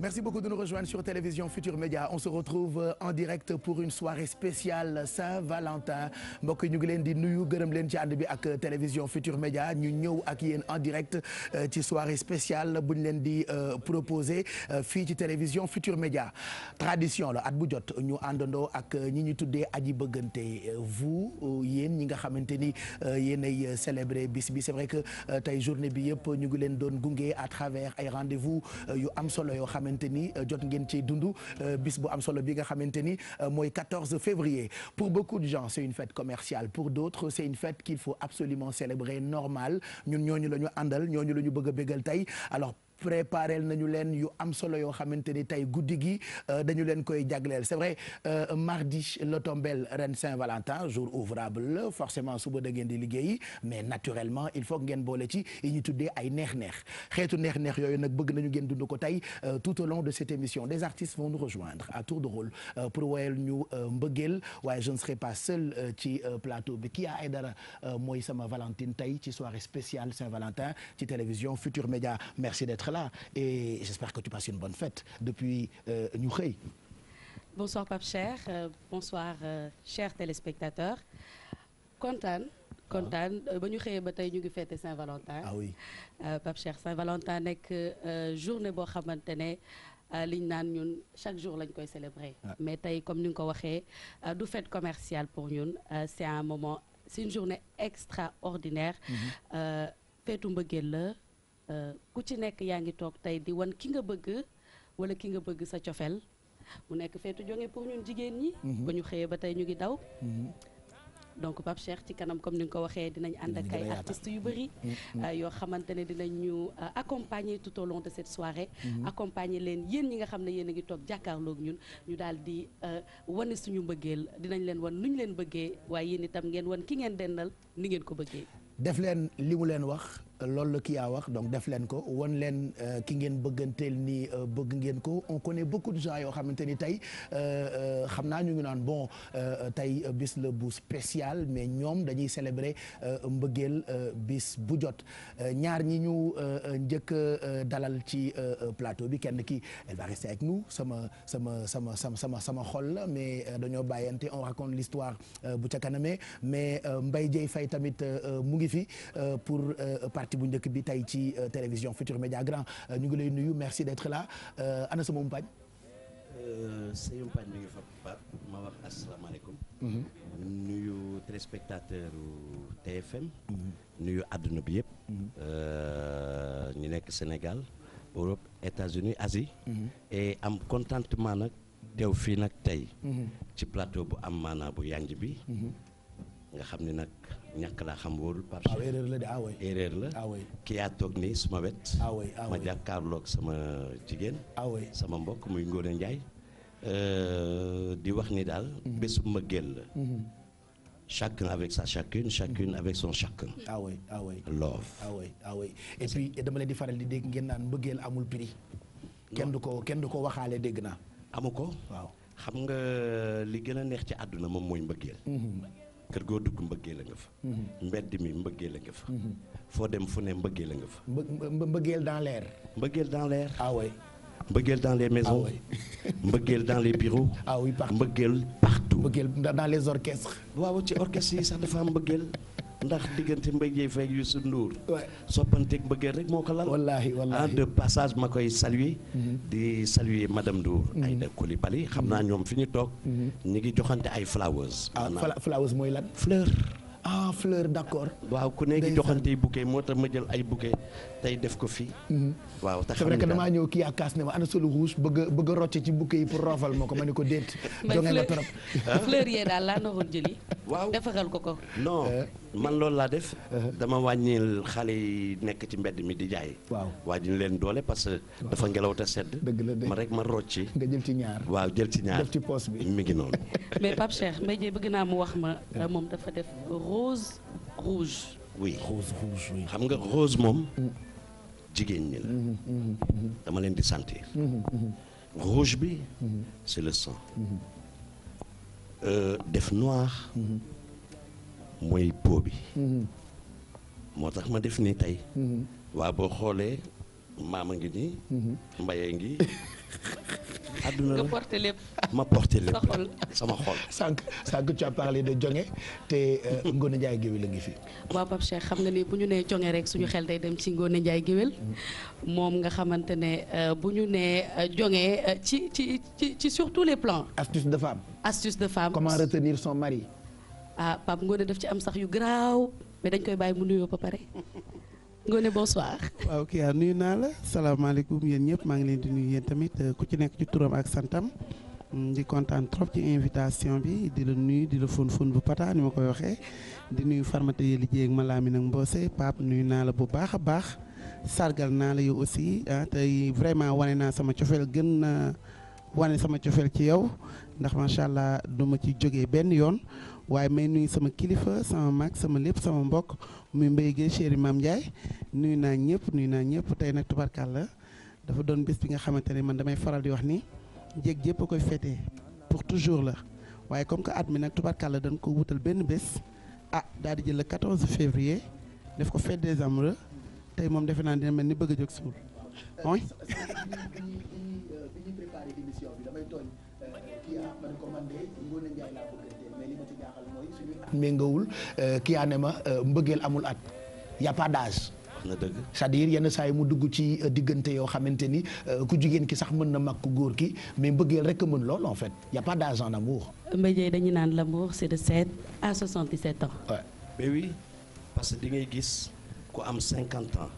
Merci beaucoup de nous rejoindre sur Télévision Futur Média on se retrouve euh, en direct pour une soirée spéciale Saint-Valentin mbokk ñu ngi leen di nuyu gërëm leen ci ànd bi ak Télévision Futur Média ñu ñëw ak yéen en direct euh, ci soirée spéciale bu ñu leen di euh, proposer fii ci Télévision Futur Média tradition la at bu jot ñu àndandoo ak ñi ñu tuddee aji bëggante vous yéen ñi nga xamante ni yéenay célébrer bis bi c'est vrai que tey journée bi yëpp ñu ngi leen doon gunge à travers ay rendez-vous yu am solo yoo xam xamante ni euh, jot ngeen ci dund euh, bis bu am solo bi nga xamante ni euh, mooy 14 février pour beaucoup de gens c'est une fête commerciale pour d'autres c'est une fête qu'il faut absolument célébrer normal ñun ñooñu la ñu àndal ñooñu la ñu bëgg a bégal tey préparé nañu leen yu am solo yoo xamante ni tey guddi gi euh, dañu leen koy jagleel c'est vrai euh, mardi la tombeel ren Saint-Valentin jour ouvrable la forcément suba da ngeen di liggéeyi mais naturellement il faut ngeen boole ci yi ñu tuddee ay neex-neex xeetu neex-neex yooyu nag bëgg nañu ngeen du ko tey euh, tout au long de cette émission des artistes vont nous rejoindre à tour de rôle pour woyal ñu mbëggeel waaye je ne serai pas seul ci plateau bi Kya Aidara mooy sama Valentine tey ci soirée spéciale Saint-Valentin ci télévision Futur Média merci là et j'espère que tu passes une bonne fête depuis ñu euh, xëy bonsoir euh, euh, kontaan kontaan ah. euh, ba ñu xëyee ba tey ñu ngi fêté Saint-Valentin ah oui Pape Cheikh Saint-Valentin nekk journée boo xamante ne liñ naan ñun chaque jour lañ koy célébrer ah. mais tey comme ni nga ko waxee du fête commercial pour ñun c'est un moment c'est une journée extraordinaire mm-hmm. feetu mbëggeel la Euh, ku ci nekk yaa ngi toog tey di wan ki nga bëgg wala ki nga bëgg sa cofeel mu nekk feetu jonge pour ñun jigéen ñi mhm. ba ñu xëyee ba tey ñu ngi daw mhm. donc Pape Cheikh ci kanam comme ni nga ko waxee dinañ ànd ak ay artistes yu bëri mhm. Euh, yoo xamante ne dinañ ñu euh, accompagner tout au long de cette soirée accompagner leen yéen ñi nga xam ne yéen a ngi toog jàkkaarloog ñun ñu daal di wane suñu mbëggeel dinañ leen wan nu ñu leen bëggee waaye yéen itam ngeen wan ki ngeen dendal ni ngeen ko bëggee def leen li mu leen wax loolu la kii yaa wax donc def leen ko won leen euh, ki ngeen bëgganteel ni euh, bëgg ngeen ko on connaît beaucoup de gens yoo xamante ni tey euh, xam naa ñu ngi naan bon tey bis la bu spécial mais ñoom dañuy célébrer mbëggeel bis bu jot ñaar ñi ñu njëkk dalal ci plateau bi kenn ki elle va rester avec nous sama sama sama sama sama sama xol la mais dañoo bàyyante on raconte l'histoire bu ca kaname mais Mbaye Dieye Faye tamit mu ngi fi pour partie bu njëkk bi tey ci euh, télévision Futur Média Grand euh, ñu ngi lay nuyu merci d'être là euh, ana sama mpañ sëñ Mpañ mi ngi fa Pape ma wax asalaamaaleykum. Mhm. nuyu téléspectateur TFM. Mhm. nuyu àdduna bi yëpp. Mhm. ñu nekk Sénégal Europe États-Unis Asie. et am contentement nag teew fii nag tey. ci plateau bu am maanaa bu yanj bi. nga xam ni nag. ñàkk laa xam wóorul Pape Cheikh. waaw la de aaway. Ah la aaway. Ah ki yaa toog nii suma wet. Ah ma jàkkaarloog sama jigéen. aaway sama mbokk muy Ngone Ndiaye. Euh, di wax ni daal. Mhm. bésu mbëggeel la. Mhm. chacun avec sa chacune chacune mhm. avec love. ah oui dama leen di faral di dégg ngeen naan mbëggeel amul prix. kenn du ko kenn du ko waxaale dégg naa. amu ko. waaw xam nga li gën a neex ci àdduna moom mooy mbëggeel. kër goo dugg mbëggee la nga fa. Mhm. mbedd mi mbëggee la nga fa. Mhm. foo dem fu ne mbëggee la nga fa. mbëggeel dans l'air. mbëggeel dans l'air. ah oui. mbëggeel dans les maisons. ah oui. mbëggeel dans les bureaux. ah oui mbëggeel partout. mbëggeel dans les orchestres. waaw ci orchestre yi sax dafa am mbëggeel. ndax diggante Mbaye Ndiaye Faye ak Youssou Ndour. waay soppanteeg mbëggeel rek moo ko lal. wallaahi wallaahi en ah, de passage ma koy saluer. Mhm. di saluer madame Ndour. Mhm. Aïda Coulibaly xam naa mhm. ñoom fi ñu toog. ñu ngi joxante ay flowers. ah flowers mooy lan fleur. ah fleur d'accord. waaw ku nekk joxante yi moo tax ma jël ay bouquet tey def ko fii. waaw te xam nga damaa ñëw kii ak kaas ne ma ana solo rouge bëgg a rocce ci bouquet yi pour roofal moo ko ma ne ko déet. joxe nga trop fleur yee man loolu laa def. Uh-huh. dama wàññil xale yi nekk ci mbedd mi di jaay. waaw wàññi leen doole parce que. dafa ngelaw te sedd. dëgg la de ma rek ma rocci. nga jël ci ñaar waaw jël ci ñaar def ci poos bi mi ngi noonu. mais Pape Cheikh Mbaye Dièye bëgg naa mu wax ma moom dafa def rose rouge. oui xam nga rose moom. Mm. jigéen ñi la. Mm-hmm, mm-hmm, mm-hmm. dama leen di sentir. rouge bi. c'est le sang. Euh, def noir. mooy po bi. Mm-hmm. moo tax ma def nii tey. Mm-hmm. waa boo xoolee maam a ngi nii. Mm-hmm. mbaye ngi. àdduna la nga porté lépp. ma porté lépp sama xol. sànq sànq tu as parlé de jonge te euh, Ngone Ndiaye Géwél a ngi fi. waaw Pape Cheikh xam nga ni bu ñu nee jonge rek suñu xel day dem ci Ngone Ndiaye Géwél moom nga xamante ne euh, bu ñu nee euh, jonge ci ci ci sur tous les plans. astuce de femme. astuce de femme. comment retenir son mari. ah Pape Ngoné daf ci am sax yu garaaw mais dañ koy bàyyi mu nuyoo ba pare Ngoné bonsoir. waaw kii yaa ah, nuyu naa la salaamaaleykum yéen ñëpp maa ngi leen di nuyu yéen tamit euh, ku ci nekk ci turam ak santam mm, di kontaan trop ci invitation bi di la nuyu di la fon bu pata ni ma koy waxee di nuyu farmata yi liggéey ak Malamine ak Mbose Pape nuyu naa la bu baax a baax. sargal naa la yow aussi ah vraiment wane naa sama cofeel gën na wane sama cofeel ci yow ndax macha allah du ma ci jógee benn yoon waaye may nuyu sama kilifa sama mag sama lépp sama mbokk muy Mbaye Guèye chéri Mame Ndiaye nuyu naa ñëpp nuyu naa ñëpp tey nag la dafa doon bés bi nga xamante ne man damay faral di wax ni jéeg jépp koy fêté pour toujours la waaye comme que at mi nag tubarkàlla dan ko wutal benn bés ah daal di jël le 14 février def ko fête des amoureux tey moom defe naa dina mel ni bëgg a jóg suul. at méngawul euh, kii yaa ne ma euh, mbëggeel amul at y a pas d'âge cest yenn saa yi mu dugg ci euh, diggante yoo xamante ni ku jigéen ki sax mën na mag ku góor ki mais mbëggeel rek a mën lool en fait y a pas d'âge en amour. Mbéjé dañu naan l'amour c'est de 7 à 77 ans. waaw ouais. mais oui parce que di ngay gis ku am 50 ans.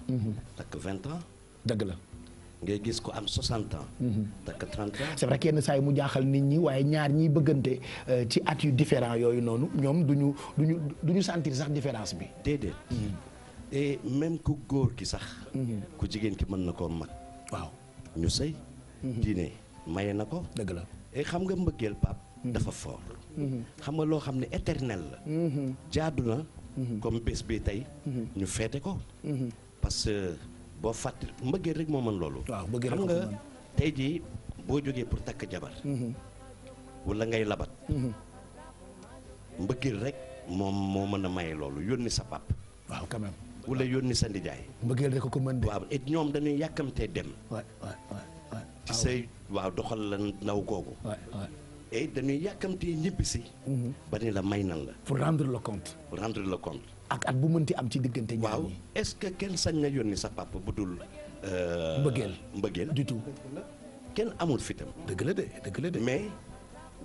takk mhm. 20 ans dëgg la. ngay gis ko am 60 ans. Mhm. takk 30 ans. c'est vrai saa yi mu jaaxal nit ñi waaye ñaar ñiy bëggante euh, ci at yu différent yooyu noonu ñoom du ñu ñu du ñu sentir sax différence bi. déedéet. Mhm. et même ku góor ki sax. Mhm. ku jigéen ki mën na koo mag. waaw ñu sëy. diine maye na ko. dëgg la et xam nga mbëggeel pap dafa fort. xam nga loo xam ne éternel la. jaadu na. comme bés bi tey. ñu feete ko. parce boo fàtt mbëggeel rek moo mën loolu. xam nga tey jii boo jógee pour takk jabar. Mhm. wala ngay labat. Mhm. mbëggeel rek moom moo mën a maye loolu yónni sa pap waaw quand même. wala yónni sa ndijaay. mbëggeel rek ko ko mën de. waaw it ñoom dañuy yàkkamtee dem. waay waay waay ci ah say waaw doxal la ndaw googu. et eh, dañuy yàkkamtee ñibbisi. Mhm. ba ni la may nan la. pour rendre le compte. pour rendre le compte. ak at bu mënti am ci diggante ñaar ñi. waaw est-ce que kenn sañ na yónni sa papa bu dul. Euh, mbëggeel mbëggeel du tout. kenn amul fitam dëgg la de dëgg la de mais.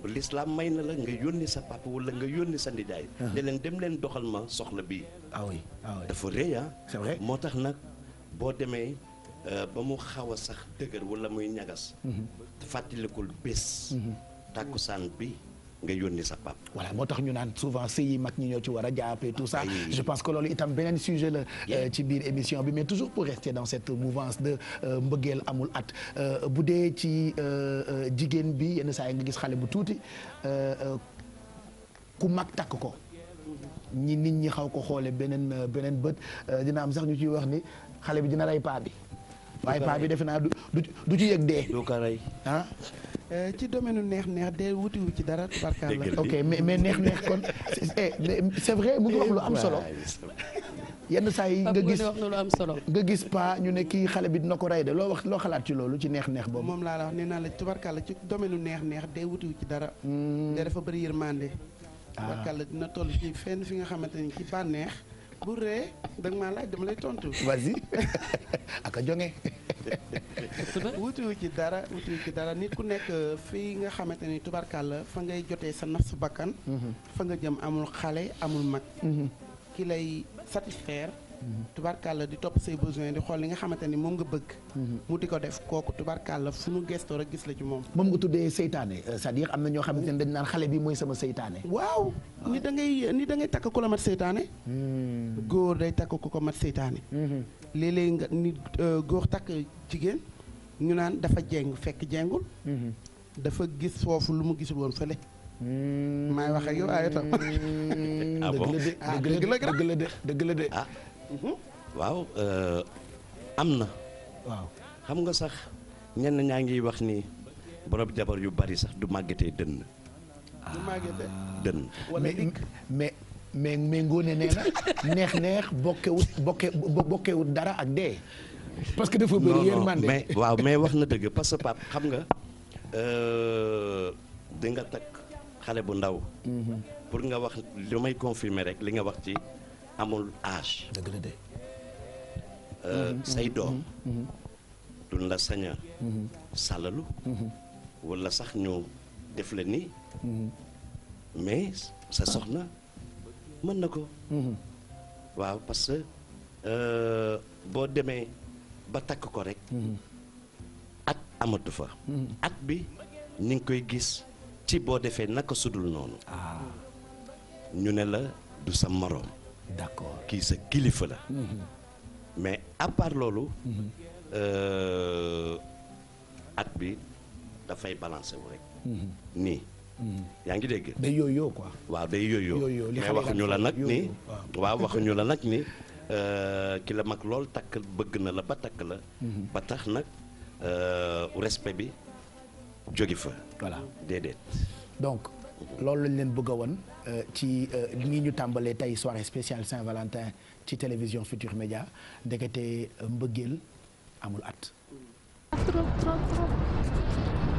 l'islam may na la nga yónni sa papa wala nga yónni sa ndijaay ah. ne leen dem leen doxal ma soxla bi ah, ah oui dafa rëy ah. vrai moo tax nag boo demee euh, ba mu xaw a sax dëgër wala muy ñagas mhm. fàttalikul bés mhm. tàkkusaan bi nga yónni sa pap voilà moo tax ñu naan souvent sëy mag ñi ñoo ci war a jàppee tout ça je pense que loolu itam beneen sujet la euh, ci biir émission bi mais toujours pour rester dans cette mouvance de euh, mbëggeel amul at euh, bu dee ci jigéen bi yenn saa yi nga gis xale bu tuuti ku mag takk ko ñi nit ñi xaw ko xoole beneen beneen bët dina am sax ñu ciy wax ni xale bi dina rey paa bi waaye paa bi defe naa du du ci yëg dee. du ko rey ah. Eh, ci domaine neex neex de wutiwu ci dara barkaal la ok mais mais neex neex kon c'est eh, vrai mu lu am solo yenn saa yi nga gis wax lu am solo nga gis pa ñu ne kii xale bi dina ko rey de loo wax loo xalaat ci loolu ci neex neex boobu moom laa la wax nee naa la tubarkaal la ci domaine neex neex de wutiwu ci dara de hmm. dafa bëri yërmande ah. tubarkaal la dina toll ci fenn fi nga xamante ni ci bànneex bu ree da ma maa dem dama lay tontu. vas-y ak a jonge wutiwu ci dara wutiwu ci dara nit ku nekk euh, fii nga xamante ni tubarkàlla fa ngay jotee sa nafsu bakkan. Mhm. fa nga jëm amul xale amul mag. Mhm. ki lay satisfaire. tubarkalla di topp say besoin di xool li nga xamante ni moom nga bëgg mhm. mu di ko def kooku tubarkalla fu nu gestoo rek gis la ci moom moom nga tuddee seytaane euh, cest am na ñoo xamante ne dañ naan xale bi mooy sama seytaane waaw ah. ni da ngay ni da ngay takk ku la mat seytaane hmm. góor day takk ku ko mat seytaane mhm. léeg-léeg nga ni euh, góor takk jigéen ñu naan dafa jeng fekk jengul mhm. dafa gis foofu lu mu gisul woon fële hmm. maay wax ak yow ayo tam ah, ah, dëgg la de dëgg la de Mhm. waaw euh, am na. waaw xam nga sax ñenn ñaa ngi wax ni borom jabar yu bari sax du màggatee dënn. Ah. du màggatee dënn. mais mais mais Ngoné neex neex bokkewut bokke bokkewut dara ak dee. parce que dafa bëri yërmande mais waaw mais wax na dëgg parce que Pape xam nga euh, di nga takk xale bu ndaw. Mhm. pour nga wax li may confirmer rek li nga wax ci. amul âge. dëgg de. Euh, mhm, say mhm, doom. Mhm, duñ la sañ a. sàllalu. wala sax ñu def la ni. mais sa soxna mën na ko. waaw parce que euh, boo demee ba takk ko rek. at amatu fa. at bi ni nga koy gis ci boo defee naka sudul noonu. Ah. ñu ne la du sa moroom. d'accord kii sa kilifa la. Mhm. mais à loolu. Mhm. Euh, at bi dafay balancer wu rek. Mhm. nii. yaa ngi dégg. day yooyoo quoi. waaw day yooyoo mais waxuñu la nag ni. waaw waxuñu la nag ni euh, ki la mag lool takk bëgg na la ba takk la. nag euh, respect bi loolu lañ leen bëgg woon euh, ci euh, nii ñu tàmbalee tey soirée spécial Saint-Valentin ci télévision Futur Média ndekete euh, mbëggeel amul at. trop trop trop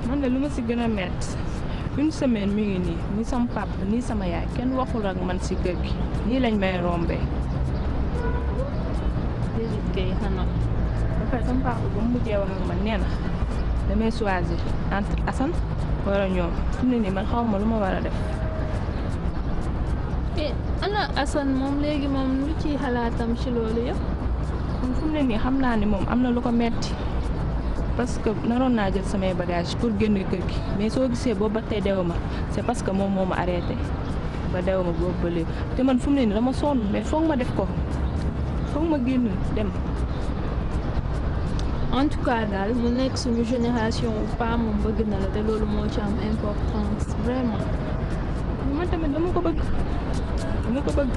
man de lu ma si gën a une semaine mi ngi nii ni sama papa ni sama yaay kenn waxul ak man si kër gi nii lañ may rombee. déedéet kay ba mu mujjee wax man nee damay choisir entre Assane. wala ñoom fi ne nii man xaw ma lu ma war a def. mais eh, ana Assane moom léegi moom lu ci xalaatam ci loolu yëpp. kon fu ne nii xam naa ne moom am na lu ko metti parce que naroon naa jël samay bagages pour génn kër gi mais soo gisee boobu ba tey dew ma c'est parce que moom moo ma arrêté ba dew ma boobu ba léegi te man fum mu ne nii dama sonn mais foog ma def ko foog ma génn dem. en tout cas daal mu nekk suñu génération wu pas bëgg na la te loolu moo ci am importance vraiment man tamit dama ko bëgg dama ko bëgg.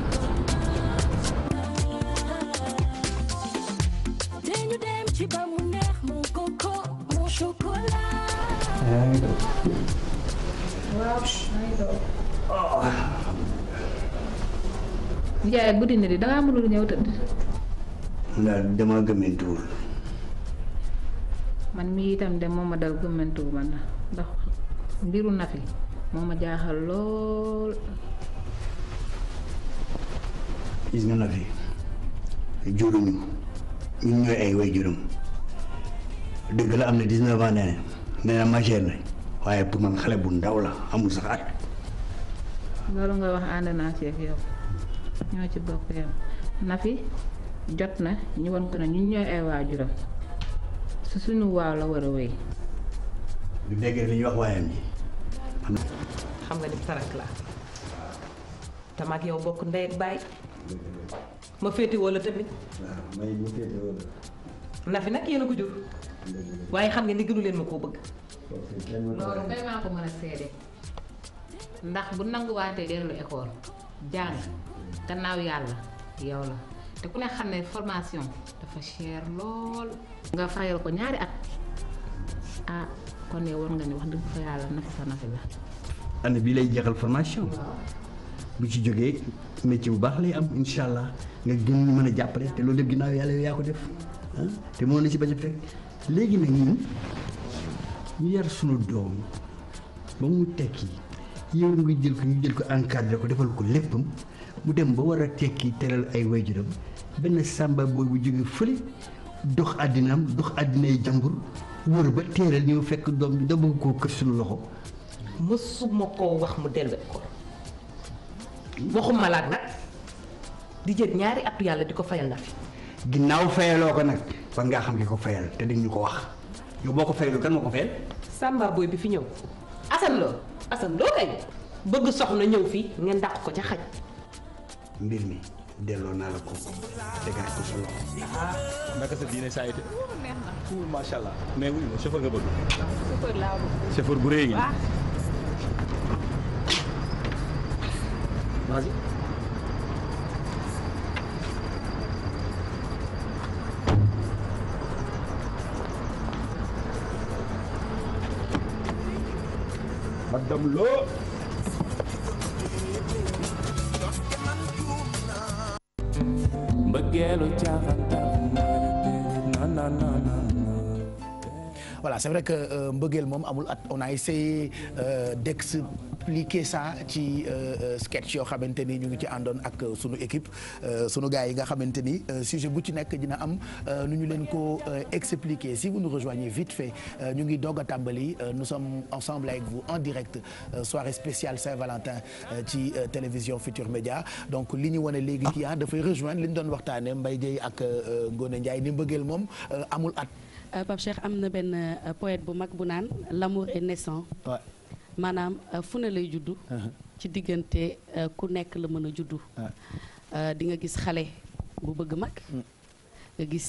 Ndiaye guddi na di da ngaa mënul ñëw tëdd. daal dama gëmëntuwul. man mi itam de moo ma dal gëmmantu man la ndax mbiru Nafi moo ma jaaxal lool. gis nga Nafi juruñu ñun ñooy ay way jurum dëgg la am na 19 ans nee na na waaye bu man xale bu ndaw la amul sax at. loolu nga wax ànd naa ci ak ñoo ci bokk yow Nafi jot na ñu won ko ne ñun ñooy ay waajuram. su suñu waaw la war a wéy. bu déggee li ñuy wax waayam ji. xam nga ni tarak laa te mag yow bokk ndey ak baay ma féete wala tamit. may ma na fi nag yéen ko jur. waaye xam nga ni gënu leen ma koo bëgg. ndax bu nanguwaatee dellu école jàng gannaaw yàlla yow la. te ku ne xam ne formation dafa cher lool. nga fayal ko ñaari at ah kon ne war nga ni wax dëgg fa yàlla nafi sa nafi la. année bii lay jeexal formation. bu ci jógee métier bu baax lay am incha nga gën ñu mën a jàppale te loolu lépp ginnaaw yàlla yow yaa ko def ah, te mënoon na si bañ a fekk léegi nag ñun ñu yar sunu doom ba mu tekki yow ngi jël ko ñu jël ko encadré ko defal ko léppam mu dem ba war a tekki teral ay waajuram benn sàmba booy bu jóge fële dox àddinaam dox àddinay jàmbur wër ba teeral ñëw fekk doom bi da bëgg koo kër suñu loxo mësuma koo wax mu dellu ko waxuma laat nag di jël ñaari atu yàlla di ko fayal na fi ginnaaw fayaloo ko nag war ngaa xam ki ko fayal te dañ ko wax yow boo ko fayaloo kan moo ko fayal sàmba booy bi fi ñëw asan loo kay bëgg soxna ñëw fii ngeen dàq ko ca xaj mbir mi delloo naa la ko tegaat ko sa loxo. Ah, naka sa diine saa yi de. tuur macha ma nga bëgg. chauffeur laa bëgg. chauffeur bu rëy gi. vas-y. melu caaxantaan voilà c'est vrai que euh, mbëggeel moom amul at on a essayé euh, d'expliquer ça ci euh, sketch yoo xamante ni ñu ngi ci àndoon ak sunu équipe sunu gars yi nga xamante ni sujet bu ci nekk dina am nu ñu leen ko expliquer si vous nous rejoignez vite fait ñu ngi doog tàmbali nu sommes ensemble avec vous en direct soirée spéciale Saint-Valentin ci télévision Futur Média donc li ñu wane léegi kii ah dafay rejoindre li ñu doon waxtaanee Mbaye Dieye ak Ngone Ndiaye ni mbëggeel moom amul at. Euh, Pape Cheikh am na benn euh, poète bu mag bu naan l'amour est naissant maanaam euh, fu ne lay juddu uh-huh. ci diggante ku nekk la mën a juddu di nga gis xale bu bëgg mag mm. nga gis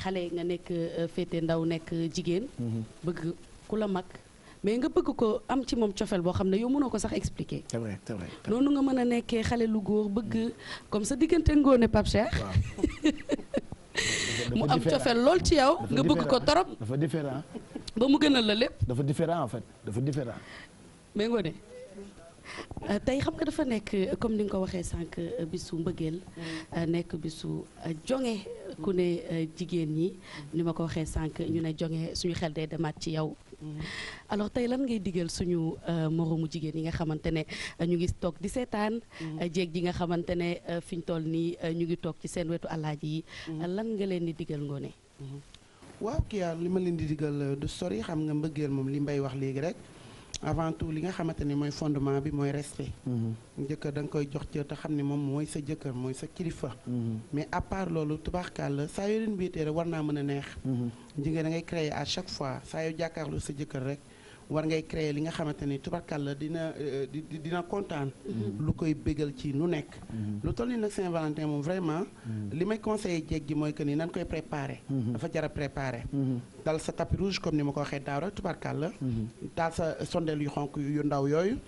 xale nga nekk féete ndaw nekk jigéen mm-hmm. bëgg ku la mag mais nga bëgg ko am ci moom cofeel boo xam ne yow mënoo ko sax expliquer c'est noonu nga mën a nekkee xale lu góor bëgg mm. comme sa diggante ngoone Pape mu am cofeel lool ci yow nga bëgg ko torop dafa différent ba mu gënal la lépp dafa différent en fait dafa différent mais Ngoné euh, tey xam nga dafa nekk comme ni nga ko waxee sànq bisu mbëggeel mm. euh, nekk bi su euh, jonge ku ne jigéen ñi ni ma ko waxee sànq ñu ne jonge suñu xel day demaat ci yow Mm-hmm. alors tey lan ngay digal suñu euh, moroomu jigéen yi nga xamante ne euh, ñu ngi toog di seetaan. Mm-hmm. Euh, jéeg ji nga xamante ne fi ñu toll nii ñu ngi toog ci seen wetu alaaji yi. Mm-hmm. lan nga leen di digal ngoone. waaw kii li ma leen di digal du sori xam nga mbëggeel moom li mbay wax léegi rek. avant tout li nga xamante ni mooy fondement bi mooy respect. Mm-hmm. jëkkër danga koy jox cër te xam ni moom mooy sa jëkkër mooy sa kilifa. Mm-hmm. mais à part loolu tubaarkàlla saa yoo leen war naa mën a neex. Mm-hmm. jigéen da ngay créer à chaque fois saa yoo jàkkaarloo sa jëkkër rek. war ngay créer li nga xamante ni la dina euh, dina kontaan. Mm-hmm. lu koy bégal ci lu nekk. Mm-hmm. lu toll nii nag saint moom vraiment. Mm-hmm. li may conseillé jeeg ji mooy que ni nan koy préparer. dafa jar a dal sa tapis rouge comme ni ma ko waxee daaw rek tubarkàlla. daal sa sondeel yu xonk yu ndaw yooyu.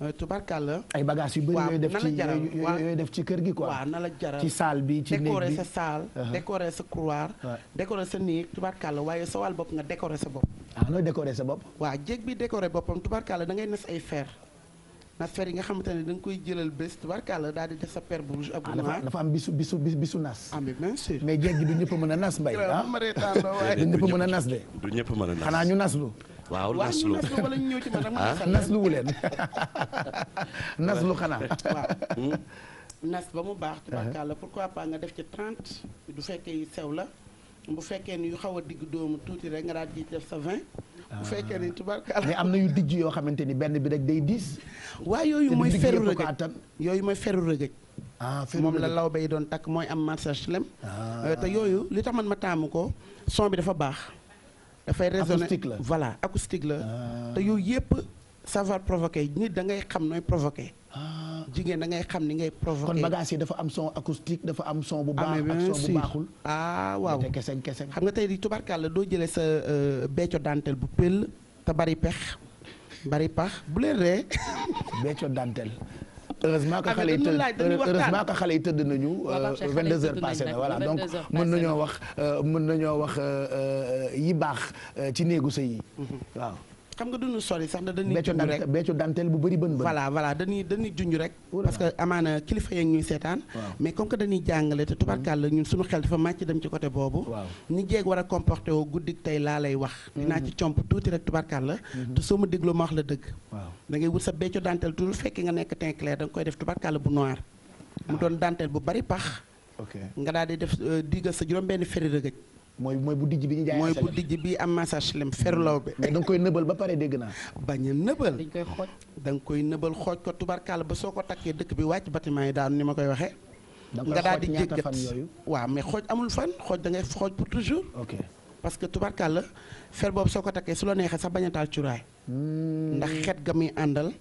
Euh, tubarkàlla. ay bagages yu bëri yooyu def ci yooyu def ci kër gi ko waaw na la jaral ci salle bi ci néeg bi sa salle. Uh-huh. décorer sa couloir. décorer sa néeg tubarkàlla waaye sa wàll bopp nga décorer sa bopp. ah nooy décorer sa bopp. jeeg bi décoré boppam tubarkalla da ngay nas ay fer nas fer yi nga xamante ne da koy jëlal bés tubarkalla daal di def sa per bu rouge ak bu ah, noir dafa am bisu bisu bisu nas. ah mais bien sûr mais jeeg gi du ñëpp mën a nas mbay ah du ñëpp mën a nas de. du ñëpp a a nas xanaa ñu nas lu. waaw naslu waaw naslu wala ñu ñëw ci man ah? nag. naslu wu leen naslu xanaa. Hmm? nas ba mu baax. tubarkalla uh-huh. pourquoi pas nga def ci 30 du fekkee yu sew la bu fekkee ni yu xaw a digg doomu tuuti rek nga daal di def sa 20. Ah. bu fekkee ni tubaarkàlla mais am na yu dijj yoo xamante ni benn bi rek day diis. waaw yooyu mooy feru rëgëj yooyu mooy feru rëgëj ah moom la law bay doon takk mooy am marsage lem. Ah. Euh, te yooyu li tax man ma taamu ko son bi dafa baax. dafay résonné voilà acoustique la. Ah. te yooyu yëpp savoir provoquer nit da ngay xam nooy provoquer. jigéen dangay xam ni ngay provoqué. kon bagage yi dafa am son acoustique dafa am son bu ah, baax ak son bu baaxul. ah waaw te kese xam nga tey di tubarkàlla doo jëlee sa euh, becco dentelle bu pël te bari pex bari pax bu leen ree. becco dentelle. heureusement que ah, xale xale yi tëdd nañu. 22 euh, heures passé na voilà donc euh, mën nañoo wax mën nañoo wax yi baax ci néegu sëy yi mhm. xam nga duñu sori sax da dañuy junj rek beccu danteel bu bëri bën bën voilà voilà dañuy dañuy junj rek parce que amaana kilifa yeeg ñuy seetaan mais comme que dañuy jàngale te tubarkàlla la suñu xel a comporté woo guddik tey laa lay wax mhm. dinaa mhm. ma déglu ma wax la dëgg da ngay wut sa beccu danteel toujours fekk nga nekk teint clair da koy def tubarkàlla bu noir mu ah. doon danteel bu bari pax nga daal di def euh, diigal sa juróom benn feri rëgëj mooy mooy bu dijj bi ñu jaay dijj bi am massage lem ferlaw bi mais da nga koy nëbal ba pare dégg naa bañ a nëbal dañ koy xooj da koy nëbal xooj ko tubarkaal ba soo ko takkee dëkk bi wàcc bâtiment yi daanu ni ma koy waxee nga daal di jéggat waaw mais xooj amul fan xooj dangay ngay xooj pour toujours ok parce que tubarkaal la fer boobu soo ko takkee su la neexee sax bañ taal cuuraay hmm. ndax xet ga muy àndal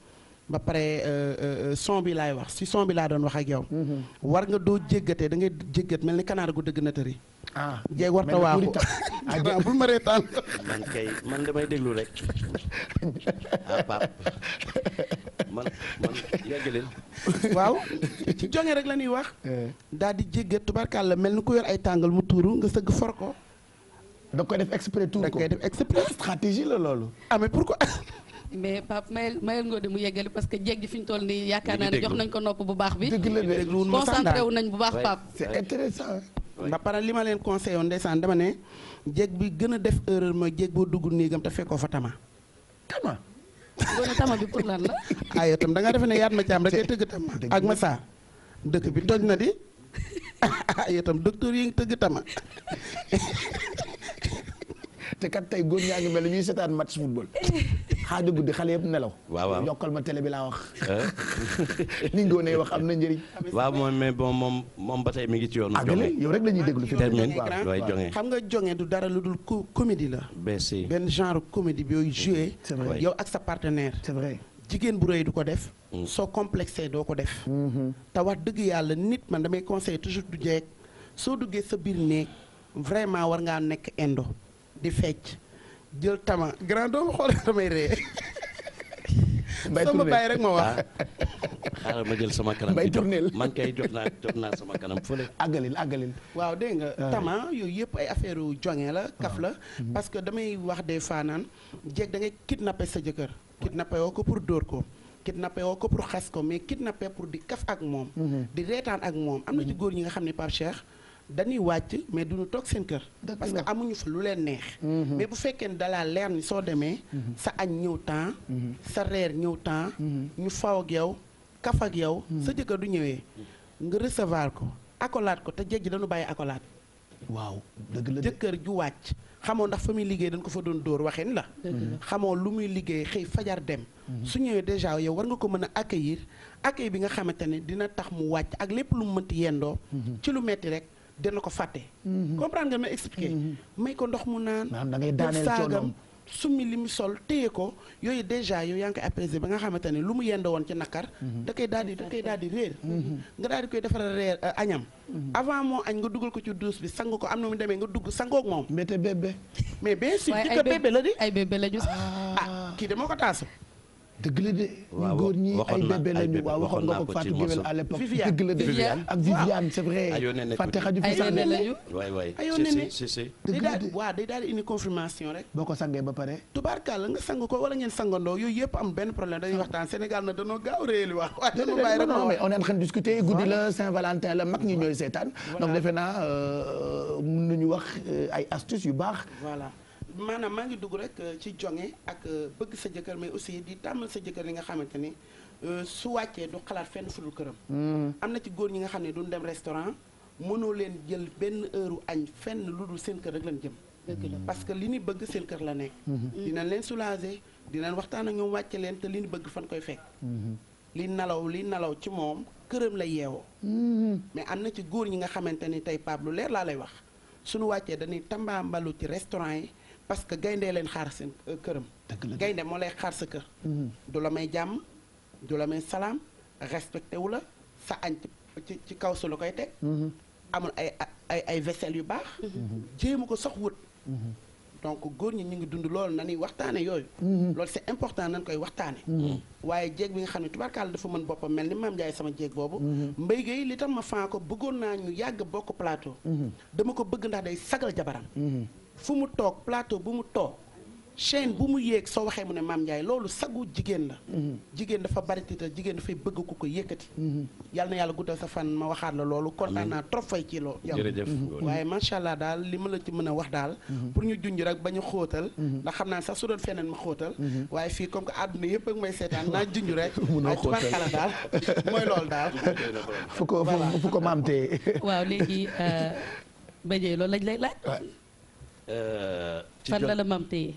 ba pare euh, euh, euh, son bi laay wax si son bi laa doon wax ak yow hmm. war nga doo jéggatee da ngay jéggat ni kanaar gu dëgg na tëri ah jéeg warta waaxu ah jéeg bul ma reetaan man man damay déglu rek ah Pape man ci jonge rek la ñuy wax eh. daal di jéggat tubarkàlla mel ni ku yor ay tàngal mu tuuru nga sëgg for ko da koy def exprès tuur ko da stratégie la loolu ah mais pourquoi mais Pape mayel ngoo de mu yeggali parce que jéeg ji fi ñu toll nii yaakaar naa ne jox nañ ko nopp bu baax bi concentré wu nañ bu baax Pape ba pare li ma leen conseillé woon ndeysaan dama ne jéeg bi gën a def erreur mooy jéeg boo dugg néegam te fekkoo fa tama tama gone tama tam da defe ne yaat ma caam rek ay tëgg tama ak ma saa dëkk bi toj na di ah yow tam yi ngi tëgg tama te kat tey góor ñaa ngi mel ni ñuy seetaan match football xaaju guddi xale yëpp nelaw. waaw yokkal ma télé bi laa wax. ni ngoonee wax am na njëriñ. waaw moom mais bon moom moom ba tey mi ngi ci yoonu. Ah, jonge yow rek la ñuy déglu fi mu xam nga jonge du dara lu dul comédie la. benn genre comédie bi yooyu joué. yow ak sa partenaire. c'est jigéen bu rëy du ko def. Mm. soo complexé doo ko def. Mm-hmm. te wax dëgg yàlla nit man damay conseillé toujours du jeeg soo duggee sa biir néeg vraiment war ngaa nekk indo. di fecc jël tama grand doomu xool damay ree bay tourné bàyyi rek ma wax. Ah. xaaral ma jël sama kanam. bay tourné man kay jot naa jot naa sama kanam fële. àggalil àggalil. waaw de nga. Ah. tama yooyu yëpp ay affaire yu joŋe la. kaf la ah. mm-hmm. parce que damay wax de fois naan jeeg da ngay kidnappé sa jëkkër. kidnappé woo ko pour dóor ko. nappe woo ko pour xas ko mais nappe pour di kaf ak moom. Mm-hmm. di reetaan ak moom am na ci mm-hmm. góor ñi nga xam ni Pape Cheikh. dañuy wàcc mais duñu toog seen kër. parce que amuñu fa lu leen neex. Mhm. mais bu fekkee ne dalaa leer ni soo demee. Mhm. sa añ ñëw temps. Mhm. sa reer ñëw temps. ñu faw ak yow kaf yow. sa jëkkër du ñëwee nga recevoir ko accolade ko te jéggi danu bàyyi accolade. waaw dëgg la jëkkër ju wàcc. xamoo ndax fa muy liggéey dañ ko fa doon dóor waxin la. xamoo lu muy liggéey xëy fajar dem. su ñëwee déjà yow war nga ko mën a accueillir accueil bi nga xamante ne dina tax mu wàcc ak lépp lu mu mënti yendoo. ci lu rek. na ko fàtte. Mm-hmm. comprendre nga may expliquer. Mm-hmm. may ko ndox mu naan. da ngay daaneel coonoom summi li mu sol téye ko yooyu déjà yow yaa ngi koy ba nga xamante ne lu mu yend woon ci nakar mm-hmm. da koy daal di da koy daal di réer nga daal di koy defara reer euh, añam avant moo añ nga dugal ko ci douche bi sang ko am na mu demee nga dugg sangoog moom mbéte bébé mais bien sûr ci ko bébé la di ay bébé la ñu ah kii de moo ko taasu dëgg la de ñu góor ñi ay bébé lañu waaw waxoon nga ko Fatou Guewel à l'époque dëgg la de ak Viviane c'est vrai fàtte xaju fi sax lañu waay waay ayoo nene dëgg daal di indi confirmation rek boo ko sangee ba pare tubaarkàlla nga sang ko wala ngeen sangandoo yooyu yëpp am benn problème dañuy waxtaan Sénégal na danoo gaaw réeli waaw waaye dañu bàyyi rek non mais on est en train de discuter guddi la Saint-Valentin la mag ñi ñooy seetaan donc defe naa euh, euh, mën euh, yu baax voilà maanaam maa ngi dugg rek euh, ci jonge ak euh, bëgg sa jëkkër mais aussi di tàmmal sa jëkkër li nga xamante ni euh, su wàccee du xalaat fenn fudul këram. Hmm. am na ci góor ñi nga xam ne duñ dem restaurant mënoo leen jël benn heure añ fenn lu dul seen kër rek lañ jëm. parce que li ñu bëgg seen kër la nekk. Hmm. Hmm. dinañ leen soulager dinañ waxtaan ak ñoom wàcce leen te li bëgg fan koy fekk. li nalaw li nalaw ci moom këram la yeewoo. mais am na ci góor ñi nga xamante ni tey Pape lu leer laa lay wax suñu wàccee dañuy tambaambalu ci restaurant yi. parce que gaynde leen xaar seen euh, këram gaynde moo lay xaar sa kër mm-hmm. du la may jàmm du la may salaam respecté wu la sa añ ci ci kaw su la koy teg mm-hmm. amul ay ay ay vaisselle yu baax mm-hmm. jéemu ko sox wut donc góor ñi ñu ngi dund loolu na ñuy waxtaane yooyu loolu c'est important nañ koy waxtaane waaye jéeg bi nga xam ne tubaarkaal dafa mën boppam mel ni maam Njaay sama jéeg boobu mbay gay li tam ma fan ko bëggoon naa ñu yàgg bokk plateau dama ko bëgg ndax day sagal jabaram fu mu toog plateau bu mu toog chain bu mu yéeg soo waxee mu ne maam Ndiaye loolu sagu jigéen la mhm. jigéen dafa bari titre jigéen dafay bëgg ku ko yëkkati mhm. yal na yàlla guddal sa fan ma waxaat la loolu kontaan naa trop fay ci loolu mhm. waaye macha allah daal li ma la ci mën a wax daal pour ñu junj rek ba ñu xóotal ndax xam naa sax su doon feneen ma xóotal waaye fii comme que àdduna yëpp ak may seetaan naa junj rek ay tubaarkala daal mooy loolu daal fu ko fu ko maam tee waaw léegi euh, bëjee loolu lañ lay fan la la mam téye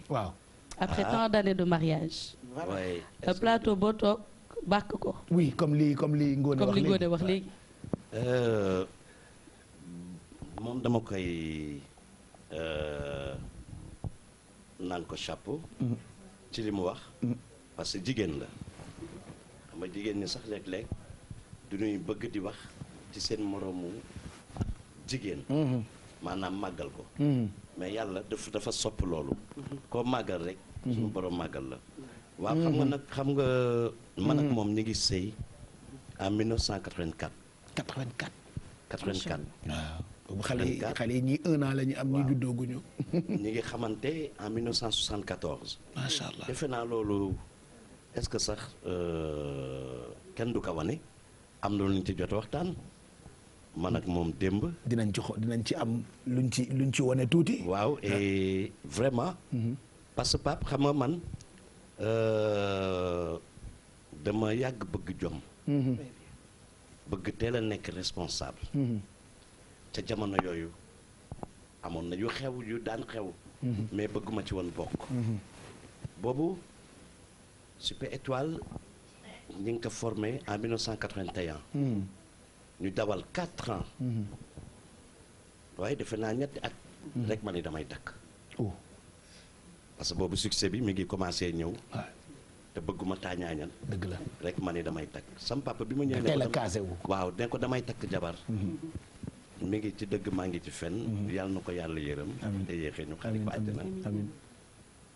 après ah. tant d'années de mariage plateau boo toog bàkk ko oui comme li comme li Ngone wax léegi wax léegi euh, moom dama koy euh, naan ko chapeau mm-hmm. ci li mu wax mm-hmm. parce que jigéen la xam nga jigéen ñi sax léeg-léeg du ñuy bëgg di wax ci seen moroomu jigéen mm-hmm. maanaam màggal ko mais yàlla dafa dafa sopp loolu. Mhm. koo màggal rek. Mhm. suñu borom màggal la. waaw mhm. xam nga nag xam nga. man ak moom ñu ngi sëy en 1984. 84. 84 waaw. xale yi xale yi ñii un an la ñu am. waaw ñi juddooguñu. ñu ngi xamante en 1974. macha allah defe naa loolu est-ce que sax euh, kenn du ko wane. am na lu ñu ci jot waxtaan. man ak moom démb. dinañ ci xo dinañ ci am luñ ci luñ ci wane tuuti. waaw ah. et vraiment. Mhm. parce que Pape xam nga man euh, dama yàgg bëgg jom. Mhm. bëgg teel a nekk responsable. Mhm. ca jamono yooyu amoon na yu xew yu daan xew. mais bëgguma ci woon bokk. boobu Super Étoile ñu ngi ko formé en 1981. ñu dawal quatre ans. Mm-hmm. waaye defe naa ñetti ak mm-hmm. rek ma ni damay takk. Oh. parce que boobu succès bi mi ngi commencé ñëw. te bëgguma taañaañal. dëgg la rek ma ni damay takk sam papa bi ma ñëwee. teel a wu waaw ne ko damay takk jabar. Mm-hmm. mi ngi ci dëgg maa ngi ci fen yàlla na ko yàlla yërëm. te yéexee ñu xarit ko àjjana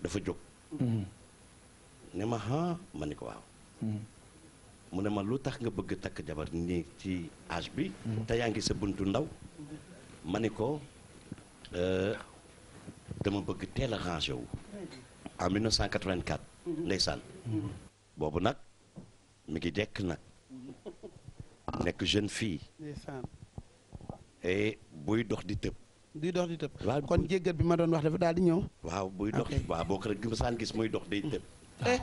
dafa jóg. ne ma ah ma ni ko waaw. mu ne ma lu tax nga bëgg takk jabar nii ci âge bi mhm. te yaa ngi sa buntu ndaw ma ni ko euh, dama bëgg teel a rangé wu en 1984 mhm. ndeysaan mhm. boobu nag mi ngi jekk nag nekk jeune fille et buy dox di tëb buy dox di tëb waaw kon jéggat bi ma doon wax dafa daal di ñëw waaw buy dox waaw boo ko rek saan gis muy dox day tëb eh,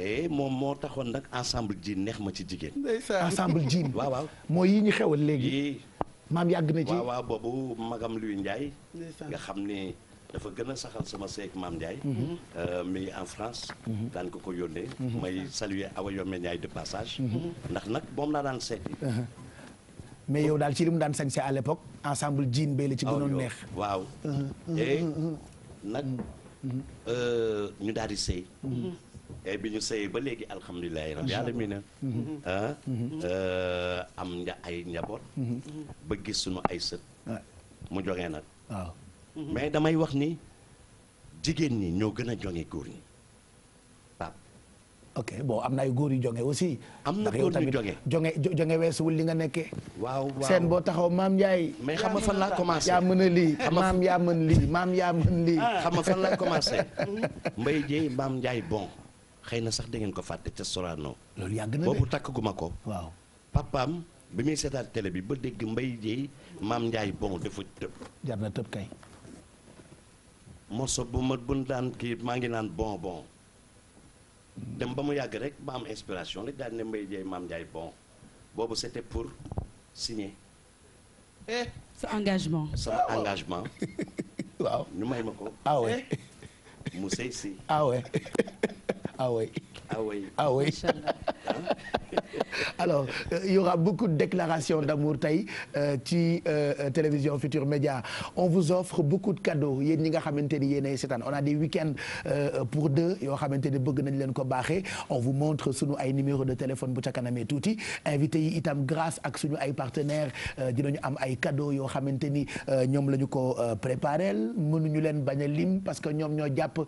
Eh, moom moo taxoon nag ensemble jiin neex ma ci jigéen. ensemble jiin. waaw mooy yi ñu xewal léegi. maam yàgg na ci waaw waaw boobu magam luy Ndiaye. nga xam ni dafa gën a saxal sama seeg maam Ndiaye. mi mhm. euh, en France. Mhm. daan ko ko yónnee. Mhm. may saluer Awa Yome de passage. ndax nag moom laa daan seeti. Uh-huh. mais yow daal ci li mu daan sañse à l'époque ensemble jiin bay la ci oh, gënoon neex. waaw uh-huh. et eh, uh-huh. nag. Euh, ñu daal di sëy et eh, bi ñu sëyee ba léegi alhamdulilahi rabbi alamina mm-hmm. ah mm-hmm. Eh, am nga ay njaboot mm-hmm. ba gis suñu ay sët ah. mu joŋee nag mais damay wax ni jigéen ñi ñoo gën a joŋe góor ñi ok boo am na ay góor yu joŋe aussi. am na góor yu joŋe joŋe joŋe weesuwul li nga nekkee. waaw waaw seen boo taxaw maam Ndiaye. mais xam nga fan laa commencé a lii. maam yaa mën lii maam yaa mën lii. Ah. xam nga fan laa commencé. Mbaye Dieye maam Ndiaye bon. xëy na sax da ko fàtte ca Sorano. loolu yàgg boobu takk gu ma ko. waaw papaam bi muy seetaat télé bi ba dégg mbay jéy maam Ndiaye bon dafa tëb. jar na tëb kay. morso bu ma bun daan kii maa ngi naan bon bon. dem ba mu yàgg rek ma am inspiration rek daal ne mbay jéy maam Ndiaye bon boobu c'était pour signer. Eh! sa engagement. sama engagement. waaw nu may ma ko. ah eh! mu sëy si. ah Ah oui. ah oui ah oui alors euh, il y aura beaucoup de déclarations d'amour tey euh, ci euh, euh, télévision Futur Média on vous offre beaucoup de cadeaux yéen ñi nga xamante ni yéenay seetaan on a des week-ends euh, pour deux yoo xamante ni bëgg nañ leen ko baaxee on vous montre suñu ay numéro de téléphone bu ca kanamee tuuti invité yi itam grâce ak suñu ay partenaires euh, dinañu am ay cadeaux yoo xamante ni ñoom la ñu ko préparé mënuñu leen bañ a parce que ñoom ñoo jàpp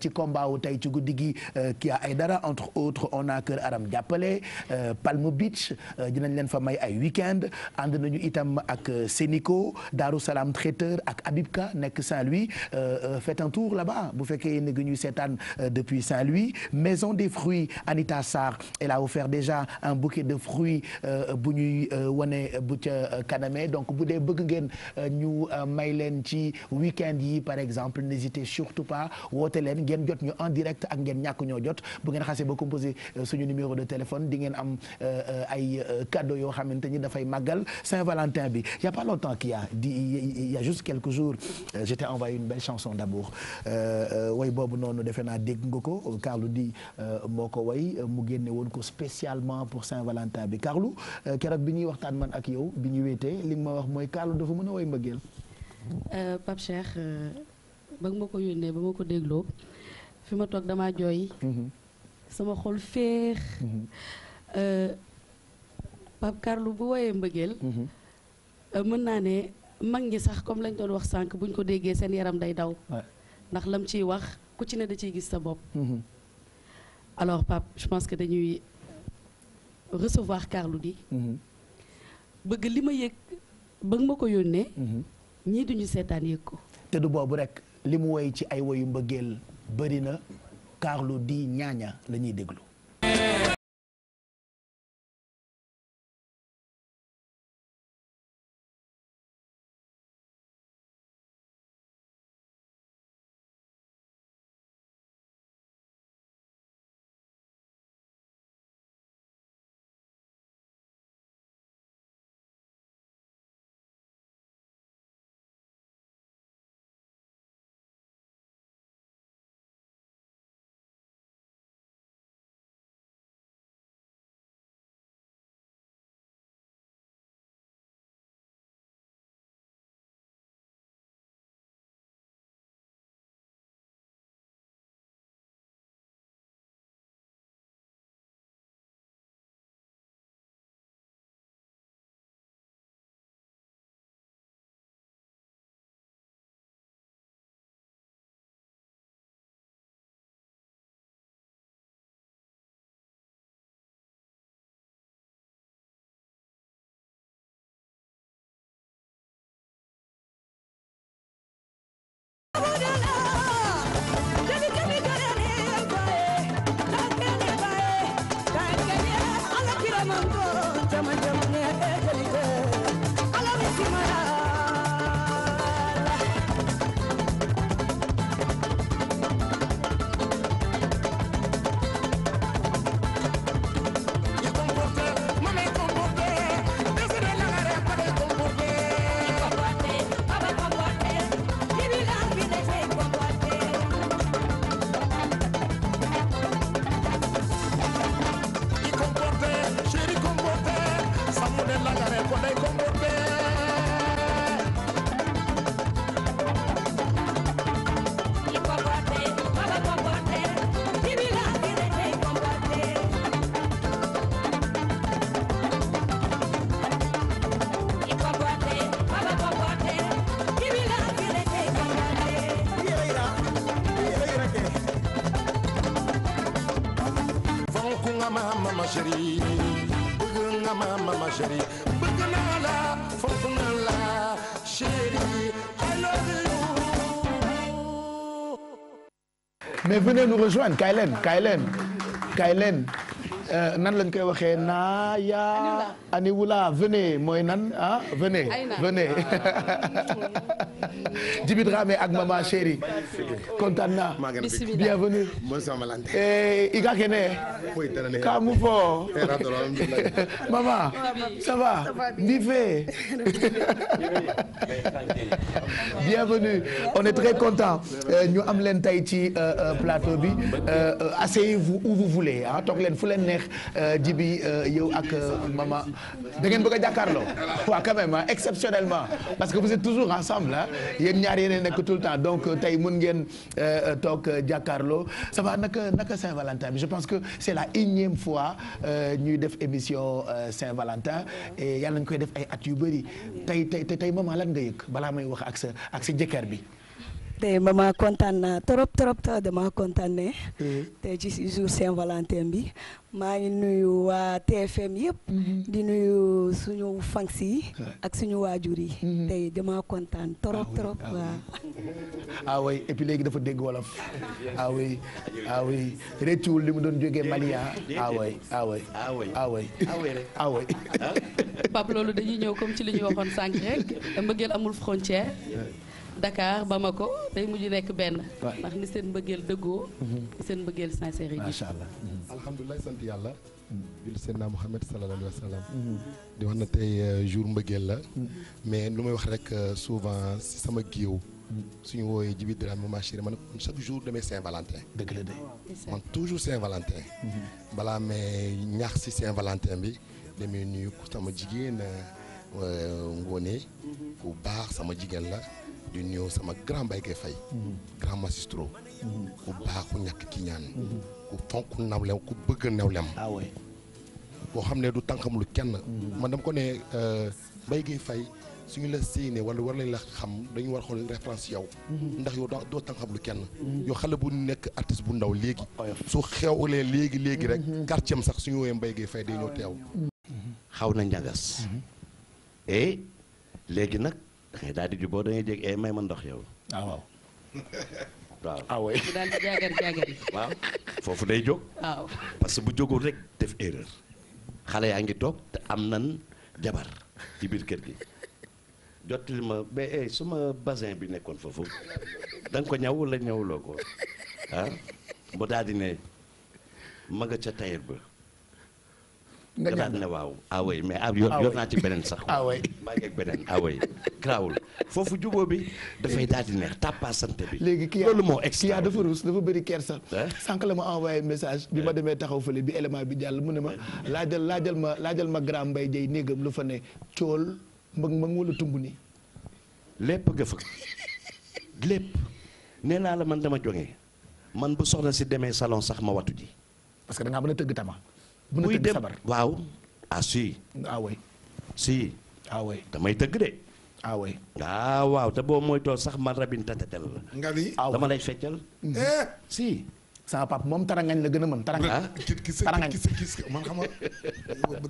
ci combat tey ci guddi gi kii ay entre autres on a Kër Aram jàppale euh, Palm Beach euh, dinañ leen fa may ay week-end ànd nañu itam ak euh, Sénico Darou Salam traiteur ak Abibka nekk Saint-Louis faites un tour là-bas bu fekkee yéen ñuy seetaan depuis Saint-Louis maison des fruits Anita Sarr elle a offert déjà un bouquet de fruits bu ñuy wane bu ca kaname donc bu de bëgg ngeen ñu may leen ci week yi par exemple n'hésitez surtout pas woote leen ngeen jot ñu en direct ak ngeen ñàkk ñoo jot bu ngeen commencé ba composé suñu numéro de téléphone di ngeen am euh, euh, ay euh, cadeau yoo xamante ni dafay màggal Saint-Valentin bi y' a pas longtemps qu'il y a di y' a juste quelques jours j' étais envoyé une belle chanson d'amour way boobu noonu defe naa dégg nga ko Carlou di moo ko way mu génne woon ko spécialement pour Saint-Valentin bi Carlou keroog bi ñuy waxtaan man ak yow bi ñu wéetee li ma wax mooy Carlou dafa mën a way mbëggeel Pape Cheikh ba nga ma ko yónnee ba ma ko dégloo fi ma sama xol féex mhm. euh, Pape Carlou bu woyee mbëggeel mhm. euh, mën naa ne mag ñi sax comme lañ doon wax sànq buñ ko déggee seen yaram day daw ndax lam ciy wax ku ci ne da ciy gis sa bopp mhm. alors Pape je pense que dañuy recevoir Carlou D bëgg li ma yëg bëgg ma ko yónnee ñii duñu seetaan yëg ko te du boobu rek li mu woy ci ay woyu mbëggeel bëri Carlou di Ñaaña la ñuy déglu chérie bëgg nga ma mama chérie bëgg naa la fonk naa la chérie I love you mais venez nous rejoindre kaay leen kaay leen kaay leen Eh, nan lañ koy waxee ah. naa yaa aniwula venez mooy nan ah venez venez ah. Djiby Dramé ak maman chérie kontaan naa bienvenue eh, i ka kene kaamu fo eh, maman ça va fe bienvenue on est très content ñu am leen tey ci euh, euh, plateau bi euh, asseyez-vous où vous voulez ah toog fu leen neex neex jibi euh, euh, yow ak euh, mama da ngeen bëgg a jàkkaarloo waaw quand même exceptionnellement parce que vous êtes toujours ensemble ah yéen ñaar yéen nekk tout le temps donc tey mun ngeen toog jàkkaarloo ça va naka naka Saint-Valentin bi je pense que c'est la énième fois ñuy def émission Saint-Valentin et yàlla nañu koy def ay at yu bëri tey tey tey maman lan nga yëg balaa may wax ak sa ak sa jëkkër bi te maman kontaan naa trop trop dama kontaan ne mm-hmm. te ci jour Saint-Valentin bi maa ngi nuyu waa TFM yëpp mm-hmm. di nuyu suñu fans si ak suñu waajur yi mm-hmm. tey dama kontaan trop trop waaw ah oui ah ah léegi dafa dégg wolof ah oui ah oui li mu doon jóge Malia ah. ah oui ah oui ah loolu dañuy ñëw comme ci li ñuy waxoon sànq rek mbëggeel amul frontière dakaar ba ma ko day mujj nekk benn. ndax ni seen mbëggeel dëggoo. Mhm. ni seen mbëggeel sincère yi. allah mhm. alhamdulilah sant yàlla. Mhm. jul seydna Muhammad sallallahu alayhi wa di wax na tey euh, jour mbëggeel la. mais lu may wax rek euh, souvent si sama géew. suñu wooyee Djiby Dramé ma chérie man chaque jour damay Saint-Valentin. dëgg la de man toujours Saint-Valentin. balaa may ñax si Saint-Valentin bi damay nuyu sama jigéen euh, Ngoné. ku baax sama jigéen la. di nuyu sama grand Mbaye Faye grand magistrat ku baax ku ñàkk ki ñaan ku fonk nawlem ku bëgg nawlem boo ah xam ne du tànkam lu kenn man dama ko ne Mbaye euh, Faye suñu la séenee wala war lañ la xam dañu war xool référence yow ndax yow doo tànkam lu kenn yow xale bu nekk artiste bu ndaw léegi su xewlee léegi léegi rek quartier am sax suñu woowee Mbaye fay day ñëw teew xaw na ñagas et eh, léegi nag da ngay daal di juboo da ngay jég eh, may ma ndox yow. Ah, waaw. waaw ah foofu day jóg. parce que bu jógul rek def erreur. xale yaa ngi toog te am nan jabar ci biir kër gi. jottali ma ba eh suma basin bi nekkoon foofu da ko ñaw wala ñawuloo ko ah mu daal ne ma ca tayir ba. nga jàng ne waaw away ah mais a yor ah naa ci beneen sax away ah maa ngi ak foofu jubóo bi dafay daal di neex tàppaasante bi léegi kii loolu moo extra dafa ruus dafa bëri kersa sànq la ma envoyé message bi ma demee taxaw fële bi élément bi jàll mu ne ma laajal jël ma laajal ma grand mbay jay néegam lu fa ne cool mbëg mbëg wala tumb ni lépp nga fa lépp nee naa la man dama jógee man bu soxna si demee salon sax ma watu ji parce que da ngaa mën a tëgg tama bu muy dem waaw ah si. ah oui. si. ah damay tëgg ah, ah, waaw te boo moytoo sax man rabin tatatel la. nga ni ah, eh! si. sama papa moom tarangañ la gën a mën tarangañ tarangañ man xam nga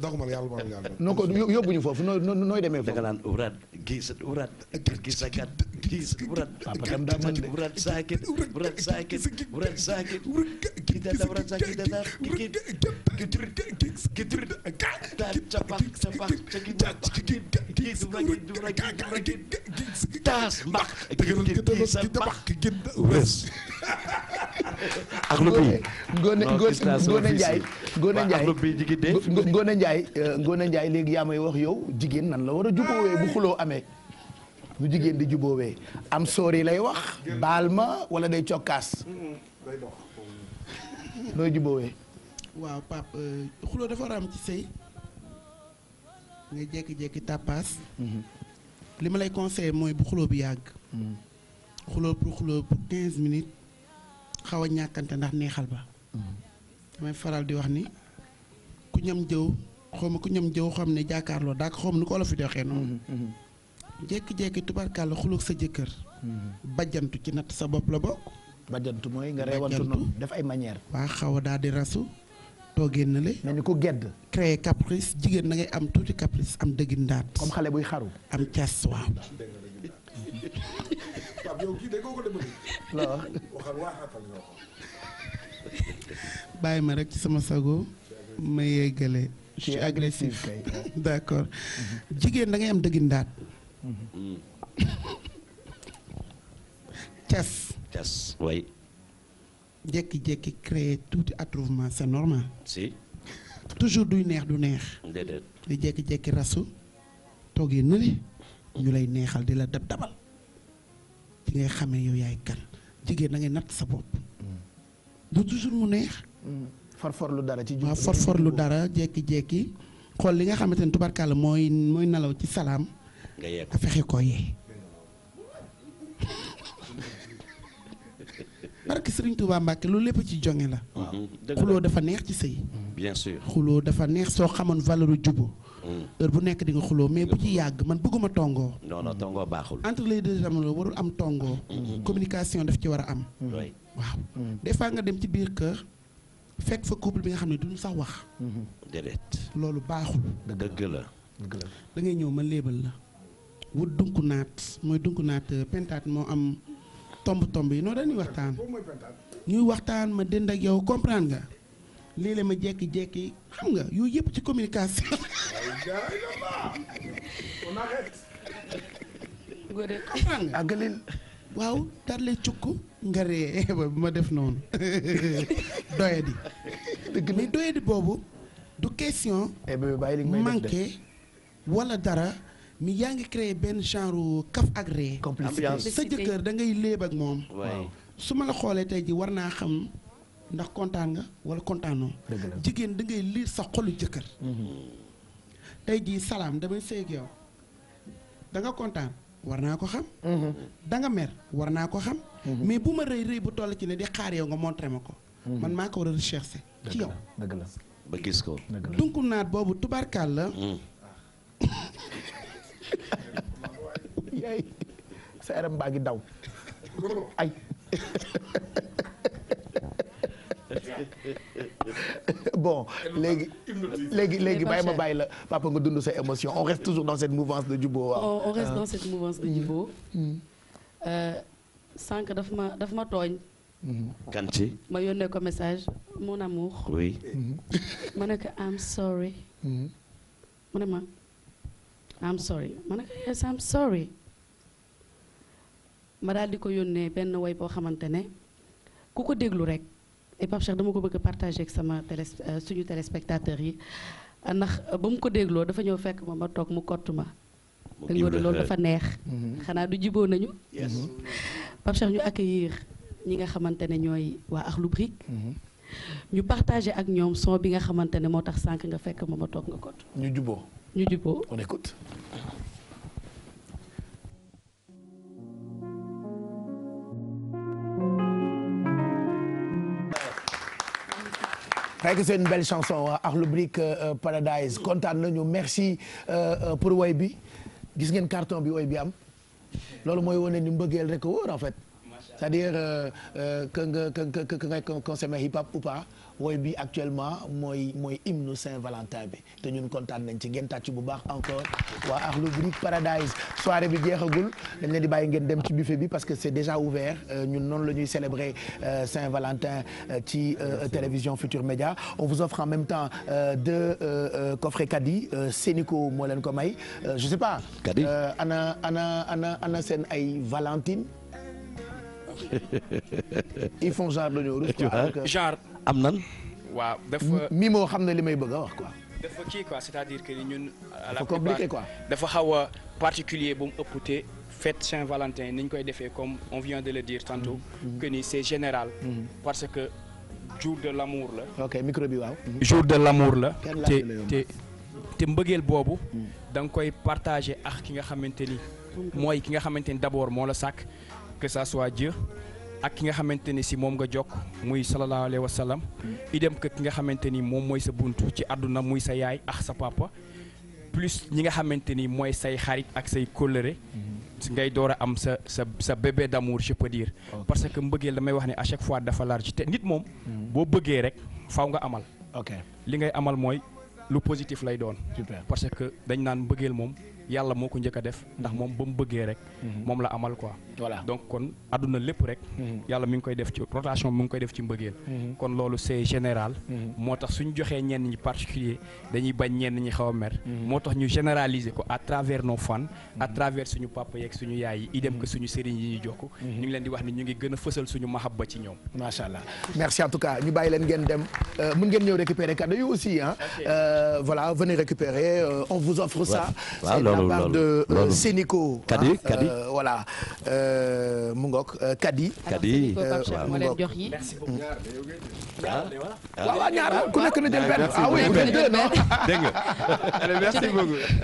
doxuma la yàlla ma yàlla non ko yóbbuñu foofu noo nooy demee foofu da nga naan urat gis urat gis akat gis urat papa tam daa mën de urat saakit urat saakit urat saakit ki da da urat saakit da da ki ki tur ki tur da capax capax cagi gi gi dura gi dura gi dura gi taas mbax gi gi sa mbax gi gi ak lu bii Ngoné Ngoné Ndiaye Ngoné Ndiaye Ngoné Ndiaye Ngoné euh, Ndiaye léegi yaa may wax yow jigéen nan la war a jubóowee bu ah. xuloo amee nu jigéen di jubóowee am soor yi lay wax baal ma wala day cokkaas nooy jubóowee waaw pap euh, xuloo dafa war am ci sëy nga jékki-jékki tàppaas mhm. li ma lay conseillé mooy bu xuloo bi yàgg mhm. xuloo pour xuloo pour quinze minutes xaw a ñàkkante ndax neexal ba damay faral di wax ni ku ñam jëw xaw ma ku ñam jëw xam ne jàkkaarloo daak xaw ma nu ko olof di waxee noonu jékki-jékki tubarkàlla xulóog sa jëkkër bajjantu ci natt sa bopp la bokk bajjantu mooy nga reewantu noonu def ay manière waa xaw a daal di rasu toogee na le mel ni ku gedd créer caprice jigéen da ngay am tuuti caprice am dëggindaat comme xale buy xaru am cas waaw yow kii bàyyi ma rekk ci sama sago ma yeggale ci agressif d'accord jigéen dangay am dëggi ndaat mm-hmm. cas cas way jékki-jékki créer tuuti attrouvement c'est normal toujours duy neex du neex déedéet di jékki-jékki rasu toogee nële ñu lay neexal di la dab dabal ci ngay xame yow yaay kan jigéen da ngay natt sa bopp. Mm. du toujours mu neex. Mm. farfor lu dara lu dara jékki-jékki xool li nga xamante ne tubarkalla mooy mooy nelaw ci salaam. nga yee ko fexe ko yee. barke Serigne Touba Mbacke loolu lépp ci jonge mm-hmm. la. xuloo dafa neex ci sëy. Mm-hmm. xuloo dafa neex soo xamoon valeur jubóo. Mm. heure bu nekk di nga xuloo mais bu ci yàgg man bëgguma tongoo. non non tongoo baaxul. entre les deux jamono warul am tongoo. Mm-hmm. communication daf ci war a am. Mm-hmm. waaw mm-hmm. des nga dem ci biir kër. fekk fa couple bi nga xam ne duñu sax wax. déedéet. loolu baaxul. dëgg la ñëw ma léebal la. wut dunku naat mooy dunku naat euh, pentaat moo am tomb tomb yi noonu dañuy waxtaan. ñuy waxtaan ma dënd ak yow comprendre nga. léeg-léeg ma jékki-jékki xam nga yooyu yëpp ci communication. góor waaw tarle cukk nga ree ba ma def noonu doyadi. dëgg doyadi boobu du question. Eh, manqué wala dara mi yaa ngi créé benn genre kaf ak ree. sa jëkkër da léeb ak moom. su ma la xoolee tey ji war naa xam. ndax kontaan nga wala kontaanoo. jigéen da ngay liir sa xolu jëkkër. Mm-hmm. tey jii salaam damay sëy danga kontaan war naa ko xam. Mm-hmm. da mer war naa ko xam. Mm-hmm. mais bu ma rëy rëy bu toll ci ne di xaar yow nga montré ma ko. man maa ko war a recherché. ci yow dëgg gis ko. naat boobu tubaarkaal la. Mm. daw bon léegi léegi léegi bàyyi ma bàyyi la papa nga dund sa émotion on reste toujours dans cette mouvance de Djibo on reste dans cette mouvance de Djibo euh, sànq daf ma daf ma tooñ kan ci ma yónnee ko message mon amour oui ma ne sorry mu ne ma I'm sorry ma sorry ma daal di ko yónnee benn woy boo xamante ne ku ko déglu rek et Pape Cheikh dama ko bëgg a partager ak sama télé euh, suñu téléspectateurs yi ndax euh, ba mu ko dégloo dafa ñëw fekk ma ma toog mu kottu ma. te loolu dafa neex. Mm-hmm. xanaa du jiboo nañu. Mm-hmm. Pape Cheikh ñu accueillir ñi nga xamante ne ñooy waa Akhlou Brick. Mm-hmm. ñu partager ak ñoom son bi nga xamante ne moo tax sànq nga fekk ma ma toog nga kottu. ñu juboo ñu juboo vrai que c'est une belle chanson euh, Akhlou Brick euh, euh, Paradise kontaan nañu merci pour woy bi gis ngeen carton bi woy bi am loolu mooy wone ni mbëggeel rek wóor en fait c'est-à-dire que nga que nga consomme hip hop ou pas woy bi actuellement mooy mooy hymne Saint-Valentin bi te ñun kontaan nañ ci ngeen tàcc bu baax encore waa Akhlou Brick Paradise soir bi jeexagul dañ leen di bàyyi ngeen dem ci buffet bi parce que c'est déjà ouvert euh, ñun noonu la ñuy célébrer euh, Saint-Valentin euh, ci télévision Futur Média on vous offre en même temps deux coffrets caddie Sénico moo ko may je sais pas ana ana ana ana seen ay Valentine ils font genre dañoo rus quoi genre am na waaw dafa mi moo xam ne li may bëgg a wax quoi. dafa kii quoi cest a dire que ñun. dafa compliqué quoi dafa xaw a particulier ba mu ëpp te fête Saint-Valentin ni ñu koy defee comme on vient de le dire tantôt. Mm-hmm. que ni c'est général. Mm-hmm. parce que jour de l'amour la. ok micro bi waaw. Mm-hmm. jour de l'amour la. te te te mbëggeel boobu. Mm. da nga koy partager ak ki nga xamante ni. mooy ki nga xamante ni d'abord moo la sàkk que ça soit Dieu. ak ki nga xamante ni si moom nga jokk muy sallallahu alayhi wa sallam mm. idem que ki nga xamante ni moom mooy sa bunt ci àdduna muy sa yaay ak sa papa plus ñi nga xamante ni mooy say xarit ak say kóllëre mm-hmm. ngay door a am sa sa sa bébé d'amour je peux dire parce que mbëggeel damay wax ne a chaque fois dafa large te nit moom mm-hmm. boo bëggee rek faw nga amal ok li ngay amal mooy lu positif lay doon parce que dañ naan mbëggeel moom yàlla moo ko njëkk def ndax mm-hmm. moom ba mu bëggee rek moom la amal quoi voilà donc kon àdduna lépp rek. Mhm. yàlla mi ngi koy def ci rotation mi ngi koy def ci mbëggeel. Mhm. kon loolu c'est général. Mhm. moo tax suñu joxee ñenn ñi particulier dañuy bañ ñenn ñi xaw a mer. moo tax ñu généraliser ko à travers nos fans. à travers suñu papa yeeg suñu yaay yi idem que suñu sëriñ yi ñuy jokk. ñu ngi leen di wax ni ñu ngi gën a fësal suñu mahabba ci ñoom. macha allah merci en tout cas ñu bàyyi leen ngeen dem euh, mën ngeen ñëw récupérer cadeau yi aussi euh, voilà venez Euh, mu ngoog Kadi. Kadi waaw mu ngoog merci beaucoup. Mm. Ah. Ah. waaw waaw ñaar ku nekk na jël benn ah oui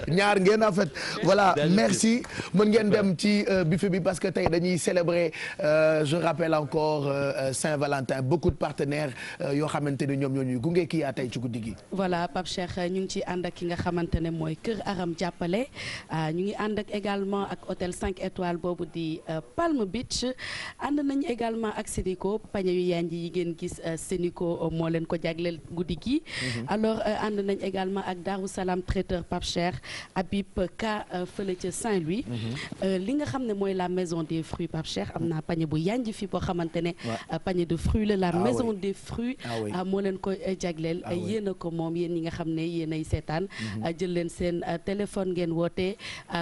ñaar ngeen en fait voilà merci mën ngeen dem ci euh, buffet bi parce que tey dañuy célébrer euh, je rappelle encore Saint-Valentin beaucoup de partenaires yoo xamante ne ñoom ñoo ñuy gunge kii tey ci guddi gi. voilà Pape Cheikh ñu ngi ànd ak ki nga xamante mooy Kër Aram jàppale ñu ngi ànd ak également ak hôtel étoiles boobu di. Euh, Palm Beach ànd nañ également ak ko pañe yu yanji yi ngeen gis euh, Sénico euh, moo leen ko jagleel guddi gi. Mhm. alors ànd nañ également ak Darou Salam traiteur Pape Cheikh Ka fële ca Saint-Louis. Mhm. li nga xam ne mooy la maison des fruits Pape Cheikh am naa pañe bu yanji fi boo xamante ne. pañe de fruits la la ah maison des fruits. Ah moo leen ko jagleel ah yéen a ko moom yéen ñi nga xam ne yéenay seetaan. Mhm. jël leen seen téléphone ngeen woote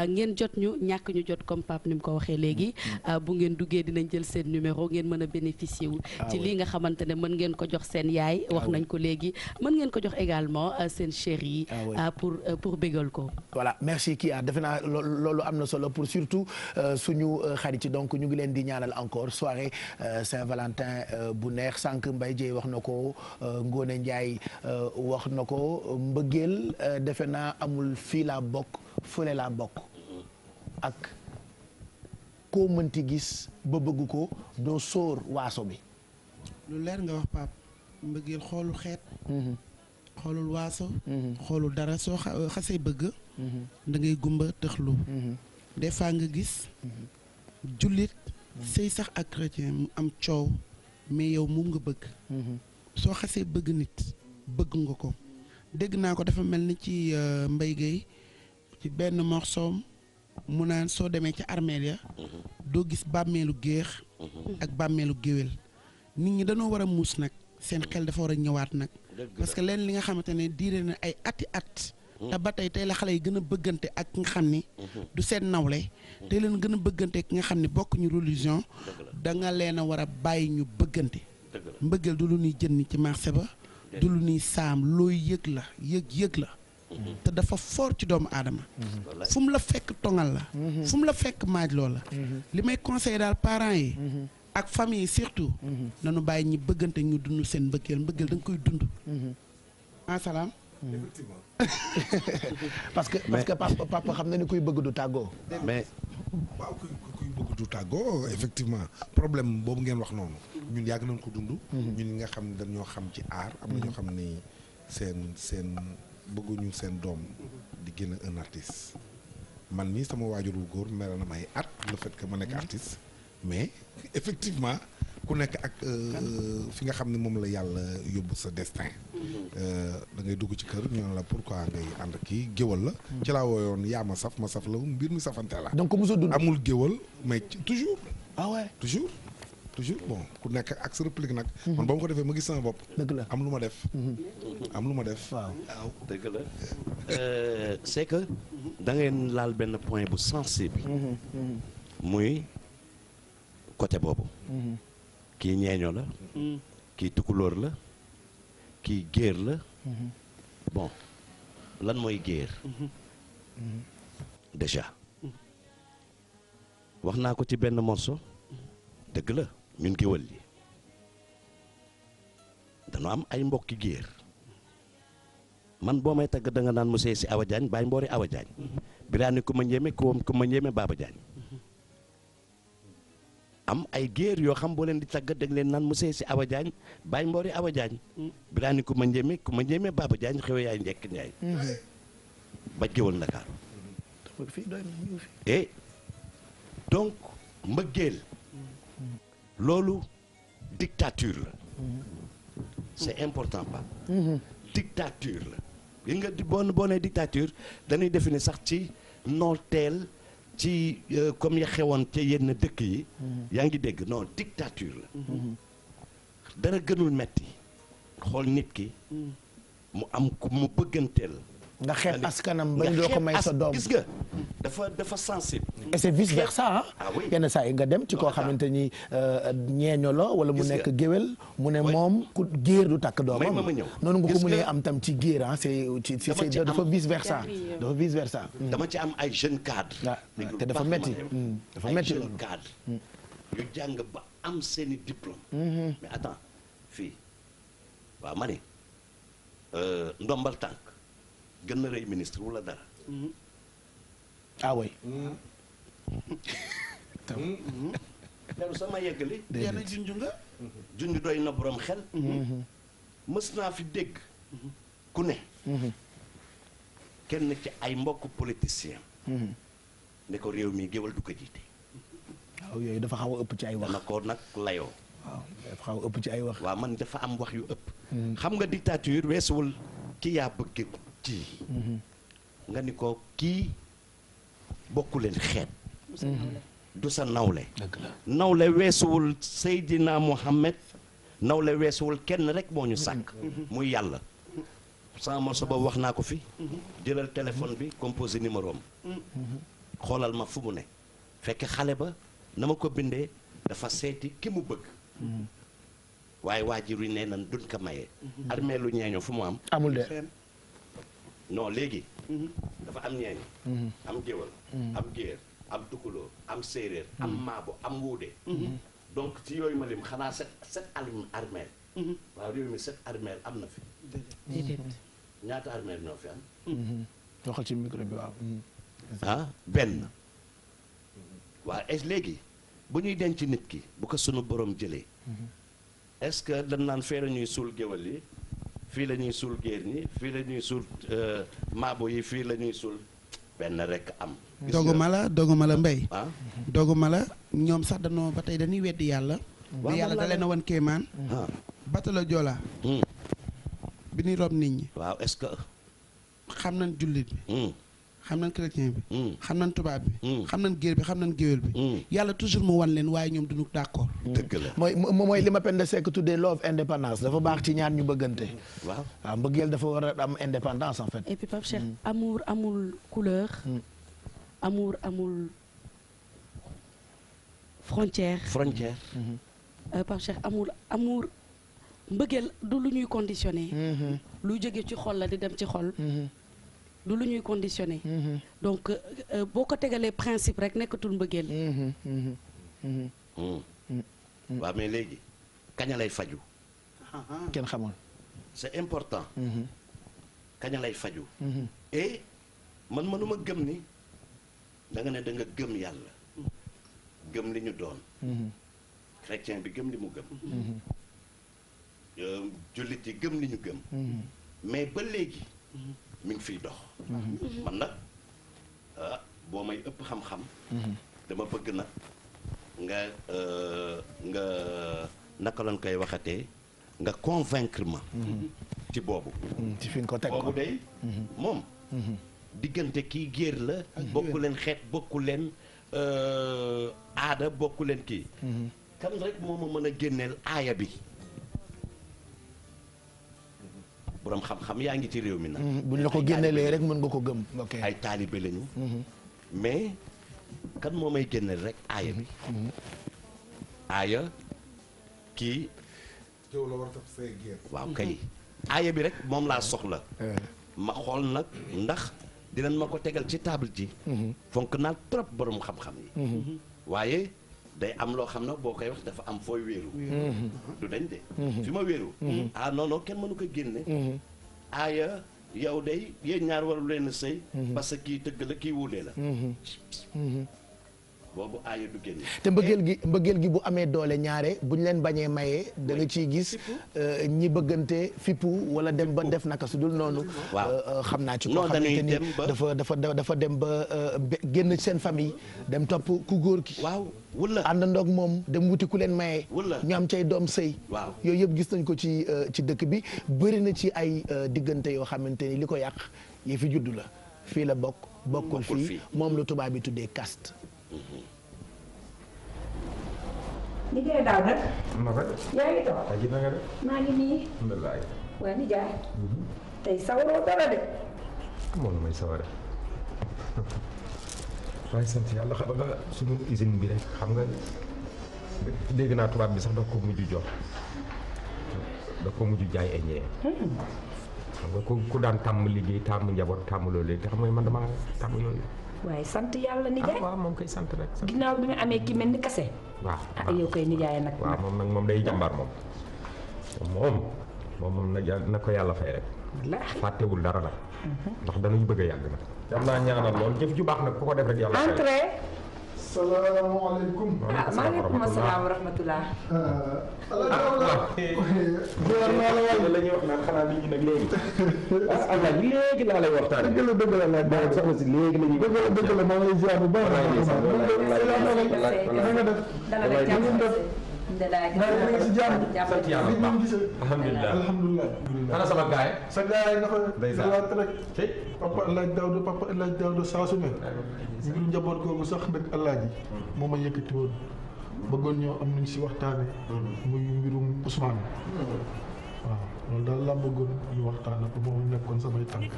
ngeen jot ñu ñàkk ñu jot comme Pape ni mu ko waxee léegi. Euh, bu ngeen duggee dinañ jël seen numéro ngeen mën a bénéficier wu ah ci lii nga xamante ne mën ngeen ko jox seen yaay ah wax nañ ko léegi mën ngeen ko jox également euh, seen chéri yi ah euh, pour pour bégal ko voilà merci kii ah defe naa loolu am na solo pour surtout suñu xarit donc ñu ngi leen di ñaanal encore soirée Saint-Valentin bu neex sànq mbay Dieye wax na ko Ngone Ndiaye wax na ko mbëggeel defe naa amul fii laa bokk fële laa bokk koo mënti gis ba bëgg ko doo sóor waaso bi lu leer nga wax pap mbëggeel xoolu xeet mm-hmm. xoolul waaso mm-hmm. xoolu dara soo euh, xasee bëgg mm-hmm. da ngay gumba tëxlu des fois nga gis jullit sëy sax ak chrétien mu am coow mais yow mu nga bëgg soo xasee bëgg nit bëgg nga ko dégg naa ko dafa mel ni ci euh, Mbaye Guèye ci benn morceau mu naan soo demee ca armeel ya doo gis bàmmeelu géex ak bàmmeelu géwél nit ñi dañoo war a muus nag seen xel dafa war a ñëwaat nag parce que leen li nga xamante ne diire na ay ati at te ba tey tey la xale yi gën a bëggante ak ki nga xam ni du seen nawle tey leen gën a bëggante ki nga xam ne bokkuñu ñu religion da nga leen a war a bàyyi ñu bëggante mbëggeel du lu ñuy jënd ci marché ba du lu ñuy saam looy yëg la yëg yëg la te dafa fort ci doomu aadama fu mu la fekk tongal la mhm. fu mu la fekk maaj loo la mhm. li may conseillé daal parents yi mhm. ak famille surtout nanu bàyyi ñi bëggante ñu dund seen mbëggeel mbëggeel da koy dund asalaam ah, effectivement parce que parce que papa xam na ni kuy bëgg du tàggoo mais kuy bëgg du tàggoo effectivement problème boobu ngeen wax noonu ñun yàgg nañ ko dund ñun ñi nga xam ne ñoo xam ci aar am na ñoo xam ni seen seen bëgguñu seen doom di génn un artiste man mii sama waajur wu góor mere na may at le fait ma nekk mhm. artiste mais effectivement ku nekk ak euh, fi nga xam ne moom la yàlla yóbbu sa destin mhm. euh, da ngay dugg ci kër ñu ne la pourquoi ngay ànd kii géwal la mhm. ci laa wooyoon yaa ma saf ma saf la mbir mi safante la donc musu dund amul géwal mais toujours ah toujours toujours bon ku nekk ak sa réplique nag. Mhm. man ba ma ko defee ma gis sama bopp. dëgg la am lu ma def. Mhm. am lu ma def. waaw waaw dëgg la euh, c'est que da ngeen laal benn point bu sensible. Mhm, muy côté boobu. kii ñeeño la. kii tukulóor la. kii géer la. bon lan mooy géer. déjà wax naa ko ci benn morceau dëgg la. ñun géwël yi dañu am ay mbokki géer man boo may tagg danga nga naan monsieur si Awa Diagne Baye Mboori Awa Diagne bilaa ni ku ma ñeme ku ma ñeme Baba Diagne ay géer yoo xam boo leen di tagg da leen naan monsieur si Awa Diagne Baye Mboori Awa Diagne bilaa ni ku ma ñeme ku ma ñeme Baba Diagne xew yaay njekk njaay ba géwël Ndakaaru eh mbëggeel loolu dictature la c'est important ba mhm. dictature la yi nga bon bonee dictature dañuy définir sax ci nooteel ci euh, comme yaxewoon xewoon ca yenn dëkk yi mhm. yaa ngi dégg non dictature la mhm. dara gënul metti xool nit ki mu am ku mu bëgganteel nga xeeb askanam bañ doo ko may sa doom dafa dafa sensible. et c'est vice versa ah yenn saa yi nga dem ci koo xamante ni euh, ñeeño la wala mu nekk géwél mu ne moom ku géer du takk doomam. noonu nga ko mënee am tam ci géer ci c'est c'est dafa vice versa. dafa vice versa. dama ci am ay jeunes cadres. waaw ah, te dafa metti hmm. dafa metti loolu cadre yu jàng ba am seeni diplôme. Hmm. mais attends euh, ndombal tànk gën na rëy ministre wala dara. ah oui. teru sama yeggali. yenn junj nga. junj doy na boroom xel. mës naa fi dégg. ku ne. kenn ci ay mbokk politicien ne ko réew mi géwal du ko jiite. yooyu dafa xaw a ëpp ci ay wax. dama ko nag layoo. dafa xaw ëpp ci ay wax. waaw man dafa am wax yu ëpp. Hmm. xam nga dictature weesuwul ki yaa bëgg. tii nga ni ko kii bokku leen xeet du sa nawle nawle weesuwul Seydina Muhammad nawle weesuwul kenn rek moo ñu sàkk mm-hmm. Mm-hmm. muy yàlla sama morceau boobu wax naa ko fi mm-hmm. jëlal téléphone bi composé numéro am xoolal ma fu mu ne fekk xale ba na ma ko bindee dafa seeti ki mu bëgg waaye waajur yi nee nan duñ ko maye. armée lu fu mu am non léegi. Mhm. dafa am ñeeñ. Mhm. am géwal. Mhm. am géer am tukulóor am séeréer. am maabo am wuude. donc ci yooyu ma lim xanaa set set armeel. waaw réew mi set armeel am na fi. déedéet ñaata armeel ñoo fi am. waxal ci micro bi waaw. Ah, benn. waaw est léegi bu ñuy denc nit ki bu ko sunu borom jëlee. est-ce que dañ naan feere ñuy suul géwal yi. fii la ñuy suul géer ñi fii la suul euh, maabo yi fii la ñuy suul benn rek am. doguma la doguma la mbay. ah doguma la ñoom sax danoo ba tey dañuy weddi yàlla. waaw yàlla da leen a wan kéemaan. Ah. batalo Joola. Hmm. bi ñuy rob nit ñi. waaw est-ce xam nañ jullit bi. Hmm. xam nañ chrétien bi hmm. xam nañ tubaab bi hmm. xam nañ géer bi xam nañ géwél bi hmm. yàlla toujours moo wan leen waaye ñoom duñu d'accord dëgg la mooy mooy li ma Penda Seck de love indépendance dafa baax ci ñaan ñu bëggante waaw mbëggeel dafa war a am indépendance en fait et puis Pape Cheikh amul couleur amul frontière frontière euh, Pape Cheikh amul amour mbëggeel du lu ñuy conditionné lu jege ci xol la di dem ci xol du lu ñuy conditionné. Mm-hmm. donc euh, euh, boo ko tegalee principe rek nekkatul mbëggeel. Mm-hmm. Mm-hmm. Mm. waaw mais léegi kaña lay faju kenn xamul. c'est important. kaña lay faju et man mënuma gëm ni danga ne danga nga gëm yàlla. gëm li ñu doon. chrétien bi gëm li mu gëm. Euh, jullit yi gëm li ñu gëm. mais ba léegi. mi ngi fi dox. man nag ah, boo may ëpp xam-xam. dama bëgg na nga euh, nga naka lañ koy waxatee nga convaincre ma. ci boobu. ci fi nga ko teg boobu day moom. diggante kii géer la. bokku leen xeet bokku leen euh, aada bokku leen kii. Mhm. kan rek moo ma mën a génneel aaya bi. borom xam-xam yaa ngi ci réew mi nag. Mm-hmm. ñu la ko génnelee rek mën nga ko gëm. ay taalibe lañu. Mm-hmm. mais kan moo may génneel rek aaya bi. Mm-hmm. aaya kii. jëw la war waaw kay aaya bi rek moom laa soxla. Eh. ma xool nag ndax dinañ ma ko tegal ci table ji. fonk naa trop borom xam-xam yi. waaye. day am loo xam ne boo koy wax dafa am fooy wéeru mm-hmm. du dañ de mm-hmm. fi ma wéeru mm-hmm. ah non kenn mënu ko génne aaya yow day yéen ñaar waru leen sëy parce kii tëgg la kii wuulee la boobu aaya du te mbëggeel gi mbëggeel gi bu amee doole ñaare bu ñu leen bañee mayee da nga ciy gis euh, ñi bëggante fippu wala dem ba def naka su dul noonu waaw euh, euh, xam naa ci koo xamante ni dafa dafa dafa dem ba génn seen famille dem topp ku góor ki waaw wala àndandoog moom dem wuti ku leen mayee ñu am cay doom sëy waaw yooyu yëpp gis nañ ko ci ci dëkk bi bëri na ci ay diggante yoo xamante ni li ko yàq yi fi judd la fii la bokk bokkul fii moom lu tubaab bi tuddee caste liggéey daaw nag. am na de. yaa ngi toog. ak na nii. alhamdulilah. ni jaay. tey sawaroo dara de. moom mooy saware. waaye sant yàlla xam nga suñu usine bi rek xam nga dégg naa tubaab bi sax da ko mujj jox da ko mujj jaay ay ñee. xam nga ku daan tàmm liggéey tàmm njaboot tàmm loolu te xam nga man damaa tàmm yooyu. waaye sant yàlla nijaay ah, waaw moom koy sant rek. ginnaaw bi nga amee ki mel ni kase. waaw ah yow koy nijaay nag. waaw moom nag moom day jàmbaar moom. moom moom moom na ko yàlla fay rek. fàttewul dara nag. Mhm. ndax dañuy bëgg a yàgg nag. am naa ñaanal lool jëf ju baax nag ku ko def rek yàlla. entrée. salaamaaleykum. maaleykum salaam wa rahmatulah. góor naa la wàll. la ñuy wax naan xanaa nit ñi nag léegi. alhamdulilah léegi laa lay waxtaanee. dëgg la dëgg la laaj baax na soxna si léegi la ñuy. dëgg la dëgg la maa ngi lay ziar bu baax. def. alhamdulilah gis nga sant yàlla bu baax alhamdulilah ana sama gaay sa gaay nga fa salaat rek papa El Hadj Daouda papa El Hadj Daouda saa su ne ngir njaboot googu sax nag El Hadj hmm. moo ma yëkkati woon bëggoon ñoo am nañ si waxtaane hmm. muy mbirum Ousmane hmm. waaw loolu daal laa bëggoon ñu waxtaan ak moom nekkoon samay tànk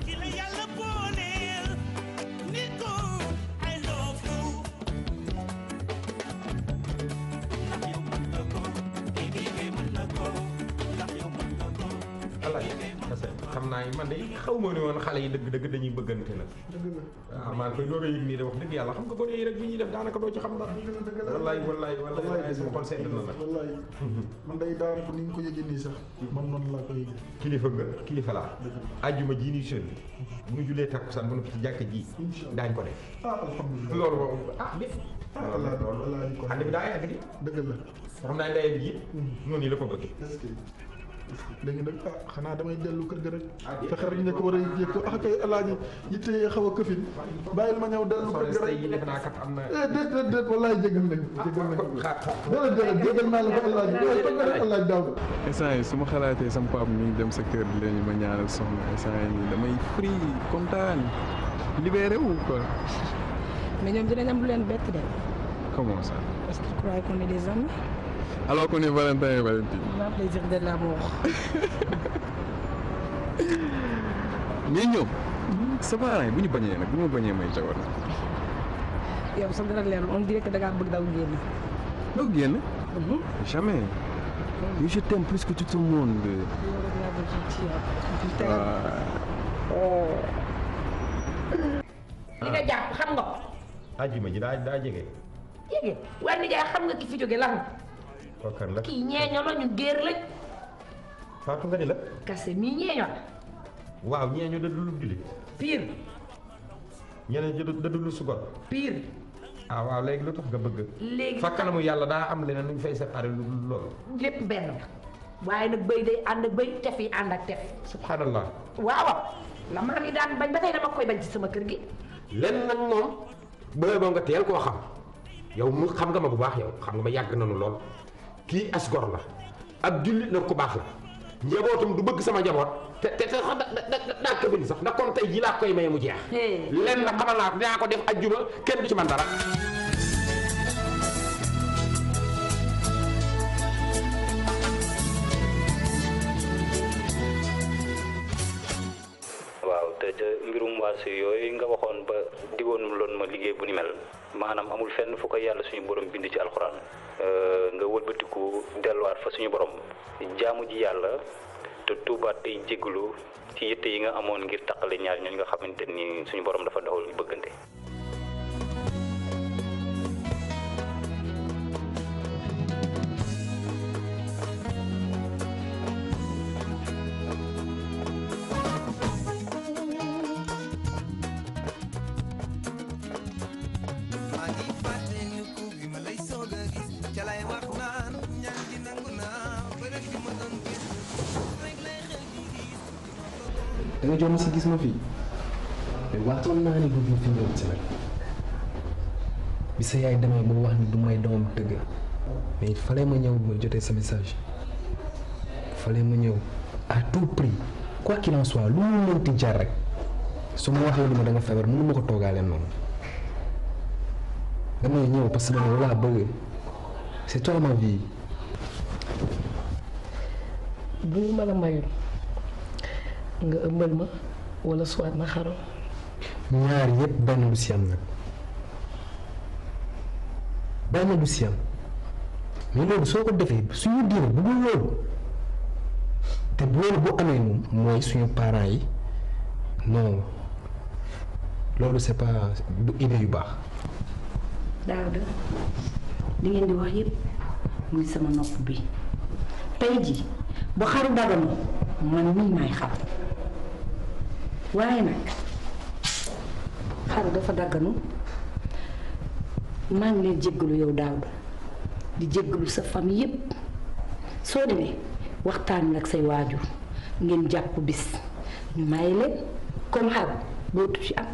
xam naa man de xaw ma ne woon xale yi dëgg dëgg dañuy bëggante nag waaw ah, maa ngi koy door a yëg nii de wax dëgg yàlla xam nga ko yi kilifa laa ajjuma ji nii seen bu ñu julee takkusaan bu ñu ci jàkk ji daañ ko def ah, loolu moom ah, ah xam naa day yàgg ji hmm. noonu la ko bëggee léegi nag ah xanaa damay dellu kër ga rek ah, fexe rek ñu ko war a yëg ko ah kay alaaji yitte xaw a këfin bàyyil ma ñëw dellu kër ga rek eh déet déet déet wallaay jégal nañ jégal nañ déedéet ah, déedéet jégal naa la ko alaaji waaye toog nga rek alaaji daaw instant yi su ma xalaatee sama papa mi ngi dem secteur bi léegi ma ñaanal soxna instant yi nii damay free kontaan libéré wu quoi mais ñoom dinañ am lu leen bett de comment ça parce que crois qu'on est des hommes alors qu'on est Valentin et Valentine. Un plaisir de l'amour. mais ñoom. sa parent bu ñu bañee nag bu ñu bañee may jabar nag. yow sa dara leerul on dirait que da ngaa bëgg daw génn. daw génn. Mhm. jamais. mais je t'aime plus que tout le monde. li ah. nga jàpp xam nga ko. àjjuma ji daa jege. jege waaye ni jaay xam nga ki fi jóge lan. kookan la kii ñeeño la ñu géer lañ. faatu nga ni la. kase mii ñeeño la. waaw ñeeño da dul julli. pire. ñeneen jënd da dul sukkar. pire. ah waaw léegi lu tax nga bëgg. léegi fa kanamu yàlla daa am leneen lu ñu fay séparé lu dul loolu. lépp benn la. waaye nag bëy day ànd ak bëy tef yi ànd ak tef. subhanallah. waaw la yi daan bañ ba tey dama koy bañ ci sama kër gi. lenn nag moom. bëy boo nga teel koo xam yow mu xam nga ma bu baax yow xam nga ma yàgg nañu lool. kii askor gor la ab jullit nag ku baax la njabootam du bëgg sama njaboot te te sax da daa këbin sax ndax kon tey ji laa koy maye mu jeex lenn na xamal naa ko def ajjuma kenn du ci man dara waaw te mbirum waas yooyu nga waxoon ba diwoon loon ma liggéey bu ni mel maanaam amul fenn fu yàlla suñu borom bind ci alxuraan euh, nga wëlbatiku delluwaat fa suñu borom jaamu ji yàlla te tuubaat tey jégalu ci yitte yi nga amoon ngir taqale ñaar ñooñu nga xamante ni suñu borom dafa doxal bëggante. nga jom si gis ma fii mais naa ne bu ma fi ñëw ci nag bi sa yaay demee ba wax ni du may doomam dëgg mais fallait ma ñëw ma jotee sa message fallait ma ñëw à tout prix quoi qu'il en soit lu mu mënti jar rek su ma waxee lu ma da nga feebar mënu ma ko toogaalee noonu damay ñëw parce que man walla bëgg c'est toi ma vie. bu ma la mayul. nga ëmbal ma walla soit ma xaru ñaar yépp benn du si am nag benn du si am loolu soo ko defee suñu diine bu dul loolu te loolu bu amee moom mooy suñu parents yi non loolu c'est pas du idée yu baax. daaw da li ngeen di wax yépp muy sama nopp bi tey ji bu xaru daganu man mii maay xam. waaye nag xaru dafa dagganu maa ngi leen jéggalu yow daaw di jéggalu sa famille yépp soo demee waxtaan nag say waajur ngeen jàpp bis ñu may leen comme xaru dootu ci am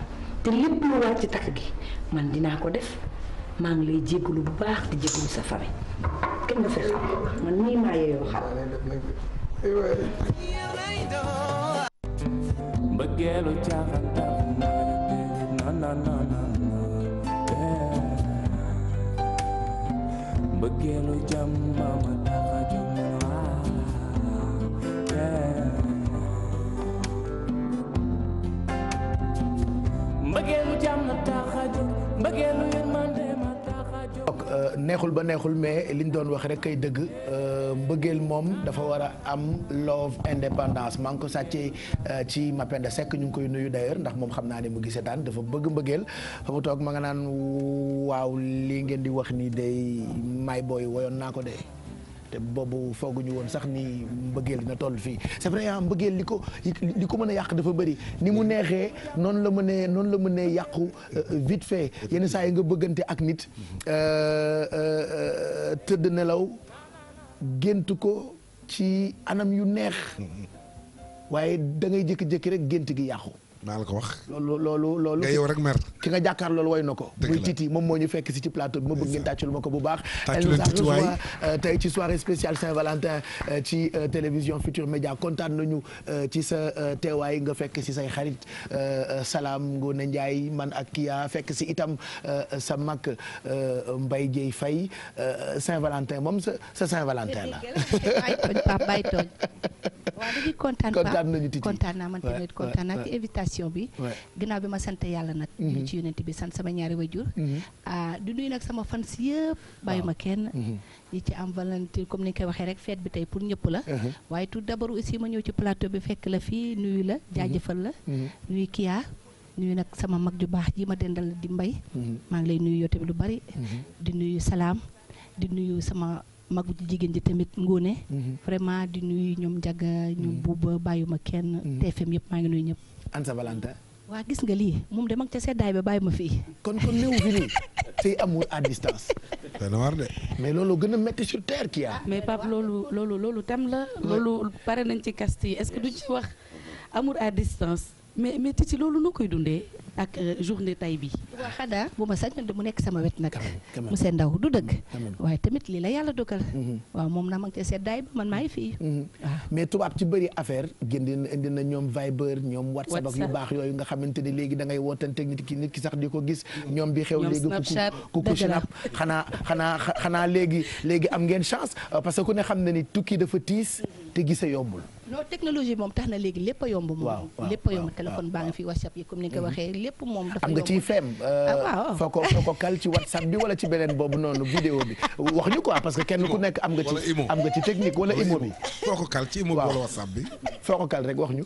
te lépp lu war ci takk gi man dinaa ko def maa ngi lay jéggalu bu baax di jéggalu sa famille kenn nga fi man nii maa yeeyoo xam mbëggeelu caaxaan tax na na na na mbëggeelu jàmm ma neexul ba neexul mais liñ doon wax rek kay dëgg euh, mbëggeel moom dafa war a am love indépendance maa ngi ko sàccee euh, ci Mapenda sekk ñu ngi koy nuyu d'ailleurs ndax moom xam naa ne mu gisee daan dafa bëgg mbëggeel fa mu toog ma nga naan waaw lii ngeen di wax nii day may booy woyoon naa ko de. te boobu fooguñu woon sax ni mbëggeel na toll fii c'est vrai ah li ko li ko mën a yàq dafa bëri ni mu neexee noonu la mënee noonu la mënee yàqu euh, vite fait yenn saa yi nga bëggante ak nit euh, euh, tëdd nelaw gént ko ci anam yu neex waaye dangay ngay jékki rek gént gi yàqu naa la ko loolu loolu loolu. nga yow rek mer. ki nga jàkkaar loolu woy na ko. muy Titi moom moo ñu fekk si ci plateau bi ma bëgg ngeen tàccul ma ko bu baax. tàccule Titi euh, ci soirée spéciale Saint-Valentin euh, ci euh, télévision Futur Média kontaan nañu ci sa teewaay nga fekk si say xarit Salam Ngone Ndiaye man ak Kia fekk si itam sa mag Mbaye Dieye Faye saint moom sa sa la. kontaan nañu Titi émission bi. ginnaaw bi ma sant yàlla nag. ñu mhm. ci yonent bi sant sama ñaari way wajur. Mhm. Ah, di nuyu nag sama fans yëpp bàyyi ma kenn. ñi mhm. ci am Valentine comme ni nga koy waxee rek feet bi tey pour ñëpp la. waaye tout d'abord aussi ma ñëw ci plateau bi fekk la fii nuyu la jaajëfal la. nuyu Kia. nuyu nag sama mag ju baax ji ma dendal di mbay maa ngi lay nuyu yow tamit lu bari. di nuyu salaam di nuyu sama magu jigéen ji tamit ngóone vraiment di nuyu ñoom njaga ñoom buuba bàyyuma kenn TFM yëpp maa ngi nuyu ñëpp an sa waa gis nga lii moom de mag ca seddaay ba bàyyi ma fii. kon kon néew fi nii c'est à distance. mais loolu gën a métti sur terre kii mais Pape loolu loolu loolu tam la. loolu pare nañ ci kast yi est-ce que duñ ci wax amour à distance. mais mais Titi loolu noo koy dundee. ak euh, journée tay bi waa xanaa bu ma sañoon de mu nekk sama wet nag monsieur Ndaw du dëgg waaye tamit lii la yàlla dogal mm-hmm. waaw moom naa ma ngi ci seddaay bi man maa ngi fii mm-hmm. mais tubaab ci bëri affaire génn indi na ñoom Viber ñoom WhatsApp ak yu baax yooyu nga xamante ne léegi da ngay wootanteeg nit ki nit ki sax di ko gis mm-hmm. ñoom bi xew léegi ku ku snap xanaa xanaa xanaa léegi léegi am ngeen chance euh, parce que ku ne xam na ni tukki dafa tiis te gise yombul non technologie moom tax na léegi lépp a yomb moom lépp yomb téléphone baa ngi fi whatsapp yi comme ni nga mhm. ko waxee lépp moom dafa yomb am nga ciy feem ah, euh, foo ko kal ci whatsapp bi wala ci beneen boobu noonu vidéo bi wax ñu quoi parce que kenn ku nekk am nga ci technique wala imo bi foo ko kal ci imo bi wala whatsapp bi foo ko kal rek wax ñu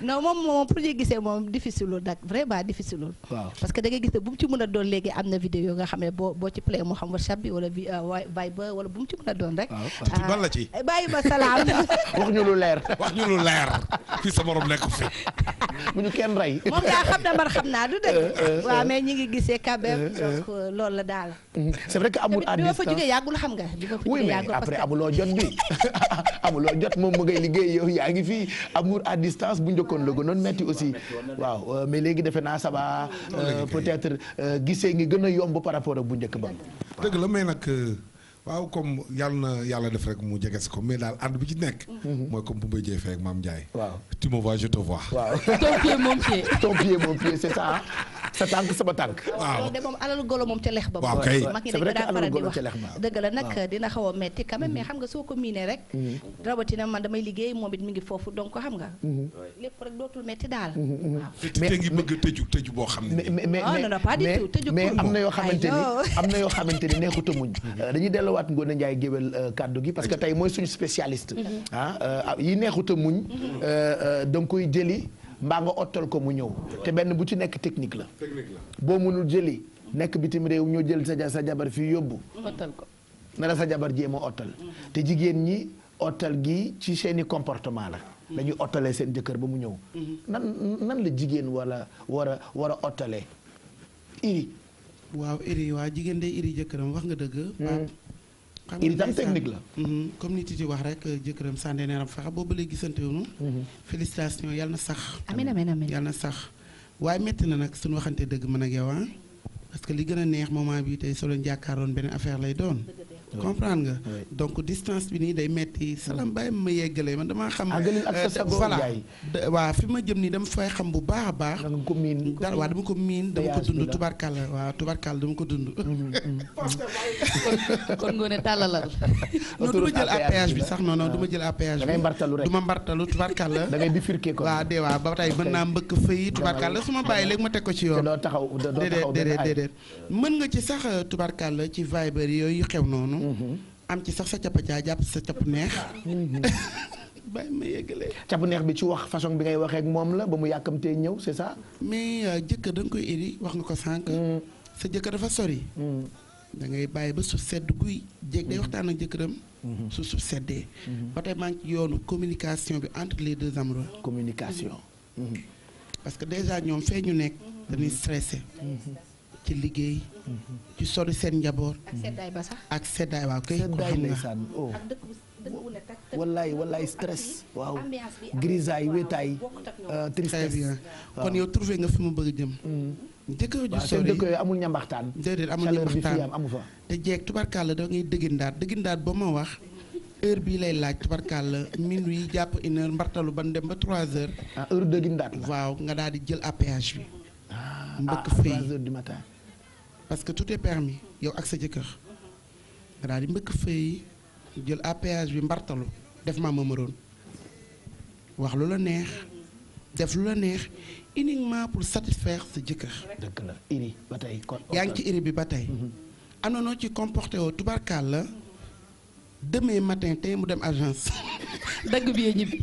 non moom moom pour ñu gisee moom difficile lul nag vraiment difficile lul. waaw parce que da ngay gis ne bu mu ci mën a doon léegi am na vidéo nga xam ne boo boo ci play moo xam WhatsApp bi wala bi euh, ci mën a doon rek. waaw ban la ci. Ah, bàyyi ma salaam. wax ñu lu leer. wax ñu lu leer fii sa morom nekk fi. mu ñu kenn rey. moom yaa xam na man xam naa du dëgg. Eh, eh, waaw eh. mais ñi ngi gisee kabeem. donc euh, loolu la daal. c'est vrai que amul à distance xam nga. parce que amuloo jot bi amuloo jot moom mu ngay liggéey yow yaa ngi fii amour à distance bu njëkk kon la gënoon metti aussi waaw euh, mais léegi defe naa ça va euh, peut-être euh, gisee ngi gën a yomb par rapport ak bu njëkk ba dëgg la mais nag waaw comme yàlla na yàlla def rek mu jege si ko mais daal ànd bi ci nekk. Mhm. mooy comme bu may jëfee fek maam Ndiaye. waaw sa tànk sama tànk. waaw loolu de moom alalu golo moom ca lex ba. waaw kay c'est vrai que alalu la nag a mais mhm. mhm. mi ngi foofu donc xam nga. lépp rek dootul metti daal. mais te ngi bëgg a tëju tëju boo xam ne. mais mais mais mais am na yoo xamante am na yoo xamante ni a muñ dañuy delluwaat joxaat Ngoné Ndiaye géwél euh, kàddu gi parce que tey mooy suñu spécialiste mhm. ah euh, yi neexuta muñ mhm. euh, da nga koy jëli mbaa nga ottal ko mu ñëw te benn bu ci nekk technique la boo mënul jëli nekk bitim réew ñoo jël sa sa jabar fii yóbbu ottal ko na la sa jabar jéema ottal mhm. te jigéen ñi ottal gi ci seeni comportement la dañuy ottalee seen jëkkër ba mu ñëw nan nan la jigéen wala war a war a ottalee iri waaw iri waaw jigéen day iri jëkkëram wax nga dëgg hmm. itam technique la mm-hmm. comme ni Titi wax rek jëkkëram sànni neeram fexe boobu ba gisante wuñu mm-hmm. félicitation yal na sax amiin amiin amiin yal na sax waaye métti na nag suñu waxante dëgg mën ak yow ah. parce que li gën a neex moment bi tey solo jàkkaaroon benn affaire lay doon comprendre nga donc distance bi nii day metti salaam bàyyi ma yeggalee man damaa xam ah, euh, voilà waaw fi ma jëm nii dama fay xam bu baax a baax dara waaw dama ko miin dama ko dund tubarkalla waaw tubarkalla dama ko dund mhm, mhm, mhm. kon ngoone tàllalal bi sax non non du ma ah. jël APH bi du ma mbartalu tubarkalla da ngay bifurquer ko waaw de waaw ba tey mën naa mbëkk fëyi tubarkalla su ma bàyyi léegi ma teg ko ci yoon déedéet déedéet déedéet mën nga ci sax euh, la ci viber yooyu xew noonu am ci sax sa cappa caa jàpp sa capp neex. bàyyi ma yeggalee. capp neex bi ci wax façon bi ngay waxee ak moom la ba mu yàkkamtee ñëw c'est ça. mais euh, jëkkër da nga koy indi wax nga ko sànq. Mm. sa jëkkër dafa sori. Mm. da ngay bàyyi ba suuf sedd guy. jéeg day mm. waxtaan ak jëkkëram. Mm-hmm. su suuf seddee. Mm-hmm. ba tey maa ci yoonu communication bi entre les deux amoureux. communication. Mm-hmm. parce que déjà ñoom fee ñu nekk dañuy stressé. ci liggéey. ci sori seen njaboot. ak seddaay ba sax ak seddaay waaw kay. ko xam nga oh. wallaay wallaay stress. waaw grisaay wéetaay. Euh, tristesse kon yow trouvé nga fi mu bëgg jëm. Mm. dëkkoo ju sori amul ñambaxtaan. amu fa. te jeeg tubarkalla da ngay dëggindaat dëggindaat ba ma wax. heure bii lay laaj tubarkalla minuit jàpp une mbartalu ban dem ba trois heures. ah heure dëggindaat waaw nga daal di jël APH bi. Ah, mbëkk ah, fay parce que tout est permis yow ak sa jëkkër nga daal di mbëkk fay jël APH bi mbartalu def maa mëmaroon wax lu la neex def lu la neex uniquement pour satisfaire sa jëkkër. dëgg yaa ngi ci iri bi ba tey. am mhm. na noo ci comporté woo tubarkaal la demain matin tey mu dem agence. dagg bi ñibbi.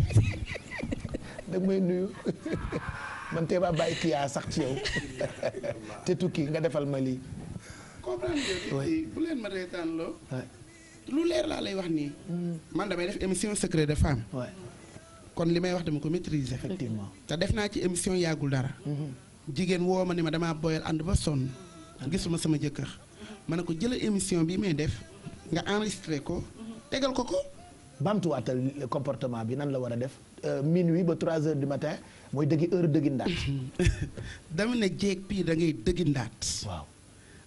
dag may nuyu. man tee ba bàyyi kiyaa sax ci yow te tukki nga defal ma lii. comprendre ngeen bu leen ma reetaan loo. lu leer laa lay wax nii. Mm. man damay def émission secret de femme. kon li may wax dama ko maîtriser. effectivement te def naa ci émission yàggul dara. Mm-hmm. jigéen woo ma ne ma damaa boyal ànd ba sonn. Mm-hmm. gisuma sama jëkkër. ma ne ko jëlal émission bi may def nga enregistré ko tegal ko ko. bamtuwaatal comportement bi nan la war a def euh, minuit ba 3 heures du matin. mooy dëggi heure dëggi ndaat. dama ne jeeg pii da ngay dëggi ndaat. waaw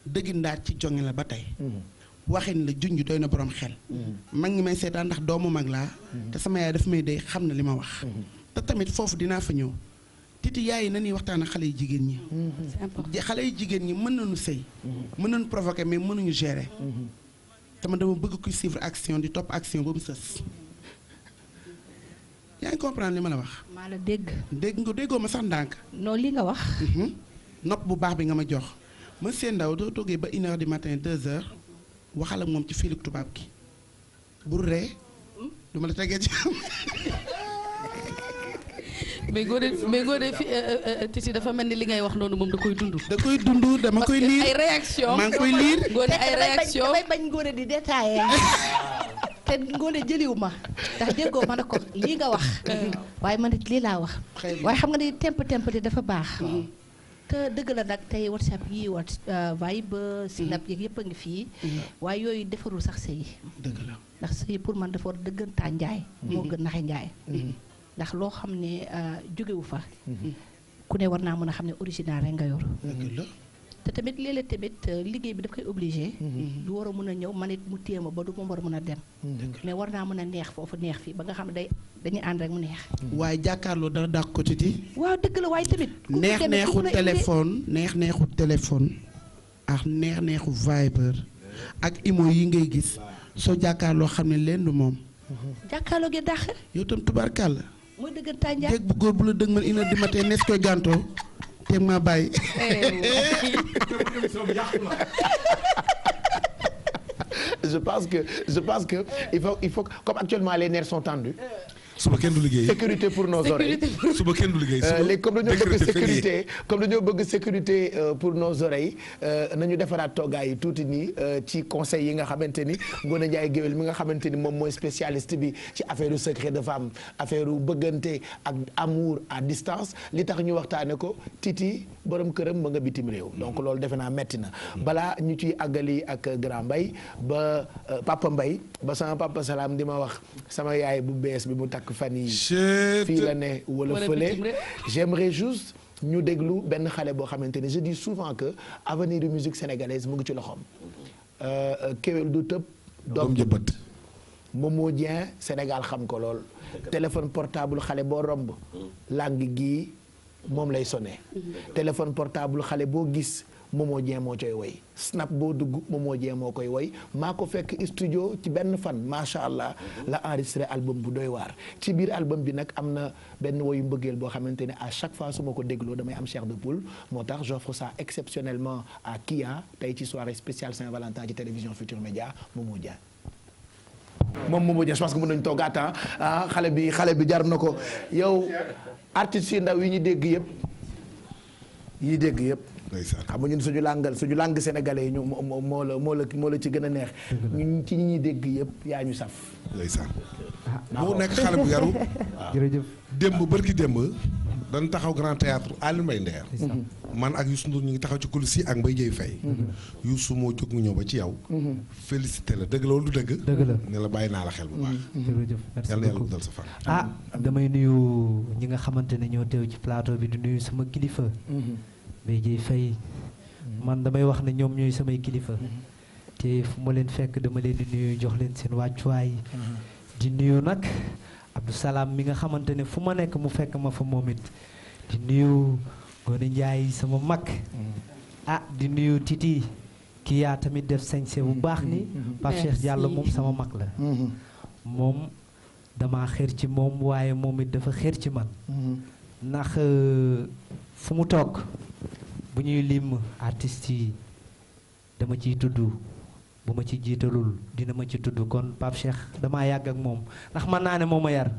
dëggi ndaat ci jonge la ba tey. Mhm. waxin la junj doy na borom xel. Mhm. mag ngi may seetaan ndax doomu mag laa. Mhm. te sama yaay daf may dey xam na li ma wax. te tamit foofu dinaa fa ñëw. titi yaay yi na ni waxtaan xale yu jigéen ñi. xale yu jigéen ñi mën nañu sëy. mën nañu provoquer mais mënuñu gérer. dama dama bëgg ku suivre action di topp action ba mu sës. yaa ngi comprendre li ma la wax. maa la dégg. dégg nga déggoo ma sax ndànk. non li nga wax. Mhm. nopp bu baax bi nga ma jox monsieur ndaw doo toggee ba une heure du matin deux heures waxal ak moom ci filig tubaab gi bu ree du ma la tegee ci. mais Ngoné euh, euh, euh, Titi dafa mel ni li ngay wax noonu moom da koy dund. da koy dund dama koy liir ay réaction maa ngi koy liir. Ngoné di détaillé. te ngoone jëliwu ma ndax déggoo ma ne ko lii nga wax waaye man it lii laa wax waaye xam nga ni temp temp di dafa baax mm-hmm. te dëgg la nag tey whatsapp yi wat euh, Viber Snap mm-hmm. yeeg yëpp a ngi fii mm-hmm. waaye yooyu defarul sax sëy dëgg la ndax sëy pour man dafa war dëggantaa njaay moo gën naxe njaay ndax loo xam ne euh, jógewu fa ku ne war naa mën a xam ne original rek nga yor te tamit léeg-léeg tamit euh, liggéey bi daf koy obligé. Mm-hmm. du war a mën a ñëw man mu téye ma ba du ma war a mën a dem. Mm-hmm. mais mën a neex foofu neex fii ba nga xam ne day dañuy ànd mu neex. Mm-hmm. waaye jàkkaarloo dana dàq ko ci di. waaw la waaye tamit. neex neexu téléphone neex neexu téléphone neex neexu Viber imo yi ngay gis jàkkaarloo xam ne leen du moom. jàkkaarloo gi dàq. yow tam tubaarkàlla. mooy dëggantaan jàpp bu góor bu la dëgg man koy gàntoo. teeg maa bàyyi. je pense que je pense que il faut il faut comme actuellement les nerfs sont tendus. suba kenn du liggéey sécurité pour nos oreilles suba kenn du liggéey. Euh, léegi comme dañoo bëgg sécurité comme dañoo bëgg sécurité euh, pour nos oreilles euh, nañu defaraat toggaay yi tuuti nii ci conseil yi nga xamante ni Ngoné Ndiaye Géwél mi nga xamante ni moom mooy spécialiste bi ci affaire secret de femme affaire bëggante ak amour à distance li tax ñu waxtaane ko Titi. borom këram ma nga bitim réew donc loolu defe naa metti na balaa ñu ciy àggali ak grand mbay ba euh, papa mbay ba sama papa salaam di ma wax sama yaay bu bees bi mu takk fan yi fii la ne wala fële j'aimerais juste ñu déglu benn xale boo xamante ne je souvent que avenir de musique sénégalaise mu ngi ci loxoom euh, euh, kéwél du tëb doom ji bët Momo Dieng Sénégal xam ko lool téléphone portable xale boo romb hmm. langue gi moom lay sonné. téléphone portable xale boo gis Momo Dieng moo coy woy snap boo dugg Momo Dieng moo koy woy maa ko fekk studio ci benn fan macha allah la enregistré album bu doy waar ci biir album bi nag am na benn woyu mbëggeel boo xamante ne à chaque fois su ko dégloo damay am chair de poule moo tax j'offre ça exceptionnellement à Kia tey ci soirée spéciale Saint-Valentin ci télévision Futur Média Momo Dieng moom Momo Dieng que mën nañu toogaat ah, ah, xale bi xale bi jar na ko yow artistes yu ndaw yi ñu dégg yëpp yi ñu dégg yëpp. xam nga ñun suñu làngal suñu làng sénégalais yi ñu moo la moo la ci gën a neex. ñun ci ñi ñuy dégg yëpp yaa ñu saf. ndeysaan ah, mu nekk xale bu yaru. jërëjëf démb bërki démb. dañ taxaw grand théâtre Aliou Mbaye Nder man ak Youssou Ndour ñu ngi taxaw ci coulisses yi ak Mbaye Dieye Faye mm-hmm. Youssou moo jóg mu ñëw ba ci yow mm-hmm. félicité la dëgg loolu dëgg dëgg la ne la bàyyi naa la xel bu baax mm-hmm. jërëjëf yàlla yàlla dal sa ah, damay nuyu ñi nga xamante ne ñoo teew ci plateau bi di nuyu sama kilifa Mbaye Dieye Faye man damay wax ne ñoom ñooy samay kilifa te fu ma leen fekk dama leen di nuyu jox leen seen wàccuwaay di nuyu nag Abdou Salaam mi nga xamante ne fu ma nekk mu fekk ma fa moom it di nuyu Ngoné Ndiaye sama mag mm-hmm. ah di nuyu Titi kii yaa tamit def sañse bu mm-hmm. baax ni mm-hmm. Pape Cheikh moom sama mag la moom dama xër ci moom waaye moom it dafa xër ci man ndax euh, fu mu toog bu ñuy lim artistes yi dama ciy tudd bu ma ci jiitalul dina ma ci tudd kon Pape Cheikh damaa yàgg ak moom ndax man naa ne moo ma yar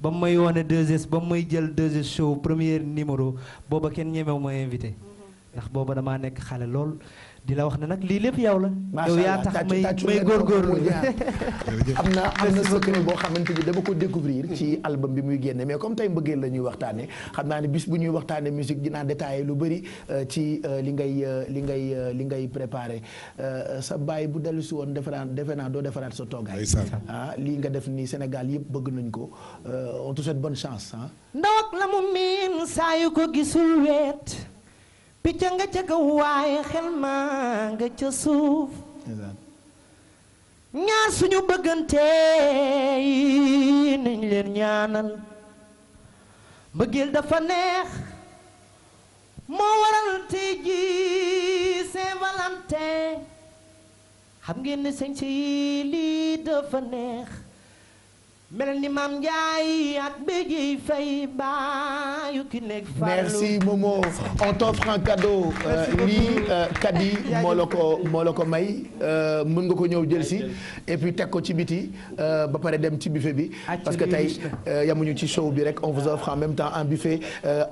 ba mu may woone 2S ba mu may jël 2S show premier numéro booba kenn ñemew ma invité ndax booba damaa nekk xale lool di la wax ne nag lii lépp yow la. macha allah yow yaa tax may may góorgóorlu. am na am na secret boo xamante ni dama ko découvrir ci album bi muy génne mais comme tey mbëggeel la ñuy xam naa ne bis bu ñuy waxtaanee musique dinaa détaillé lu bëri euh, ci euh, li ngay euh, li ngay li ngay préparé sa baay bu dellu si woon defaraat defe naa doo defaraat sa toogaay. ah lii nga def nii Sénégal yëpp bëgg nañ ko on te souhaite bonne chance ah. la mu miin saa yu ko gisul weet. picca nga ca kaw waaye xel maa nga ca suuf ñaar suñu bëggante yi leen ñaanal mbëggeel dafa neex moo waral tey ji Saint-Valentin xam ngeen ne si lii dafa neex mel ni maam Ndiaye ak ki nekk farlu merci Momo on t'offre un cadeau. Euh, lii euh, kadi moo la ko moo la ko may euh, mën nga ko ñëw jël si. et teg ko ci biti ba pare dem ci buffet bi. parce que tey yamuñu ci show bi rek on vous offre en même temps un buffet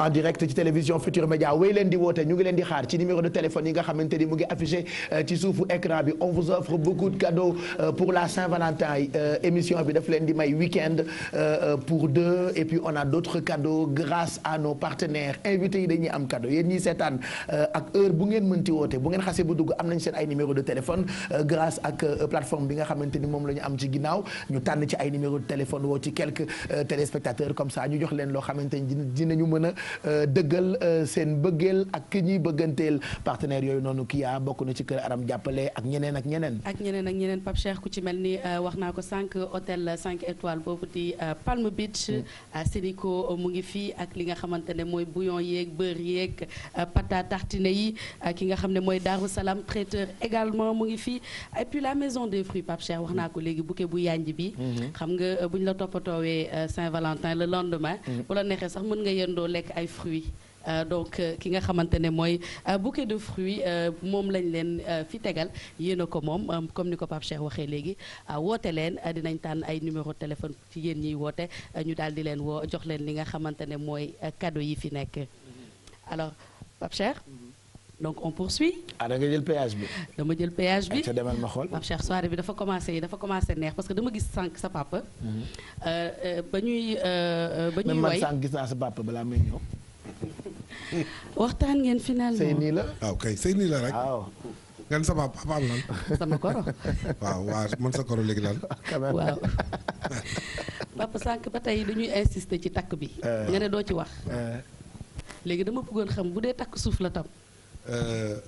en direct ci télévision Futur Média wéy leen di woote ñu ngi leen di xaar ci numéro de téléphone yi nga xamante ni mu ngi affiché ci suufu écran bi on vous offre beaucoup de cadeaux pour la Saint-Valentin émission bi daf leen di may week-end euh, euh, pour deux et puis on a d'autres cadeaux grâce à nos partenaires invités yi dañuy am cadeau yéen ñiy seetaan euh, ak heure bu ngeen mënti woote bu ngeen xasee ba dugg am nañ seen ay numéro de téléphone grâce ak plateforme bi nga xamante ni moom la ñu am ci ginnaaw ñu tànn ci ay numéro de téléphone woo ci quelques téléspectateurs comme ça ñu jox leen loo xamante ni dina mën a dëggal seen bëggeel ak ki ñuy bëgganteel partenaires yooyu noonu kii yaa bokk na ci kër Aram jàppale ak ñeneen ak ñeneen. étoile boobu di euh, Palm Beach mm. euh, Sénico euh, mu ngi fii ak li nga xamante ne mooy bouillon yeeg bër yeeg pâte tartine yi ki nga xam ne mooy Darou Salam traiteur également mu ngi fii et puis la maison des fruits Pape Cheikh wax naa ko léegi bouquet bu yanj bi mm-hmm. xam nga bu ñu la toppatoowee Saint-Valentin le lendemain mm-hmm. bu la neexee sax mën nga yendoo lekk ay fruits Euh, donc euh, ki nga xamante ne mooy euh, bouquet de fruits moom lañ leen fi tegal yéen a ko moom comme ni ko Pape waxee léegi woote leen dinañ tànn ay numéro téléphone ci yéen ñiy woote ñu daal di leen woo jox leen li nga xamante ne mooy cadeau yi fi nekk alors Pape Cheikh donc on poursuit. ah da nga jël péage bi. dama jël péage bi ayca demal ma xool. Pape Cheikh soirée bi dafa commencé dafa commencé neex parce que dama gis sànq sa papa. Mhm. ba ñuy ba ñuy. way man sànq balaa may ñëw. waxtaan ngeen final. sëy nii la waaw kay sëy nii la rek. waaw. gan sama papa am lan. sama koro. waaw waa man sa koro léegi lan. waaw. papa sànq ba tey dañuy insister ci takk bi. Euh. nga ne doo ci wax. Euh. léegi dama bëggoon xam bu dee takk suuf la tam. Euh,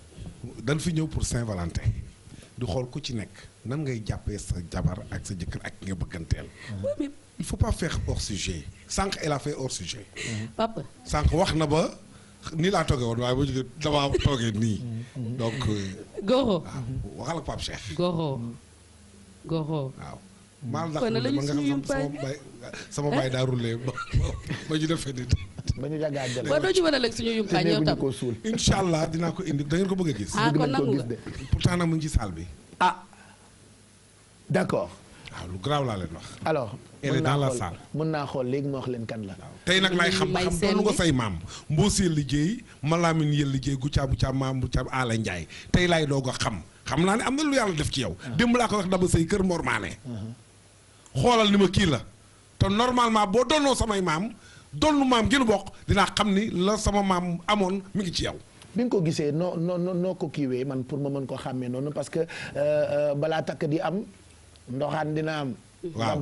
dañ fi ñëw pour Saint-Valentin. du xool ku ci nekk nan ngay jàppee sa jabar ak sa jëkkër ak nga bëgganteel. il faut pas faire hors sujet. sànq elle papa sànq wax na ba. nii laa toogee woon waaye bu ñu damaa toogee nii. donc. Euh, Goro waxal ak Pape Cheikh. Goro Goro. waaw maal ndax man nga xam sama baay sama baay daa rouler ba ba ñu defee nit. ba ñu jàggaat jël ba doo ci yumpaañ yow tam incha dinaa ko indi da ngeen ko bëgg a gis. ah kon nag mu ngi ci salle bi. ah d'accord. waaw lu garaaw laa leen wax. alors elle est mën naa xool léegi ma wax leen kan la. tey nag laay xam xam doonu ko say maam. Mbossé liggéey Malamine yéen liggéey Goucaabu Caam maam bu Caam Aala Ndiaye tey laay doog a xam xam naa ne am na lu yàlla def ci yow. Ah. démb laa ko wax dama say kër Mor Maane. xoolal ni ma kii la te normalement boo doonoo samay maam doonu maam gi nu bokk dinaa xam ni la sama maam amoon mi ngi ci yow. bi nga ko gisee noo noo noo ko kiiwee man pour ma mën ko xàmmee noonu parce que euh, euh, balaa takk di am. ndoxaan dina am.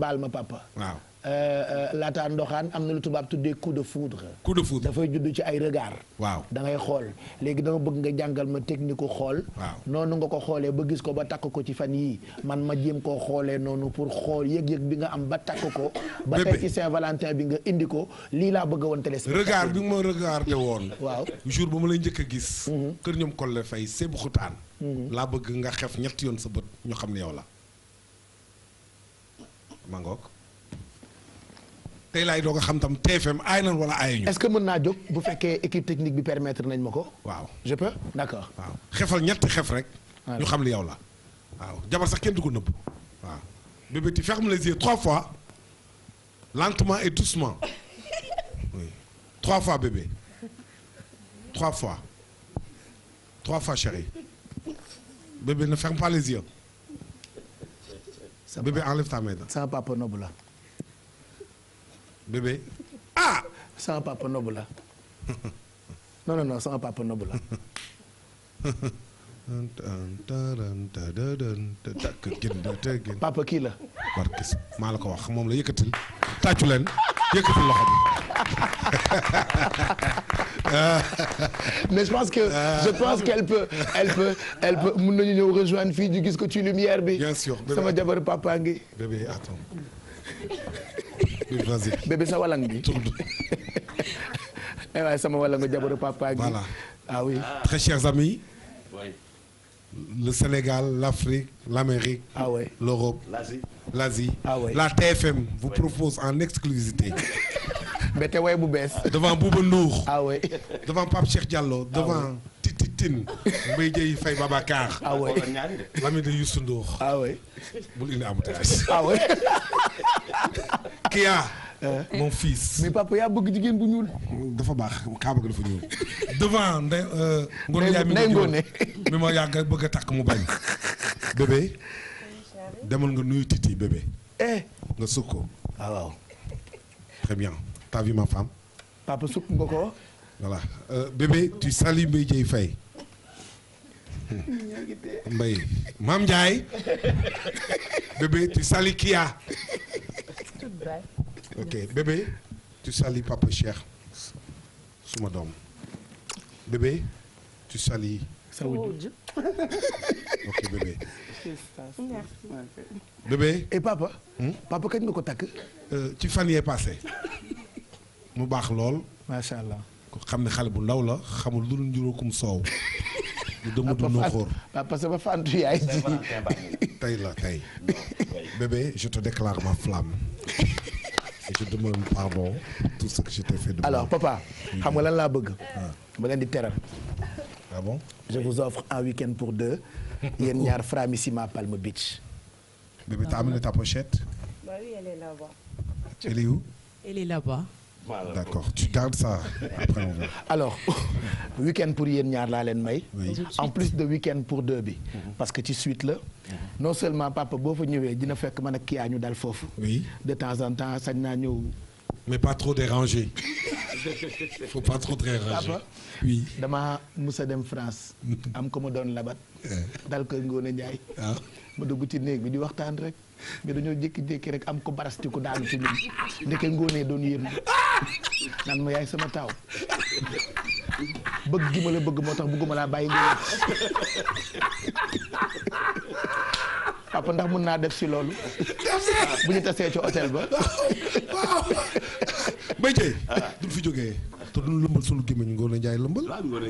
baal ma papa. waaw euh, euh, laataa ndoxaan am na lu tubaab tuddee coup de foudre. coup de foudre dafay judd ci ay regard. waaw da ngay xool léegi dama bëgg nga jàngal ma technique xool. waaw noonu nga ko xoolee ba gis ko ba takk ko ci fan yii man ma jéem koo xoolee noonu pour xool yëg-yëg bi nga am ba takk ko. ba tey ci Saint-Valentin bi nga indi ko lii laa bëgg a woon téléspectateur regard bi ma regardé woon. waaw jour ba ma lay njëkk a gis. Mhm. kër ñoom Kolle Faye Sébikotane. Mhm. laa bëgg nga xef ñetti yoon sa bët ñu xam ne yow la. mangook tey laay doog ko xam tam TFM aay nan wala aayuñu. est-ce que mën naa jóg bu fekkee équipe technique bi permettre nañ ma ko. waaw je peux d'accord. waaw xefal ñetti xef rek. ñu xam li yow la. waaw jabar sax kenn du ko nëbb. waaw bébé tu fermes les yeux trois fois lentement et doucement oui trois fois bébé trois fois trois fois chérie bébé ne ferme pas les yeux. bébé enlève ta main. sama papa nobu la. bébé ah. sama papa nobu la non non non sama papa nobu la. papa kii la. barkis maa la ko wax moom la yëkkatil tàccu leen yëkkatil loxo bi. mais je pense que je pense ah. qu'elle peut elle peut elle peut mën rejoindre fii ñu gis ko ci lumière bi. bien sûr sama jabar papa ngi. bébé attends. bébé sa walang bi. Eh waaye sama walang jabar papa ngi. voilà ah très chers amis. le Sénégal, l'Afrique, l'Amérique, ah l'Europe, l'Asie. Ah la TFM vous propose en exclusivité. devant Bouba Nour, ah devant Pape Cheikh Diallo, ah devant Tititine, Mbaye Dieye Faye Babacar, l'ami de Youssou Ndour. Ah ouais. Bul indi Kia. Euh, moom fils. mais papa yaa bëgg jigéen bu ñuul. dafa baax kaa bëgg dafa ñuul. devant ndey. Euh, ngoon mi ngoone mi ma yàgg bëgg a takk mu bañ. bébé. demal nga nuyu titi bébé. Eh. nga sukk ko. waaw ah, waaw. très bien t'as ma femme. papa sukk nga ko. Euh, bébé tu salis Mbaye Dieye Faye. Mbaye Mame Ndiaye. bébé tu salis Kia. ok bébé tu salis papa Cheikh suma doom bébé tu salis. sa wujj oh, bébé. bébé. et papa. Hmm? papa kañ nga ko takk. Euh, ci fan yee passé mu baax lool. macha ko xam ne xale bu ndaw la xamul lu dul njuróokum soow. du dëmm du nuxóor. parce que ba fantu yaay ji. la tey. bébé je te déclare ma je demande pardon tout ce que je fait de alors papa xam nga la laa bëgg ba ah. ngeen di teral ah bon je vous offre un week pour deux yéen oh. ñaar Framisima Palm Beach bébé t'as amené ta pochette elle est là-bas Voilà. D'accord, tu gardes ça. Après, on va. Alors, pour yéen ñaar laa leen may. En plus de week-end pour deux bi. parce que ci suite la. non seulement papa boo fa ñëwee dina fekk man ak Kia ñu dal foofu. oui de temps en temps sañ naa ñëw. mais pas trop déranger. faut pas trop déranger. dama mus a dem France. am ko ma doon labat. Eh. dal ko Ngoné Ndiaye. Ah. ma dugg ci néeg bi di waxtaan rek. mais dañoo jékki-jékki rek am ko barastiku daanu ci ñun ndeke ngóonee doon yéem naan sama taaw bëgg ma la bëgg moo tax bëgguma laa bàyyi ngóone papa ndax mën naa def si loolu bu ñu tasee ca hôtel ba waaw bay jëy fi jógee te duñ lëmbal sunu gémmiñ Ngoné Ndiaye lëmbal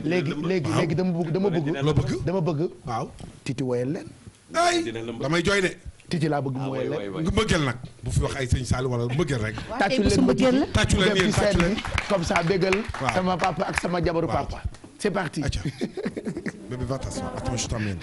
léegi léegi léegi dama bëgg dama bëgg dama bëgg waaw titi woyal leen ay damay jooy de titi la bëgg mooy ah, lekk mbëggeel nag bu fi wax ay sëñ Sall wala mbëggeel rek. tàccu leen tàccu leen yéen tàccu leen comme ça bégal. sama papa ak sama jabaru papa. c'est parti. bébé va t'asseoir attends je t'emmène.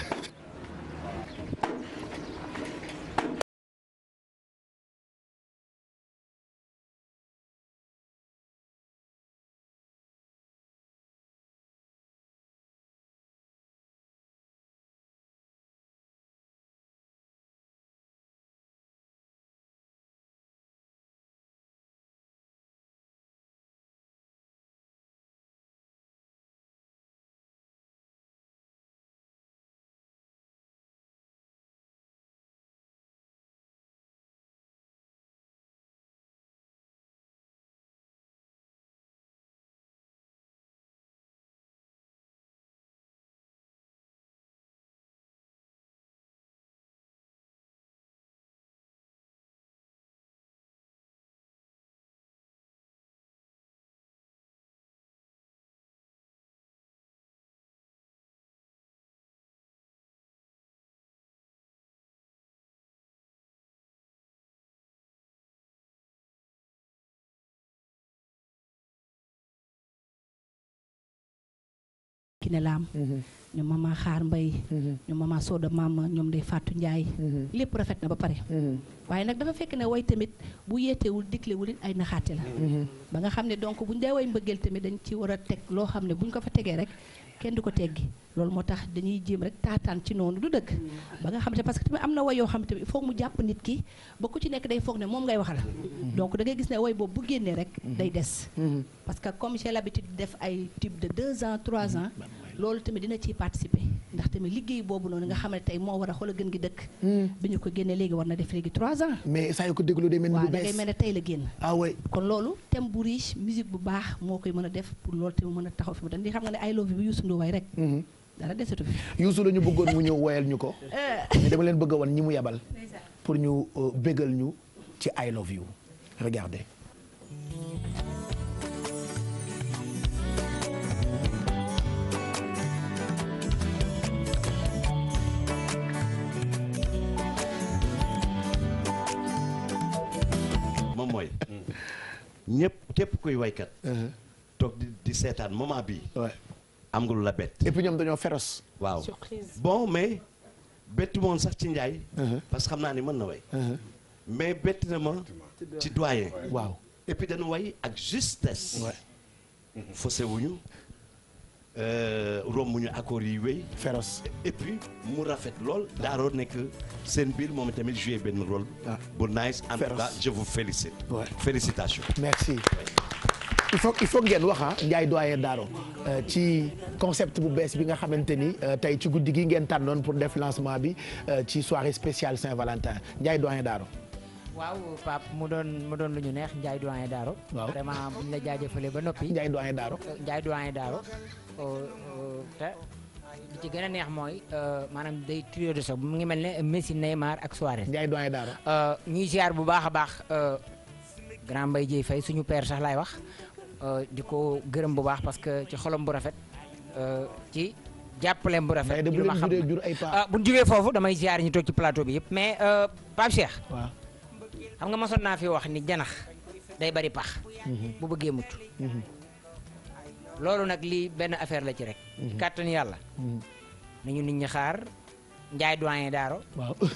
Kiné Lam ma mm-hmm. mama xaar mbay mm-hmm. ñoom mama Soda Mama ñoom day Fatou Ndiaye mm-hmm. lépp rafet na ba pare waaye nag dafa fekk ne way tamit bu yeetewul diklewul it ay naxaate la ba nga xam ne donc buñ day way mbëggeel tamit dañ ci war a teg loo xam ne buñ ko fa tegee rek kenn du ko teggi loolu moo tax dañuy jéem rek taataan ci noonu du dëkk ba nga xam ne parce que tamit am na way yoo xam ne tamit foog mu jàpp nit ki ba ku ci nekk day foog ne moom ngay waxal donc da ngay gis ne way boobu bu génnee rek day des parce que comme j'ai l'habitude def ay tube de deux ans trois ans loolu tamit dina ciy participer ndax tamit liggéey boobu noonu nga xam ne tey moo war a xool gën gi dëkk. Hmm. bi ñu ko génnee léegi war na def léegi trois ans. mais saa yu ko déglu day mel ni lu bees mel ne tey la génn. ah oui kon loolu thème bu bu baax moo koy mën a def pour loolu tamit mën a taxaw fi mu di xam nga ne ay love bi Youssou Ndour waay rek. Hmm. dara desatu fi. Youssou la ñu bëggoon mu ñëw woyal ñu ko. Eh. mais dama leen bëgg a wan ñi mu yabal. pour ñu euh, bégal ñu ci I love you regardez ñëpp képp kuy waykat. Uh-huh. toog di seetaan moment bi am nga lu la bett. et ñoom dañoo féroce. waaw bon mais bettu moon sax ci Ndiaye. Uh-huh. parce que xam naa ni mën na way. Uh-huh. mais bett na ma ci doyen. waaw et puis dañu way ak justesse. faussé wuñu Euh, romb ñu accords yi wéy. féroce et mu rafet lool. daaro nekk seen biir moom tamit joué benn rôle. Ah. bu nice en tout cas je vous félicite. Ouais. félicitations. merci. il faut ngeen wax ah Ndiaye doyen daaro euh, ci concept bu bees bi nga xamante ni euh, tey ci guddi gi ngeen tànnoon pour def bi ci soirée spéciale Saint-Valentin Ndiaye doyen Daro. waaw Pape mu doon mu lu ñu neex Ndiaye doyen Daro. waaw vraiment buñ ba noppi. Ndiaye doyen Daro te li ci gën a neex mooy euh, maanaam day trio de choc mu ngi mel ne Messi Neymar ak Suarez. Ndiaye doyen Daara. Euh, ñuy ziar bu baax a baax euh, grand Mbaye Dieye fay suñu père sax laay wax di ko gërëm bu baax parce que ci xolom bu rafet ci. jàpp jàppaleem bu rafet ñu ma xam ah, bu ñu jógee foofu damay ziar ñu toog ci plateau bi yëpp mais Pape xam nga mosoon naa fi wax ni janax day bari pax. Mhm. bu bëggee mucc. Mhm. loolu nag lii benn affaire la ci rek. ci mhm. kàttan yàlla. Mhm. nañu nit ñi xaar Ndiaye doyen Daaro. waaw.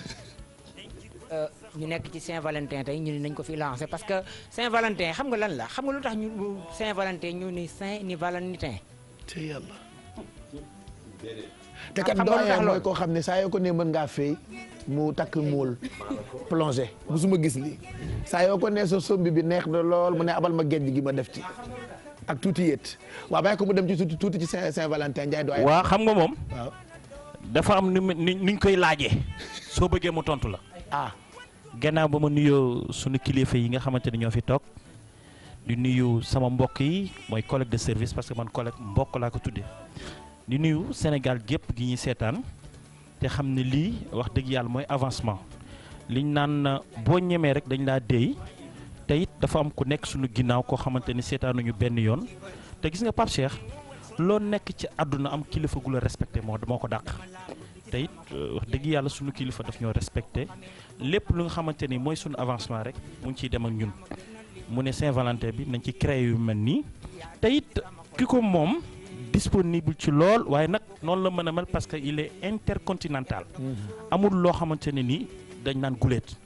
Euh, ñu nekk ci Saint-Valentin tey ñu ne nañ ko fi parce que Saint-Valentin xam nga lan la xam nga lu tax ñu Saint-Valentin ñu ni Saint ni Valentin. Ah, te yàlla. te kat doyen mooy koo xam ne saa yoo ko nee mën ngaa fay mu takk mool su ma gis li saa yoo ko nee sa sombi bi neex na lool mu ne abal ma géej gi ma def ci. ak tuuti yéet waaw bàyyi ko mu dem ci tuuti tuuti ci Saint Saint Valentin Ndiaye doy. xam nga moom. dafa am ni ñu koy laajee soo bëggee mu tontu la. ah gannaaw ba ma nuyoo suñu kilifa yi nga xamante ne ñoo fi toog di nuyu sama mbokk yi mooy collègue de service parce que man collègue mbokk laa ko tuddee di nuyu Sénégal gépp gi ñuy seetaan te xam ne lii wax dëgg yàlla mooy avancement liñ naan boo ñemee rek dañ laa déy. te it dafa am ku nekk suñu ginnaaw koo xamante ni seetaanuñu benn yoon te gis nga Pape Cheikh loo nekk ci àdduna am kilifa gu la respecté moo moo ko dàq te it euh, wax dëgg yàlla suñu kilifa daf ñoo respecté lépp lu nga xamante ni mooy suñu avancement rek mu ngi ciy dem ak ñun mu ne Saint-Valentin bi nañ ci créer yu mel nii te it ki ko moom disponible ci lool waaye nag noonu la mën a mel parce que il est intercontinental mm-hmm. amul loo xamante ne nii dañ naan guléet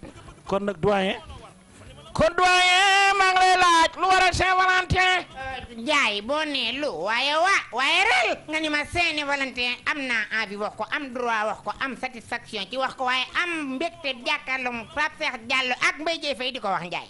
kon doyen maa ngi lay laaj lu waral Saint-Valentin. Ndiaye boo lu waaye wa waaye rel nga ni ma Saint-Valentin am naa envie wax ko am droit wax ko am satisfaction ci wax ko waaye am mbégte jàkkaarloo mu Pape Cheikh Diallo ak Mbaye Dieye Faye di ko wax Ndiaye.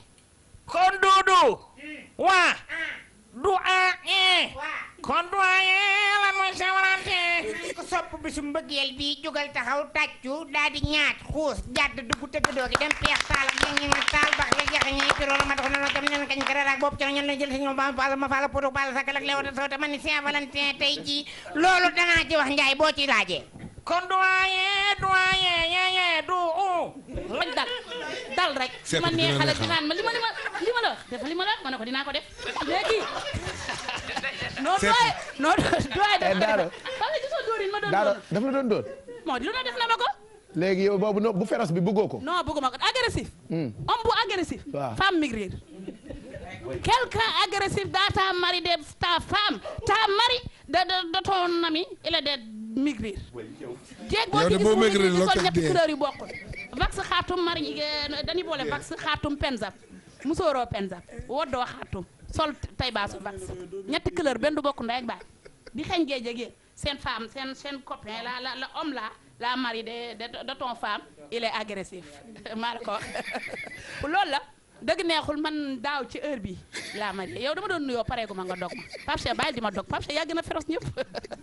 kon Doudou. Hmm. waa. Ah. du'aayee kon du'aayee la mooy sawarante li ko sopp bi su mbëggeel bi jógal taxaw tàccu daal di ñaaj xuus jàdd dugg tëgg doogi dem peex taal ak yéen ñi taal bax la jaxe ñi piroo la a tax noonu tam nen kañ karara ak bopp ci ñen la jël si ñoom ba paal ma faala poto paal sakal ak leewata soo tamani Saint Valentin tey ji loolu danaa ci wax njaay boo ci laajee kon doyen doyen yeye du bañ dal dal rek. man nee xale bi naan ma li ma li la def li la ma ne ko dinaa ko def léegi. non doye non eh, la doon doon dóor. moo lu ne def na ma ko. léegi bu féroce bi bëggoo ko. non bëgguma ko agressif. Hmm. homme bu agressif. waaw femme quelqu'un agressif dans ta mari de ta femme ta mari de de ton ami de maigrir. jéeg boo ci gis mu ngi ci sol ñetti couleur yu bokkul vax xaatum mari dañuy boole vax xaatum penzap musooroo penzap woddoo xaatum sol tay baasu vax ñetti couleur benn du bokk ndey ak baay di xeeñ géej ak seen femme seen seen copain la la la homme la la mari de de ton femme il est agressif maa la ko wax la dagg neexul man daaw ci heure bi laa mari yow dama doon nuyoo paree pareegu ma nga dog ma Pape Cheikh bàyyil di ma dog Pape Cheikh yàgg na féroce ñëpp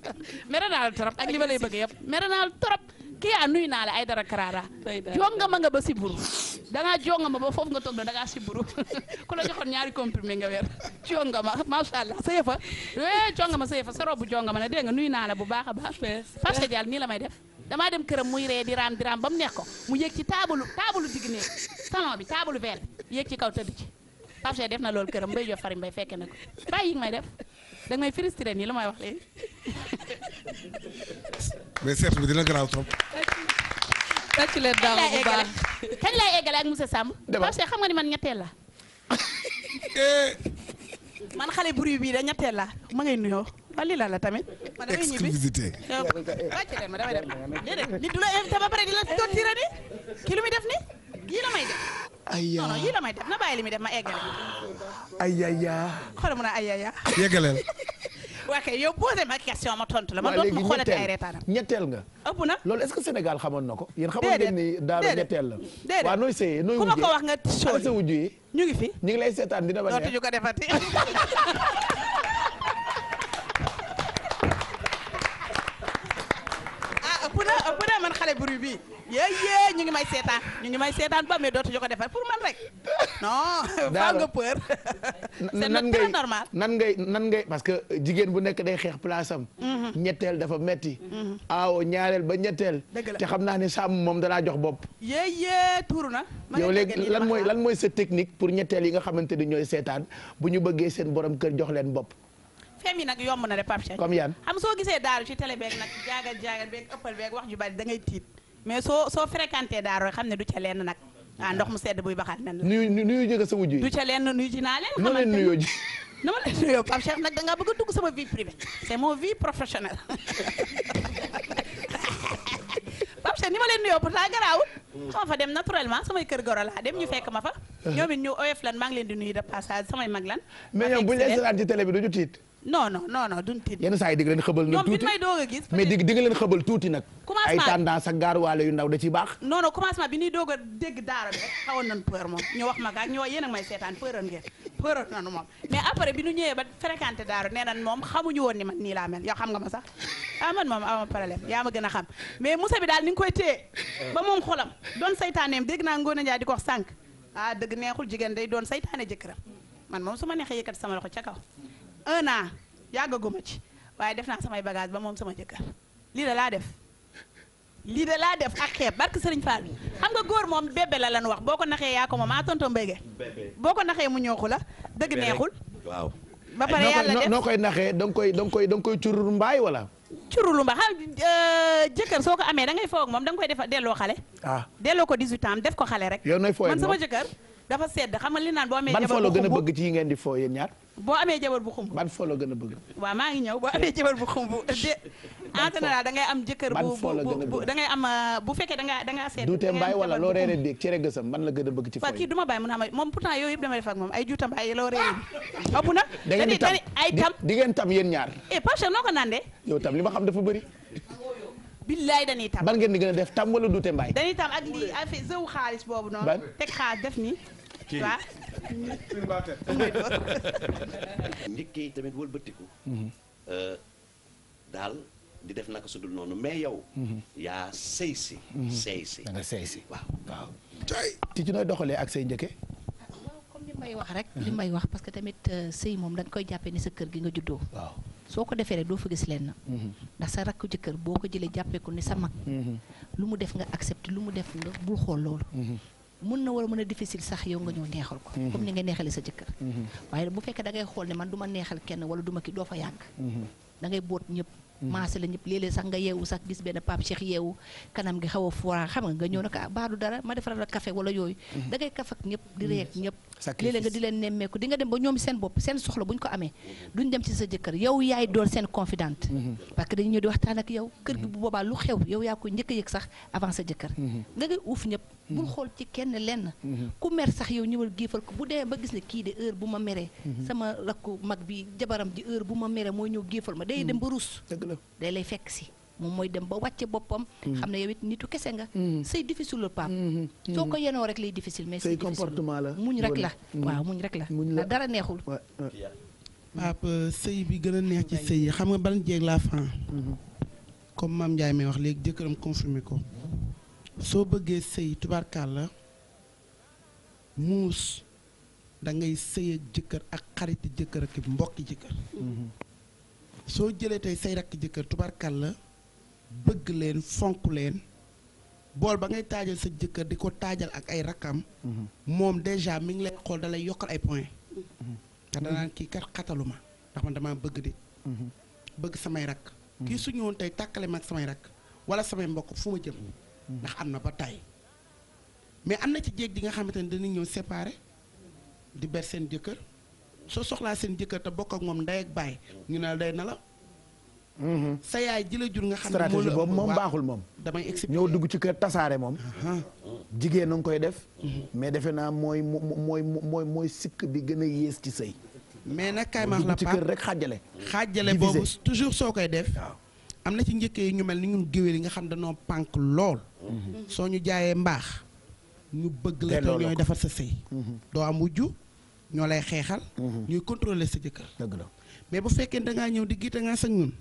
mere naa la trop ak li ma lay bëgg yëpp mere naa la trop kii yaa nuyu naa la ay dara karaara jonga ma nga ba siburu dangaa jonga ma ba foofu nga toog na dangaa siburu ku la joxoon ñaari comprimé nga weer jonga ma macha allah sa yëfa eh, jonga ma sa yëfa sa robu jonga ma ne dégg nga nuyu naa la bu baax a baax Pape Cheikh nii la may def damaa dem këram muy ree di raam di raam ba mu neex ko mu yéeg ci taabalu taabalu digg néeg salon bi taabalu verre bi yéeg ci kaw tëdd ci Pape Cheikh def na loolu këram mbay jo fariñ bay fekke na ko bàyyi yi may def danga may nii lu may wax léegi mais seet bi dina garaaw trop tàcc leen daaw bu baax kañ laay eggale ak monsieur Samb Pape Cheikh xam nga ni man ñetteel la eh. man xale bruit bii da ñetteel la ma ngay nuyoo ma lii la la tamit. ma damay ñibbi exclusivité. ma damay dem déedéet nit du la invité ba pare di la tontire ni ki lu def ni yii la may def. ayya yii la may def na bàyyi li muy def ma eggale. ayaya. xool mu ne ayaya. yeggaleel. waa kay yow posé ma question ma tontu la man dootuma xoolati ay reetaan. ñetteel nga. ëpp na loolu est-ce Sénégal xamoon na ko. déedéet yéen xamoon ngeen ni daara ñetteel la. déedéet waaw nooy seeyee nooy wujjee ku ma ko wax nga. sóor yi ñu ngi fi. ñu lay ko defati. xale bruit bi yee ñu ngi may seetaan ñu ngi may seetaan ba mais dootuñu ko defar pour man rek non. faa nga peur. c'est très normal nan ngay nan ngay parce que jigéen bu nekk day xeex place am. Mhm. ñetteel dafa metti mhm. aaw ñaareel ba ñetteel. te xam naa ne sàmm moom dalaa jox bopp. yee yee tuuru na. yow léegi lan mooy lan mooy sa technique pour ñetteel yi nga xamante ni ñooy seetaan bu ñu bëggee seen borom kër jox leen bopp. fem yi nag yomb na de Pape Cheikh. comme yan xam soo gisee daaru ci télé beeg nag jaagal jaagal beeg ëppal beeg wax ju bari da ngay tiit mais soo soo fréquenté daaru xam ne du ca lenn nag. waaw ah, ndox mu sedd buy baxal nen la. nuyu nuyu jëkk sa wujj yi. du ca lenn nuyu ci naa leen. xamante ne ji. na ma leen nuyoo Pape nag da ngaa bëgg a dugg sama vie privée c'est mon vie professionnelle. Pape Cheikh ni ma leen nuyoo pourtant garaawul. sama samay kër goro laa dem ñu fekk ma fa. Ah. ñoom it ñu oyof ngi leen di nuyu de passage samay mag lan. mais ñoom bu ñu bi du ñu tiit. non non non non duñ tëdd. yenn saa yi di leen xëbal na tuuti ñoom bi may doog a gis. mais di nga leen xëbal tuuti nag. ay tendance yu ndaw da ci baax. non commencement bi ñuy a dégg daara bi rek xawoon nañ peur moom ñu ma ak a may seetaan peuroon ngeen peuroon nañu moom mais après bi ñu ñëwee ba fréquenté daara nee nañ moom xamuñu woon ni man nii laa mel yow xam nga ma sax ah man moom ama problème yaa ma gën a xam mais Moussa bi daal ni nga koy téye ba moom xolam doon saytaaneem dégg naa Ngoné Ndiaye di ko wax sànq ah dëgg neexul jigéen day doon saytaane jëkkëram man moom su ma neexee yëkkati sama loxo ca kaw un an yàggaguma ci waaye def naa samay bagage ba moom sama jëkkër lii da laa def lii da laa def ak xeeb barke sëriñ Fall xam nga góor moom bébé la lan wax boo ko naxee yaa ko moom ah tonton Mbengue boo ko naxee mu ñooxu la dëgg neexul waaw ba pare yàlla def noo koy naxee da koy da nga koy da nga koy curul mbaay wala curulu mba xam euh, jëkkër soo ko amee da ngay foog moom da nga koy def delloo xale ah delloo ko 18 ans def ko xale rek yow man sama jëkkër dafa sedd xam nga li naan boo amee. jabar bu xumb ban folo gën a bëgg ci ngeen di foo yéen ñaar. boo amee jabar bu xumb. a bëgg. maa ngi ñëw boo amee jabar bu xumb. en général da ngay am jëkkër bu bu a da ngay am euh, bu fekkee da ngaa da ngaa sedd. duute loo reere déeg cere gësam ban la gën a bëgg ci foo yi. waaw kii du ma bàyyi xam moom pourtant yooyu yëpp dama def moom ay juutam ay loo reere bi. ëpp na. da ngeen di tam ay tam di ngeen tam yéen ñaar. eh Pape Cheikh noo naan de. yow tam li ma dafa bëri billaay dañuy tam ban ngeen di gën a def tam wala te mbaay dañuy tam ak lii affaire zëw xaalis boobu noonu teg xaalis def ni waa ndikkee tamit wëlbatiku mhm. euh, daal di def naka sudul noonu mais yow mhm. yaa sëy si mhm. sëy si sëy si waaw waaw tey ci nooy doxalee ak say njëkke comme li may wax rek li may wax parce que tamit euh, sëy moom dañ koy jàppee ni sa kër gi nga juddoo waaw soo ko defee rek doo fa gis lenn. Mhm. ndax sa rakk jëkkër boo ko jëlee jàppee ko ni sa mag. Mhm. lu mu def nga accepté lu mu def nga bul xool loolu. Mhm. mun na war a mën a difficile sax yow nga ñëw neexal ko. comme ni nga neexalee sa jëkkër. waaye bu fekkee dangay xool ne man du ma neexal kenn wala duma ki doo fa yàgg. da ngay boot ñëpp. Mm-hmm. maase la ñëpp léeg-léeg sax nga yeewu sax gis benn Pape Cheikh yeewu kanam gi xaw a fora xam nga nga ñëw nag ah baadu dara ma defaral a kafe wala yooyu mm-hmm. da ngay kaf ak ñëpp di reek mm-hmm. ñëpp léeg-léeg nga di leen nemmeeku di nga dem ba ñoom seen bopp seen soxla bu ñu ko amee duñ dem ci sa jëkkër yow yaay doon seen confidente parce que dañu ñëw di waxtaan ak yow kër gi bu boobaa lu xew yow yaa ko njëkk yëg sax avant sa jëkkër da ngay uuf ñëpp bul xool ci kenn lenn mhm. ku mer sax yow ñëwal géefal ko bu dee ba gis ne kii de heure bu ma meree mhm. sama rakku mag bi jabaram ji heure bu ma meree mooy ñëw géefal ma day mhm. dem ba ruus day lay fekk si moom mooy dem ba wàcce boppam. xam ne yow it nitu kese nga. c'est difficile le pape. soo ko yenoo rek lay difficile mais c'est comportement la muñ rek la waaw muñ rek la. muñ la dara neexul. pape sëy bi gën a neex ci sëy yi xam nga ban jeeg la fin. comme maam Ndiaye may wax léegi jëkkëram confirmé ko. soo bëggee sëy tubaarkàlla muus da ngay sëy ak jëkkër ak xariti jëkkër ak mbokki jëkkër mm-hmm. soo jëlee tey say rakk jëkkër la bëgg leen fonk leen bool ba ngay taajal sa jëkkër di ko taajal ak ay rakkam mm-hmm. moom déjà mi ngi lay xool dalay lay yokkal ay point mm-hmm. te danaan kii kat xatalu ma ndax man damaa bëgg di bëgg samay rakk kii su ñëwoon tey tàkkale ma ak samay rakk wala samay mbokk fu ma jëm ndax am na ba tey mais am na ci jéeg di nga xamante ne dinañ ñëw séparé di ber seen jëkkër soo soxlaa seen jëkkër te bokk ak moom ndey ak baay ñu ne day na la. Mm-hmm. sa yaay ji la jur nga xam ne stratégie boobu damay expliqué ñëw dugg ci kër tasaare moom. jigéen a ngi koy def. Mm-hmm. mais defe naa mooy mooy mooy mooy sikk bi gën a yées ci sëy. mais nag kay la ci kër rek xaajale. xaajale boobu toujours soo koy def. am na ci njëkk yi ñu mel ni ñun géwél yi nga xam dañoo pànk lool. soo ñu jaayee mbaax ñu bëgg la te ñooy defar sa sëy mhm. doo am wujju ñoo lay xeexal mhm. ñuy contrôler sa jëkkër dëgg la mais bu fekkee da ngaa ñëw di giita nga sa ñun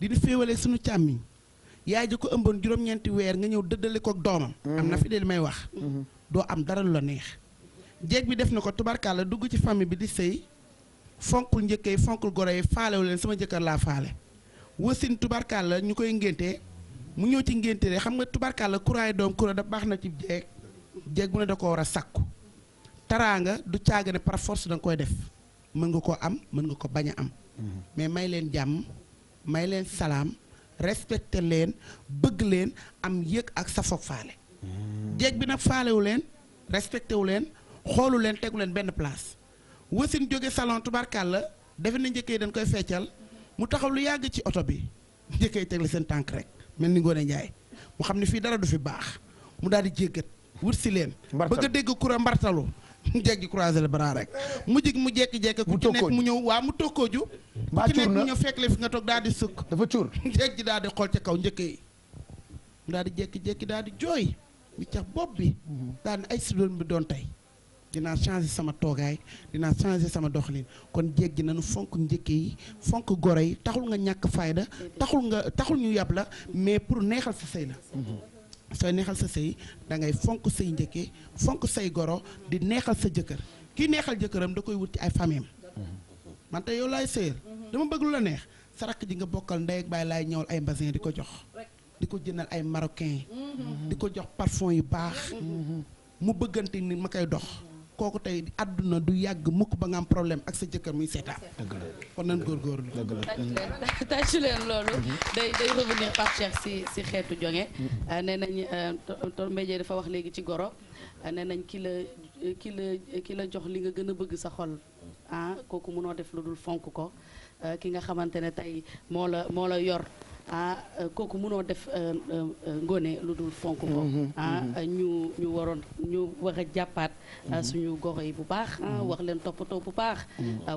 di ñu féewalee suñu càmmiñ yaay ji ko ëmboon juróom-ñeenti weer nga ñëw dëddale ko ak doomam am na mhm. fi de li may wax doo am dara lu la neex jéeg bi def na ko la dugg ci famille bi di sëy fonkul njëkkee fonkul goro yi faalewu leen sama jëkkër laa faale wasin tubarkalla ñu koy ngéntee mu ñëw ci ngénte de xam nga tubarkàlla kuraay doom kura da baax na ci jeeg jeeg bu ne da ko war a sàkku taraanga du caaga ne par force da nga koy def mën nga ko am mën nga ko bañ a am mais may leen jàmm may leen salaam respecté leen bëgg leen am yëg ak safoog faale jeeg bi nag faalewu leen respecté wu leen xoolu leen tegu leen benn place wasin jóge salon la defe na njëkkee dañ koy feccal mu taxaw lu yàgg ci oto bi njëkkee teg la seen tànk rek mel ni Ngoone Njaay mu xam ne fii dara du fi baax mu daal di jéggat wut si leen bëgg a dégg kura mbartalu jéggi croiser le bras rek mu jig mu jekki-jekki ku ci nekk mu ñëw waa mu tokkooju ku ci nekk mu ñëw fekk la fi nga toog daal di sukk dafa cuur jéggi daal di xool ca kaw njëkk yi mu daal di jekki-jekki daal di jooy mi cax bopp bi mm-hmm. daal di ay si bi doon tey dinaa changer sama toogaay dina changer sama dox doxalin kon jéeg ji nañu fonk njëkke yi fonk goro yi taxul nga ñàkk fayda taxul nga taxul ñu yàb la mais pour neexal sa sëy la sooy neexal sa sëy da ngay fonk say njëkke fonk say goro di neexal sa jëkkër ki neexal jëkkëram da koy wut ci ay famem man te yow lay sëyal dama bëgg la neex sa rakk ji nga bokkal ndey ak baay laay ñëwal ay mbasin di ko jox di ko jëndal ay marocain di ko jox parfum yu baax mu bëggante ni ma koy dox kooku tey àdduna du yàgg mukk ba nga am problème ak sa jëkkër muy seetaan. kon nan góor dëgg la tàccu leen loolu. Mhm. day day revenir Pape Cheikh si si xeetu jonge euh, nee nañ euh, Tor Mbéjé dafa wax léegi ci goro euh, nee nañ ki la ki la ki la jox li nga gën a bëgg sa xol ah kooku mënoo def lu dul fonk ko ki nga xamante ne tey moo la moo la yor. ah euh, kooku mënoo def euh, euh, ngone lu dul fonk ko mhm, mhm, ah, mhm. ñu waroon ñu war jàppaat ah, suñu goro yi bu baax ah, wax leen toppatoo bu baax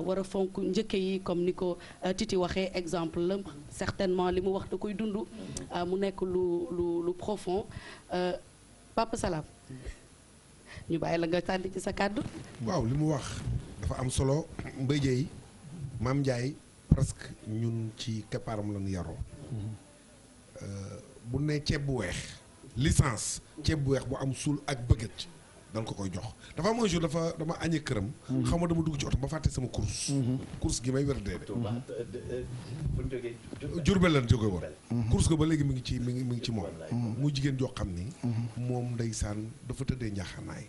war a fonk njëkke yi comme ni ko Titi waxee exemple la certainement li mu wax da koy dund mu nekk lu lu lu profond Papa ñu bàyyi la nga tànn ci sa kàddu waaw li mu wax dafa am solo Mbaye Dieye Mame Ndiaye presque ñun ci keppaaram lañu yaroo Euh, bu nee ceeb bu weex lisance ceeb bu weex bu am suul ak bëggat danga ko koy jox dafa am un dafa dama añee këram. Mhm. xam nga dama dugg ci oto ba fàtte sama course. Mhm. course gi may wér dee de. Jurbel lan jóge woon. Mhm. course ko ba léegi mi ngi ci mi ngi mi ci moom. mu jigéen joo xam ni. moom ndeysaan dafa tëddee njaaxaanaay.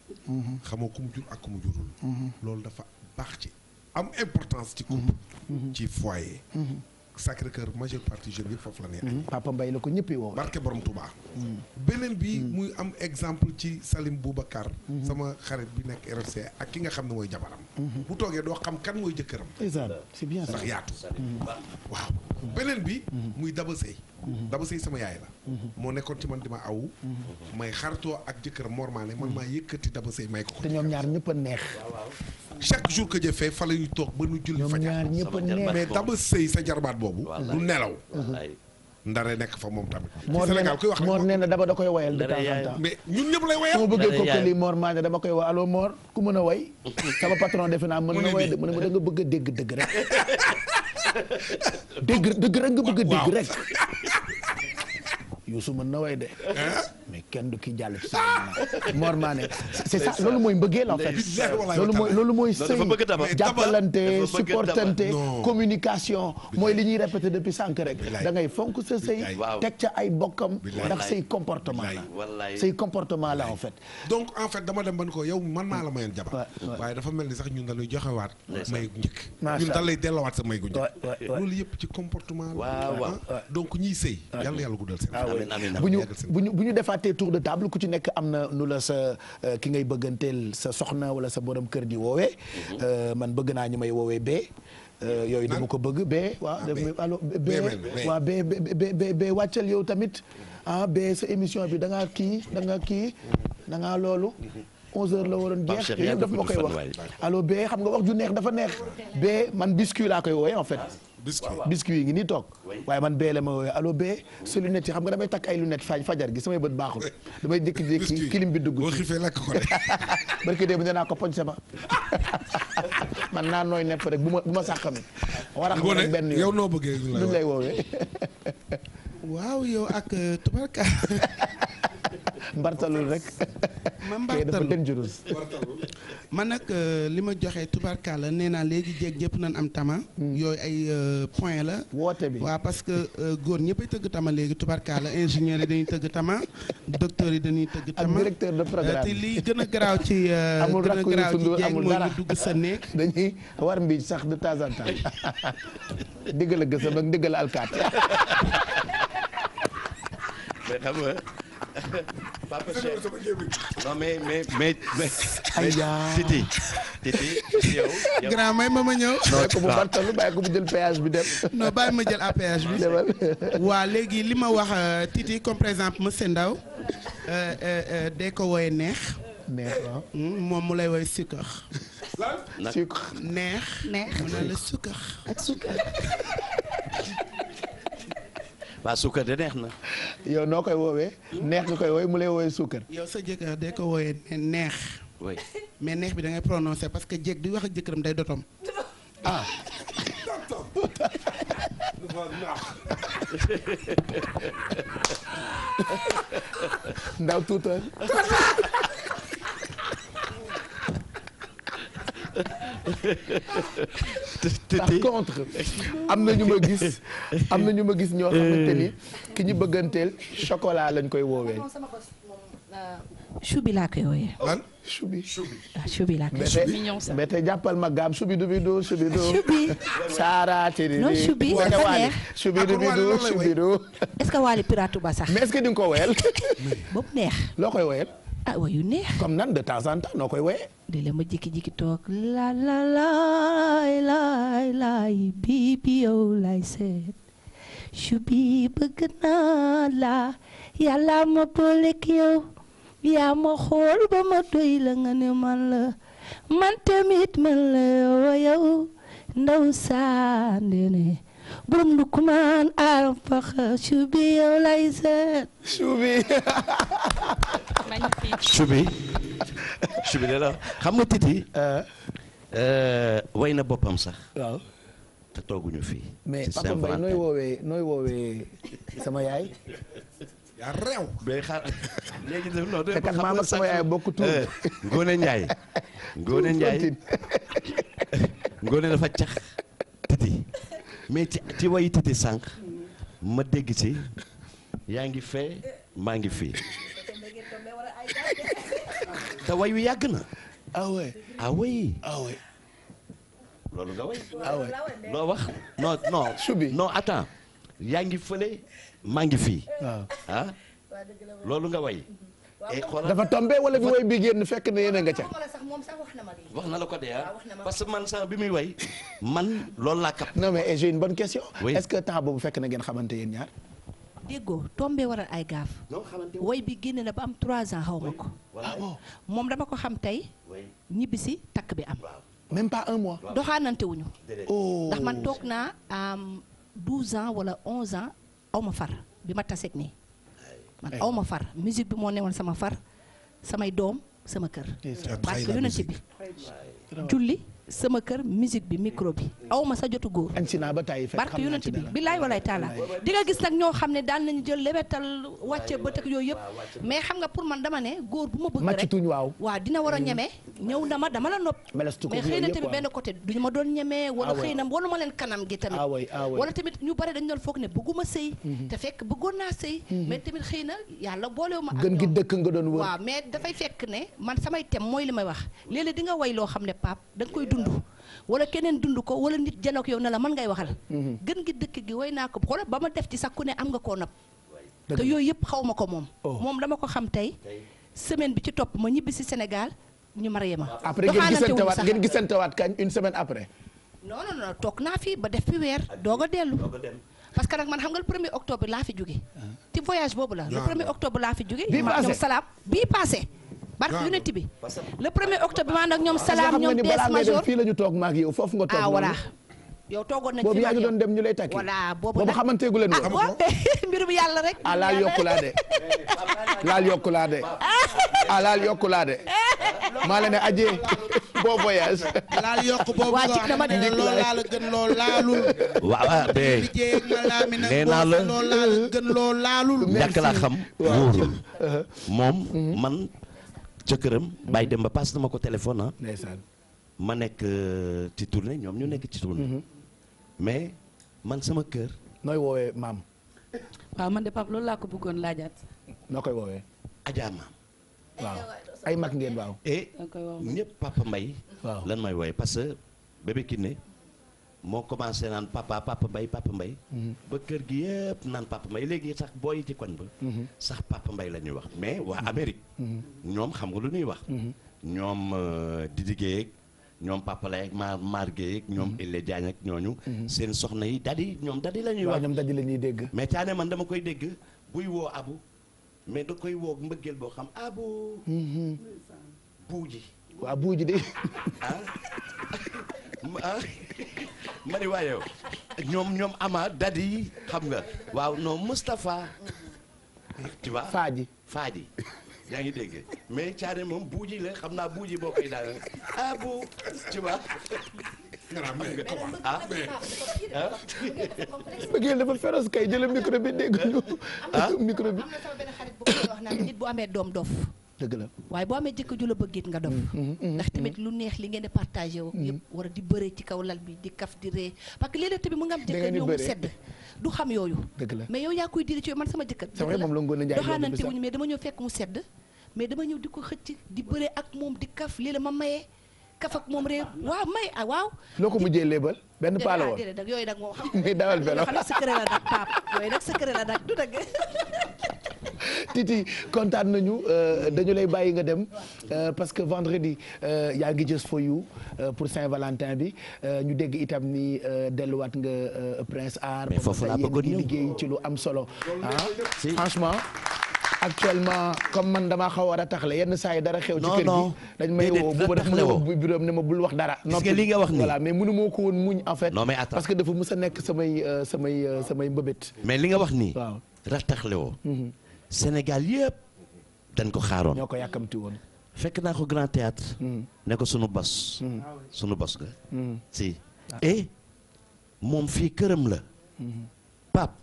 xamoo ku mu jur ak ku mu jurul. loolu dafa baax ci am importance ci couple. ci foyer. Sacré Cœur majeure partie jeunes foofu la ne añ mm-hmm. Papa Mbaye la ko ñëppee woo barke borom Touba mm-hmm. beneen bi mm-hmm. muy am exemple ci Salim Boubacar sama xarit bi nekk RFC ak ki nga xam ne mooy jabaram bu toogee doo xam kan mooy jëkkëram c'est bien ça ndax yaatu waaw beneen bi muy Daba Seye Mm-hmm. daba sëy sama yaay la mm-hmm. moo nekkoon ci man di ma aw mm-hmm. may xaritoo ak jëkkër mormaane man maa yëkkati daba sëy may ko te ñoom ñaar ñëpp a neex chaque jour que jëfee fa la toog ba nu julli fajar mais sa jarbaat boobu du nelaw ndare nekk fa moom tamit. ci Sénégal kuy wax Mor nee na daba da koy woyal de temps en temps mais ñun ñëpp lay woyal. dara bëggee ko lii Mor maa ne dama koy woy allo Mor ku mën a woy. sama patron defe naa mën a woy mën na ma da bëgg a dégg dëgg rek. dëgg dëgg rek nga bëgg a dëgg Youssou mën na way de mais kenn du ki jàll ci sa Mor Mané c'est ça loolu mooy mbëggeel loolu mooy sëy jàppalante supportante communication mooy li ñuy répété depuis sànq rek da fonk sa sëy teg ca ay bokkam ndax say comportement la say comportement la en fait donc en fait dama dem ban ko yow man maa la mayoon jabar waaye dafa mel ni sax ñun dañuy joxewaat may gu njëkk ñun dañ lay dellowaat sa may gu njëkk loolu yëpp ci comportement la donc ñiy sëy yàlla yàlla guddal seen ah leen bu ñu bu ñu bu ñu defaatee tour de table ku ci nekk am na nu la sa euh, ki ngay bëgganteel sa soxna wala sa boroom kër di woowee mhm. euh, man bëgg naa ñu may woowee bee euh, yooyu dama ko bëgg bee waa ah, allo bee bee wàccal yow tamit ah bee sa émission bi da ngaa kii da nga kii da ngaa loolu 11h mhm. la waroon jeex yëpp daf ma koy wax allo bee xam nga wax ju neex dafa neex bee man biscuit laa koy wooye en fait biscuit biscuit yi ngi nii toog. waaye man bee la ma woowee allo bee. sa lunette yi xam nga damay takk ay lunette faj fajar gi samay bët baaxul. damay jékki-jékki kilim bi dugg. boo xiifee lakk ko de. barki dee bu nee naa ko poñ sama man naa nooy nepp rek bu ma bu ma sàqami. war a xam benn yow noo bëggee ñu lay woowee. waaw yow ak euh, tubarka. mbartalul rek. ma mbartalul dafa dënk man nag euh, li ma joxe tubarkalla nee naa léegi jéeg ñëpp nañ am tama. Hmm. yooyu ay euh, point la. woote bi waaw parce que euh, góor ñëppay tëgg tama léegi tubarkalla ingénieur yi dañuy tëgg tama docteur yi dañuy tëgg tama. ak directeur te li gën garaaw ci. amul rakk a garaaw ci jéeg mooy dugg sa néeg. dañuy war mbiij sax de temps en temps diggal a alkaat. papa ma jël péage bi dem. non bàyyi ma jël à bi. waa léegi li ma wax euh, Titi comme par exemple monsieur Ndaw euh, euh, dee ko wooye neex. Hmm, moom mu lay wooy sukkar. neex. mu ne la sukkar. waa suukar de neex na. yow noo koy woowee neex nga koy woowee mu lay woowee suukar. yow sa jëkkër day ko woowee neex. oui mais neex bi da ngay prononcer parce que jéeg du wax a jëkkëram day dotom ah. ndaw tuutal. par am na ñu ma gis am na ñu ma gis ñoo xamante ni ki ñu bëgganteel chocolat lañ koy woowee. Euh, choubi laa koy wooyee. Ah, mais tey jàppal ma gaam choubi du bidu choubi du. choubi. saara tiri non choubi dafa neex. choubi du bidu choubi du. est que waali piratu ba sax. mais est que di ko woyal. boobu neex. loo koy woyal. ah wayu neex. comme nan de temps en temps noo koy woyee. di ma jikki-jikki toog la la laay laay laay bii bi seet su bëgg naa la yàlla ma booleeg yow yaa ma xool ba ma doy nga ne man la man tamit man la yow ndaw saa ndene borom Ndoukoumane al faxa subi yow lay subi. subi subi de la xam nga titi. Eh. Eh, way na boppam sax. te tooguñu fii. mais Papa Mbaye nooy sama yaay. yaa réew. mais xaar léegi de non de. xam nga sama yaay bokk eh, dafa cax titi. mais ci ci way titi sànq ma dégg ci yaa ngi fee maa ngi fii te way wi yàgg na ah ouais ah ah loolu nga way ah loo wax non non subi yaa ngi fële maa ngi fii ah. loolu nga way Eh, dafa tombé wala bi way bi génn fekk na yéen a nga ca. wax na la ko dee ah. parce que man sax bi muy way man loolu laa kap. non mais eh, j'ai une bonne question. Oui. est-ce que temps boobu fekk na ngeen xamante yéen ñaar. déggoo tombé waral ay gaaf. way bi génn na ba am 3 ans xaw ma ko. Ah, oh. moom dama ko xam tey. ñibbi si takk bi am. même pas un mois. doxaanante wuñu. Oh. ndax man toog naa am 12 ans wala 11 ans aw ma far bi ma taseeg nii. man aw ma far musique bi moo newoon sama far samay doom sama kër parce que yonent bi julli sama kër musique bi micro bi aw ma sa jotu góor. barke yonent bi billaay walaay taala di nga gis nag ñoo xam ne daan nañu jël lebetal wàcce bët ak yooyu yëpp mais xam nga pour man dama ne góor bu ma bëgg rek waaw waaw dina war a mm. ñeme ñëw na ma dama la nopp mais xëy na tamit benn côté ñu ma doon ñeme wala ah xëy na wala ma leen kanam gi tamit ah ah wala tamit ñu bare dañu doon foog ne bëgguma sëy mm-hmm. te fekk bëggoon naa sëy mm-hmm. mais tamit xëy na yàlla boolewu ma gën gi dëkk nga doon wër mais dafay fekk ne man samay tem mooy li may wax léeg di nga way loo xam ne pap da nga dund keneen dund ko wala nit janook yow ne la man ngay waxal mhm. gën gi dëkk gi way naa ko xoolal ba ma def ci sax ku ne am nga koo nab te yooyu yëpp xaw ma ko moom oh. moom dama ko xam tey semaine bi ci topp ma ñibbi si Sénégal ñu marié ma après ngeen gisantewaat ngeen gisantewaat kañ une semaine après non non non toog naa fi ba def fi weer doog a dellu parce que nag man xam nga le premier octobre laa fi jóge ah. ci voyage boobu la le ah. premier octobre laa fi jóge ñoom salaam bii passé barke yonent bi le premier octobre bi maanaam ñoom salaam ñoom dees major fii la ñu toog maag yow foofu nga toog ah voilà yow toogoon nañ boobu yaa ngi doon dem ñu lay takki voilà boobu xamanteegu leen woon ah mbirum yàlla rek ah laal yokku laa de laal yokku laa de ah laal yokku laa de maa leen aje boo voyage laal yokk boobu nga wax ne loolu laal gën loo laalul. waaw mais nee naa la loolu laal gën loo laalul. ñàkk laa xam wóorul uh-huh. moom uh-huh. man. ca këram dem Demba pass na ma ko téléphone na ah. ndeysaan ma nekk euh, ci tournée ñoom ñu nekk ci tournée. Mm-hmm. mais man sama kër. nooy woowee maam. waaw man de Pape loolu laa ko bëggoon laajaat. noo koy woowee. Adja maam. waaw ay mag ngeen waaw. et ñëpp Papa Mbaye. lan may woowee parce que bébé Kiné. moo commencé naan papa papa mbay papa mbay mhm. ba kër gi yëpp naan papa mbay léegi sax booy ci koñ ba mhm. sax papa mbay la ñuy wax mais waa mhm. Amérique ñoom xam nga lu ñuy wax ñoom euh, Didi Guèye ñoom papa lay ak maar maar ñoom Ille Diagne ak ñooñu seen soxna yi dadi ñoom dadi la wax ñoom dadi la ñuy dégg mais caane man dama koy dégg buy woo abu mais da koy woo mbëggeel boo xam abu buuji waa buuji de ah, ah. Ah, ma ni waaye ñoom ñoom ama dadi xam nga waaw non Moustapha tu vois Fadi Fadi yaa ngi dégg mais caare moom buuji la xam naa buuji boo koy daal ah bu tu vois ah bëggeel ah. dafa féroce kay jële micro dégg ñu ah micro nit bu amee doom dof dëgg la waaye boo amee jëkkër ju la bëgg it nga dof mm-hmm, mm-hmm, ndax mm-hmm. tamit lu neex li ngeen di partagé wo war a di bëree ci kaw lal bi di kaf di ree parce que léeg bi mu nga am jëkkër ñëw sedd du xam yooyu dëgg la mais yow yaa koy diri ci man sama jëkkër doxaanante wuñu mais dama ñëw fekk mu sedd mais dama ñëw di ko xëcc di bëre ak moom di kaf lii la ma mayee kaf ak moom réew waaw may ah waaw. loo ko mujjee léebal benn paa la ah, woon déedéet nag yooyu nag moom xam nga. dawal vélo xam nga secret nag paap yooyu nag secret nag du dëgg. Titi kontaan nañu euh, dañu lay bàyyi nga dem euh, parce que vendredi euh, yaa ngi Just for You pour Saint-Valentin bi ñu dégg itam ni delluwaat nga Prince Art. mais foofu laa bëggoon ñëw liggéey ci lu am solo ah, franchement. actuellement comme man damaa xaw a taxle yenn saa yi dara xew. ci kër gi dañ may woo bu ma woo bu bureau ne ma bul wax dara. parce que li nga wax nii voilà mais mënu moo ko woon muñ en fait. non mais attends parce que dafa mës a nekk samay euh, samay euh, samay mbëbët. mais li nga wax nii. waaw rataxle woo. Mhm. Sénégal yëpp dañ ko xaaroon. ñoo ko yàkkamti woon. fekk naa ko grand théâtre mhm. ne ko sunu bos. Mhm. sunu bos nga. si ah. et eh, moom fii këram la. Pape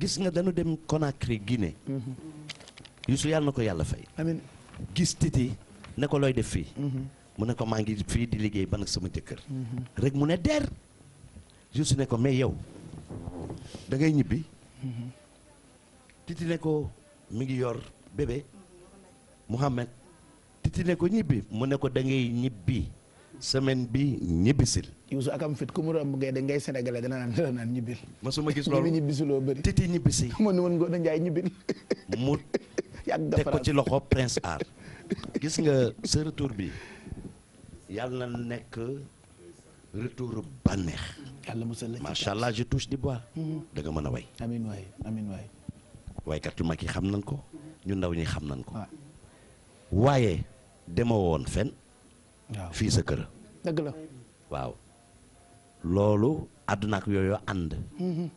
gis nga dañu dem Conakry Guinée. Youssou yàlla na ko yàlla fay. amiin gis titi ne looy def fii. Mhm. mu ne ko maa ngi fii di liggéey ba nag sama jëkkër. Mhm. rek mu ne der. Youssou ne ko mais yow dangay ngay ñibbi. Mhm. titi ne ko mi ngi yor bébé Mouhamed titi ne ko ñibbi mu ne ko da ngay ñibbi semaine bi ñibbisil. Youssou akam fit ku mu romb ngay de ngay sénégalais dana naan dana naan ñibbil. ma su ma gis loolu titi ñibbisi. ma nu woon Ngoné Ndiaye ñibbil. mu. teg ko ci loxo Prince Art gis nga sa retour bi yàlla na nekk retour bànneex. yàlla musal la macha allah je touche du bois. Mm-hmm. da nga mën a way. amiin waay amiin waay. waykat yu mag yi xam nañ ko. ñu ndaw ñi xam nañ ko. Ah. waaye dema woon fen waaw fii sa kër. dëgg la waaw. loolu àdduna yooyu ànd. Mm-hmm.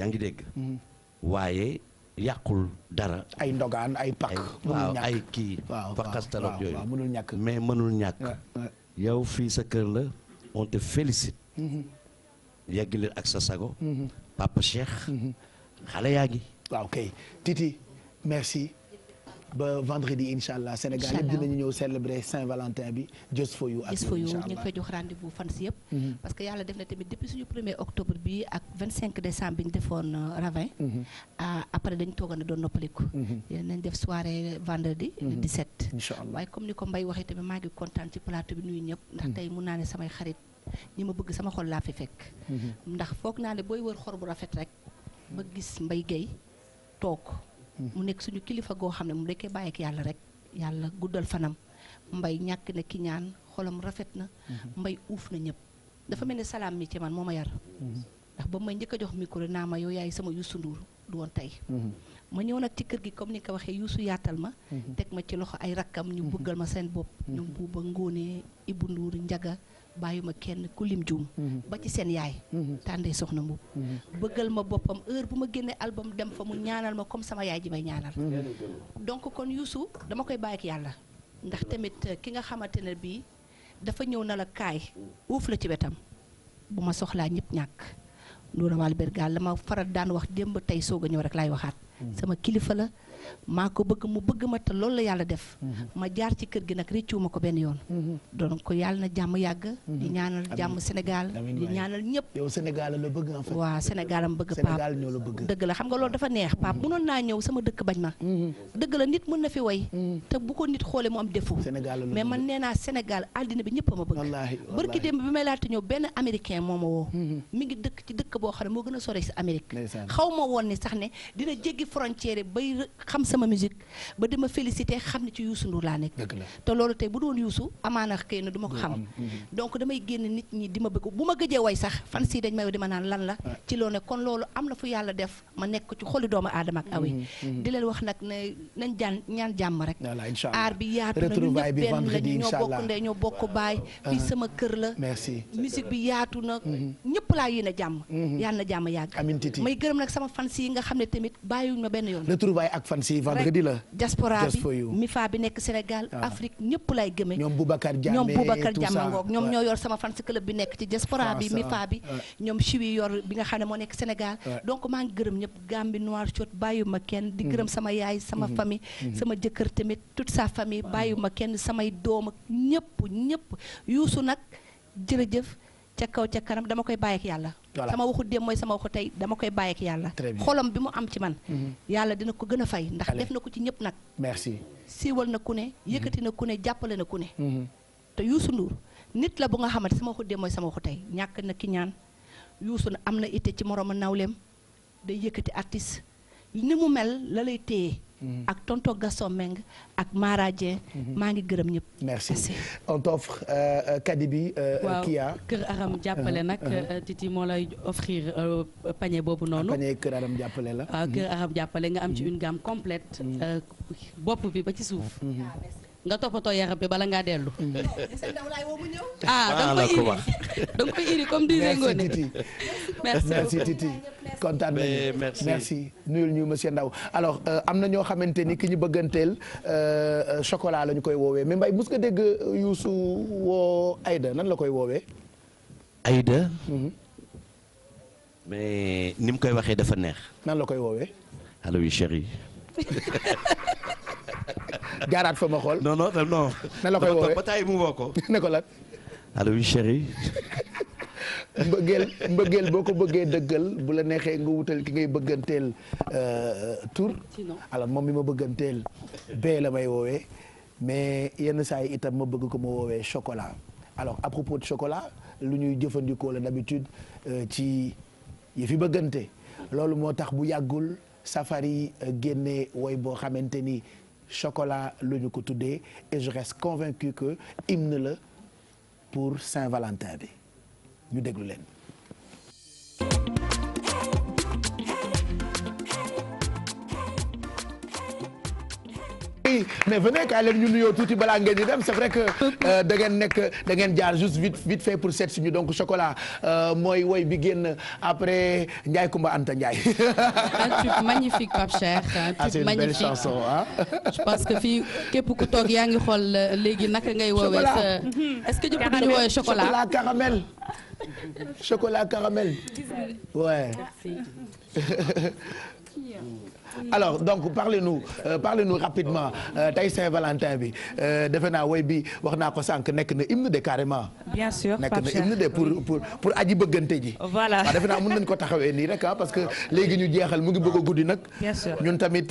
yaa ngi dégg. Mm-hmm. waaye yàqul dara. ay ndogaan ay pakk waaw ay kii. waaw yooyu mënul ñàkk mais mënul ñàkk. yow fii sa kër la on te félicite. Mm-hmm. yeggali ak sa sago. Mm-hmm. papa Cheikh. Mm-hmm. xale yaa ngi. waaw kay Titi merci. ba vendredi incha allah Sénégal yëpp dinañu ñëw célébrer Saint-Valentin bi Just for you. ak ñu ngi fay jox rendez-vous fan yëpp. Mhm. parce que yàlla def na tamit depuis suñu premier octobre bi ak 25 décembre bi ñu defoon euh, Ravin. Mhm. Ah, après dañ toog a doon noppaliku. Mhm. nañ def soirée vendredi. le 17. incha waaye comme ni ko mbay waxee tamit maa ngi kontaan ci plateau bi nuyu ñëpp. ndax tey mun naa ne samay xarit ñi ma bëgg sama xol laa fi fekk. ndax foog naa ne booy wër xor bu rafet rek. ba gis Mbaye Gueye mu nekk suñu kilifa goo xam ne mu nekkee bàyyi ak yàlla rek yàlla guddal fanam mbay ñàkk na ki ñaan xolam rafet na mhm. mbay uuf na ñëpp dafa mel ni salaam mi ci man moo ma yar mhm. ndax ba may njëkk a jox micro naa ma yow yaay sama Youssou nduur du woon tey mhm. ma ñëw nag ci kër gi comme ni ko waxee Youssou yaatal ma teg ma ci loxo ay rakkam ñu bëggal ma seen bopp ñoom buuba ngóonee Ibou Ndour njaga bàyyuma kenn ku lim juum mhm. ba ci seen yaay mhm. tàndee soxna mbub mhm. bëggal ma boppam heure bu ma génnee album dem fa mu ñaanal ma comme sama yaay ji may ñaanal donc kon Youssou dama koy bàyyi ak yàlla ndax tamit euh, ki nga xamante ne bii dafa ñëw na la kaay uuf la ci wetam bu ma soxlaa ñëpp ñàkk Ndoura Wal Bergal la ma faral daan wax démb tey soog a ñëw rek laay waxaat sama kilifa la maa ko bëgg mu bëgg ma te loolu la yàlla def. Mhm. ma jaar ci kër gi nag ma ko benn yoon. Mhm. donc yàlla na jàmm yàgg. Mhm. di ñaanal jàmm Sénégal. di ñaanal ñëpp. yow Sénégal la bëgg en fait. waaw Sénégal am bëgg Pape Sénégal la bëgg. dëgg la xam nga loolu dafa neex Pape mënoon naa ñëw sama dëkk bañ ma. dëgg la nit mën na fi way. te bu ko nit xoolee mu am défaut. Sénégal mais man nee naa Sénégal àddina bi ñëpp a ma bëgg. wallaahi démb bi may laata ñëw benn américain moo ma woo. mi ngi dëkk ci dëkk boo xam ne moo gën a sore si Amérique. xaw ma woon ni sax ne dina jéggi frontière bay xam sama musique ba dama félicité xam ne ci Youssou Ndour laa nekk te loolu tey bu doon Youssou amaana xëy na du ko xam mhm. donc damay génn nit ñi di ma bëgg bu ma gëjee way sax fan si dañ may di ma naan lan la ci loolu ne kon loolu am na fu yàlla def ma nekk ci xoli doomu aadama ak awe mhm, mhm. di leen wax nag ne nañ jaan ñaan jàmm rek aar bi yaatu na ñu ñëpp benn la ñoo bokk ndey ñoo bokk baay fii sama kër la musique bi yaatu na ñëpp laa yéen a jàmm yàlla na jàmm yàgg may gërëm nag sama fans yi nga xam ne tamit bàyyiwuñ ma benn yoon si vendredi la. diaspora bi mifa bi nekk Sénégal ah. Afrique ñëpp lay gëmee. ñoom bu Diame ñoom Boubacar ngoog ñoom ñoo yor sama fans club bi nekk ci diaspora ah, bi mifa bi ñoom chiwi yor bi nga xam ne moo nekk Sénégal donc maa ngi gërëm ñëpp Gambie noir chot ma kenn di mm-hmm. gërëm sama yaay sama mm-hmm. famille mm-hmm. sama jëkkër tamit toute sa famille ma kenn samay doom ak ñëpp ñëpp yuusu nag jërëjëf ca kaw ca kanam dama koy bàyyi ak yàlla. sama waxu démb mooy sama waxu tey dama koy bàyyi ak yàlla. xolam bi mu am ci man. Mhm. yàlla dina ko gën a fay ndax def na ko ci ñëpp nag. merci siiwal na ku ne. yëkkati na ku ne jàppale na ku ne. Mhm. te Youssou Ndour nit la bu nga xamante sama waxu démb mooy sama waxu tey ñàkk na ki ñaan na am na itte ci moromu nawleem day yëkkati artiste ni mu mel la lay téye. Mhm. ak tonto Gaston Meng ak Mara Dieng mhm. maa ngi gërëm ñëpp. merci on t'offre euh, euh, Kadibi euh, Kia waaw Kër Aram uh-huh, jàppale nag. Uh-huh. Titi moo lay offrir panier boobu ah, noonu. panier Kër Aram jàppale la. waaw ah, Kër mhm. Aram jàppale nga am ci une gamme complète. bopp bi ba ci suuf. nga toppatoo yaram bi bala ngaa dellu. Mm. ah, ah da nga koy iri comme disait Ngoné. merci merci Titi kontaan nañu merci nuyul ñu monsieur Ndaw alors euh, am na ñoo xamante ni ki ñu bëgganteel euh, chocolat la ñu koy woowee mais Mbaye mus nga dégg euh, Youssou woo ayda nan la koy woowee. Aïda. Mm-hmm. mais ni mu koy waxee dafa neex. nan la koy woowee. allo chéri yi. jaaraat fa ma xool. non non non. koy woowee ba taay mu woo ko. ne ko lan. allo chéri. mbëggeel boo ko bëggee dëggal bu la neexee nga wutal ki ngay bëgganteel euh, tur alors moom mi ma bëgganteel bee la may woowe mais yenn saa yi itam ma bëgg ko ma woowee chocolat alors à propos chocolat lu ñuy jëfandikoo la d'habitude euh, ci yi fi bëggante loolu moo tax bu yàggul safari euh, génnee woy boo xamante ni chocolat lu ñu ko tuddee et je reste convaincu que hymne la pour Saint-Valentin bi ñu déglu leen mais venez quand même ñu nuyoo tuuti balaa ngeen di dem c'est vrai que euh, da ngeen nekk dangeen ngeen jaar juste vite vite fait pour seet suñu donc chocolat euh, mooy woy bi génn après Ndiaye Kumba Anta Ndiaye. un tube magnifique Pape Cheikh un tube magnifique ah c'est une que fii képp ku toog yaa ngi xool euh, léegi naka ngay woowee. chocolat mhm. est-ce que jëpp nañu woowee chocolat chocolat caramel. chocolat caramel. ouais. Merci. alors donc parlez-nous euh, parlez-nous rapidement euh, tey Saint-Valentin bi euh, defe naa woy bi wax naa ko sànq nekk na hymne de carrément. bien na nekk na hymne de pour pour pour aji bëggante ji. voilà waaw ah, defe naa mën nañu ko taxawee nii rek ah, parce que léegi ñu jeexal mu ngi bëgg a ñun tamit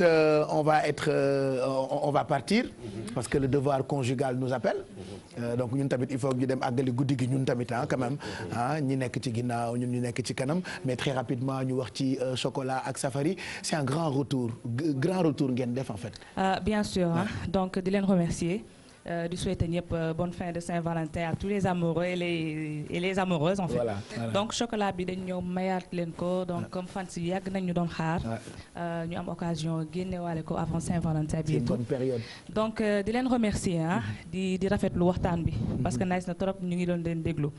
on va être partir. parce que le devoir conjugal nous appelle. donc ñun tamit il faut ñu dem àggali guddi gi ñun tamit ah quand même ah, ñi nekk ci ginnaaw ñun ñu nekk ci kanam mais très rapidement ñu wax ci chocolat ak safari c'est un grand retour. retour grand retour ngeen def en fait. Euh, bien sûr ouais. hein, donc di leen remercier euh, di souhaiter ñëpp euh, bonne fin de Saint-Valentin à tous les amoureux et les et en fait. donc chocolat bi dañ ñëw mayaat leen ko donc comme fan si yàgg nañ ñu doon xaar. Euh, ñu am occasion génnewaale ko avant Saint-Valentin bi. bonne période donc euh, di leen remercier mm-hmm. di di rafetlu waxtaan bi. Mm-hmm. parce que nice na trop ñu ngi doon leen déglu.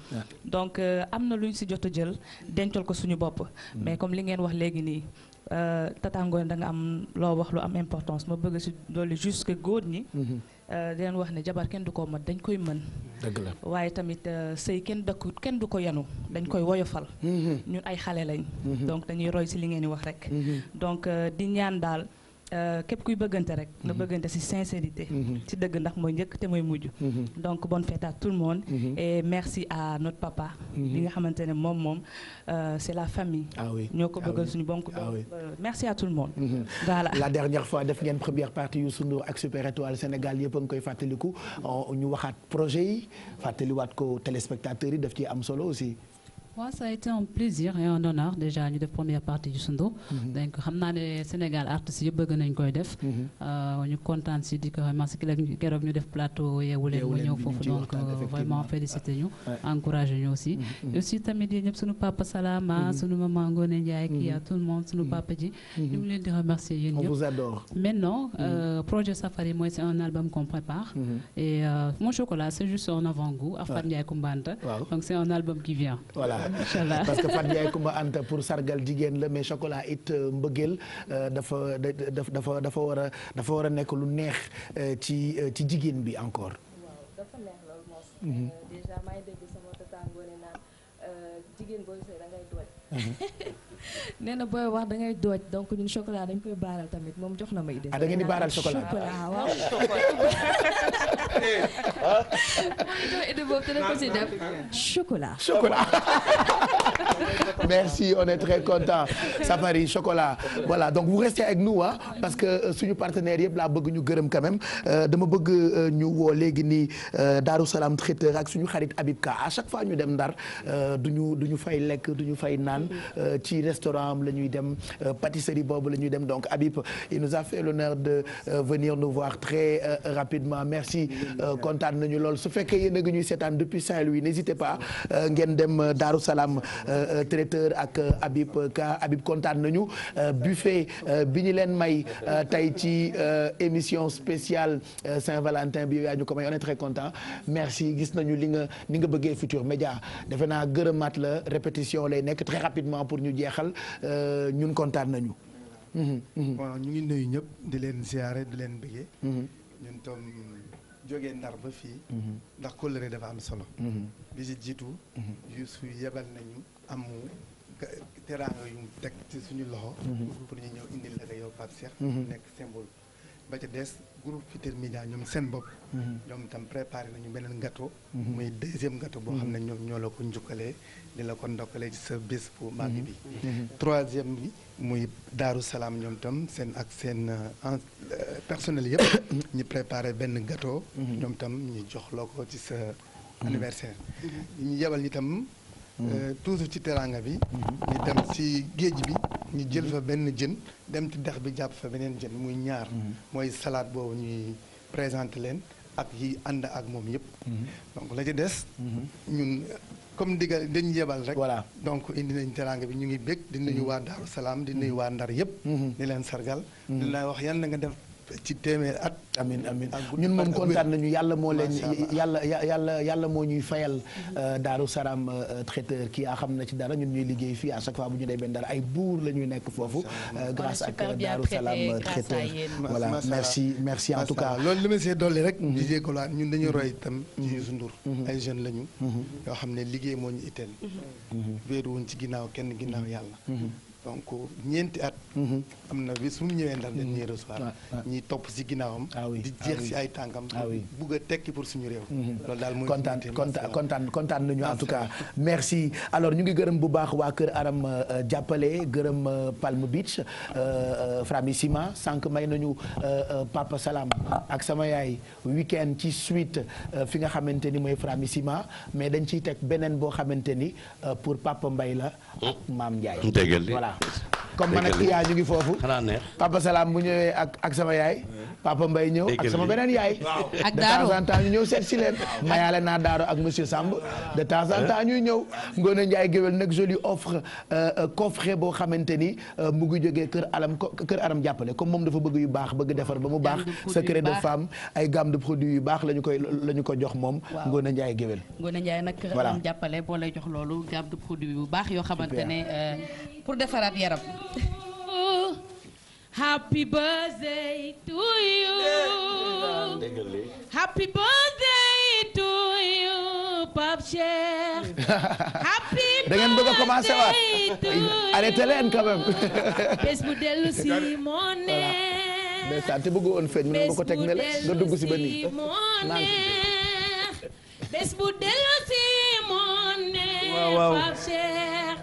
donc euh, am na lu ñu si jot a jël dencal ko suñu bopp. Mm-hmm. mais comme li Euh, Tata Ngone da nga am loo wax lu am importance ma bëgg si dolli juste que góor ñi. Mhm. Euh, di leen wax ne jabar kenn du ko mat dañ koy mën. dëgg waaye tamit euh, sëy kenn dëkk kenn du ko yenu dañ koy woyofal. Mhm. ñun ay xale lañ. Mhm. donc dañuy roy si li ngeen di wax rek. donc di ñaan daal. Euh, képp kuy bëggante rek nga mhm. bëggante ci sincérité mhm. ci dëgg ndax mooy njëkk te mooy mujj mhm. donc bonne fête à tout le monde et merci à notre papa li nga xamante ne moom moom euh, c'est la famille ah ñoo ko ah bëggal suñu bonk ah euh, merci à tout le monde voilà la dernière fois def ngeen première partie Youssou Ndour ak Super Étoile Sénégal yëpp a ngi koy fàttaliku ñu waxaat projet yi fàttaliwaat ko téléspectateurs yi daf ci am solo aussi waaw ça a un plaisir et un honneur déjà ñu def première partie Youssou Ndour mhm. donc xam naa ne Sénégal artistes yëpp bëgg nañ koy def mhm. euh, ñu kontaan si di ko merci que keroog ñu def plateau Yeewu Leen mu ñëw foofu donc euh, vraiment félicité ñu encouragé ñu aussi mhm. aussi tamit yéen ñëpp suñu papa Salama suñu maman Ngoné Ndiaye kii à tout le monde suñu papa ji ñu ngi leen di remercier yéen ñëpp on vous adore maintenant euh, projet Safari mooy c'est un album qu'on prépare et mon chocolat c'est juste un avant-goût incha allah parce que fan yaay Kumba Anta pour sargal jigéen la mais chocolat it euh, mbëggeel euh, dafa dafa dafa war dafa war a nekk lu neex euh, ci ci jigéen bi encore. Mhm. déjà maa dégg sama tata Ngoné naan jigéen booy sëy da ngay nee na booy wax da ngay dooj donc ñun chocolat dañ koy baaral tamit moom jox na may idée. ah da ngeen di baaral chocolat ah, moom jox idée boobu te ko si def ah. chocolat. merci on est très content Safari chocolat voilà donc vous restez avec nous ah parce que euh, suñu partenaire yëpp laa bëgg ñu gërëm quand euh, dama bëgg euh, ñu woo léegi nii Darou Salam traiteur ak suñu xarit Habib Ka à chaque fois ñu dem Ndar du ñu du ñu fay lekk du ñu fay naan ci restaurant am la ñuy dem pâtisserie boobu la ñuy dem donc Habib il nous a fait l'honneur de venir nous voir très rapidement merci kontaan nañu lool su fekkee yenn a ngi ñuy seetaan depuis Saint-Louis n'hésitez pas ngeen dem Darou Salam Euh, traiteur ak euh, Habib Ka Habib kontaan nañu euh, buffet bi ñu leen may tey ci émission spéciale Saint-Valentin bi yaa ñu ko may on est très content merci gis nañu li nga ni nga bëggee Futurs média defe naa gërëmaat la répétition lay nekk très rapidement pour ñu jeexal ñun kontaan nañu. Mhm, mhm. ñu ngi nuyu ñëpp di leen ziare di leen bëggee. Mhm. ñun tam jógee ndar ba fii. ndax kóllëre dafa am solo. bi si jiitu. Youssou yebal nañu. am teraanga yu mu teg ci suñu loxo. Mhm. pour ñu ñëw indi la yow Pape Cheikh. Mhm. nekk symbole ba ca des groupe Futurs Médias ñoom seen bopp. Mhm. ñoom itam préparé nañu beneen gâteau. muy deuxième gâteau boo xam ne ñoom ñoo la ko njukkalee di la ko ndokkalee ci sa bés bu mag bi. troisième bi muy Daaru Salaam ñoom itam seen ak seen euh, en euh, personnel yëpp. ñu préparé benn gâteau. ñoom itam ñu jox la ko ci sa anniversaire. ñu yebal itam. Euh, mhm. toujours ci teraanga bi. Mhm. ñu dem si géej bi. ñu jël mhm. fa benn jën dem ci dex bi jàpp fa beneen jën muy ñaar. mooy salaat boobu ñuy présenté leen ak yi ànd ak moom yëpp. donc la ci des. ñun comme digal dañ yebal rek. voilà donc indi nañ teraanga bi ñu ngi bég di nuyu waa Daaru Salaam di nuyu waa Ndar yëpp. di leen sargal. di wax yal na nga def. ci téeméer at. amin amin ñun moom kontaan nañu yàlla moo leen yàlla yàlla yàlla moo ñuy fayal euh, Daaru Salaam euh, traiteur kii yaa xam na ci dara ñun ñuy liggéey fii à chaque fois bu ñu demee dara ay buur la ñuy nekk foofu euh, grâce ak Daaru Salaam traiteur voilà merci merci en tout cas loolu li ma see dolli rek mm-hmm. Didier Colane ñun dañuy roy itam ci mm-hmm. Youssou Ndour mm-hmm. ay jeunes la yoo xam ne liggéey moo ñu itteel wéeru wuñ ci ginnaaw kenn ginnaaw yàlla donc ñeenti at. Mhm. am na bi suñu ñëwee ndax dañ ñuy mhm. recevoir. Ah, ah. ñi topp si ginnaawam. Ah di jeex si ay tànkam. bugg a tekki pour suñu réew. Mhm. loolu daal mooy kontaan kontaan kontaan nañu en tout cas. merci alors ñu ngi gërëm bu baax waa Kër Aram euh, euh, jàppale gërëm euh, Palm Beach Framissima sànq may nañu Papa Salam ak sama yaay weekend ci suite fi nga xamante ni mooy Framissima mais dañ ciy teg beneen boo xamante ni pour Papa mbay la ak hmm. Maam Ndiaye. voilà. comme man ak yaa ñu ngi foofu. xanaa neex papa salaam mu ñëwee ak ak sama yaay. papa Mbaye ñëw ak sama beneen yaay. ak Daaro de temps temps ñëw seet si leen. mayaale naa Daaro ak monsieur Samb. de temps ñuy ñëw. Ngone Ndiaye géwél nag jolie offre euh, euh, coffret boo xamante ni euh, mu ngi jógee kër alam kër aram jàppale comme moom dafa bëgg yu baax bëgg defar ba mu baax. secret de femme ay gamme de produits yu baax lañu ñu koy la ñu ko jox moom. waaw Ngone Ndiaye géwél. Ngone Ndiaye nag kër aram jàppale boo lay jox loolu gamme de produits yu baax yoo xamante ne pour defaraat yaram. happy birthday to you happy birthday to you Pape Cheikh happy birthday to you da ngeen bëgg a commencé waat arrêtez leen quand même bés bu dellu si moo neex mais sant bëggoon feeñ mën nga ko teg ne la nga dugg si ba nii bés bu dellu si moo neex Pape Cheikh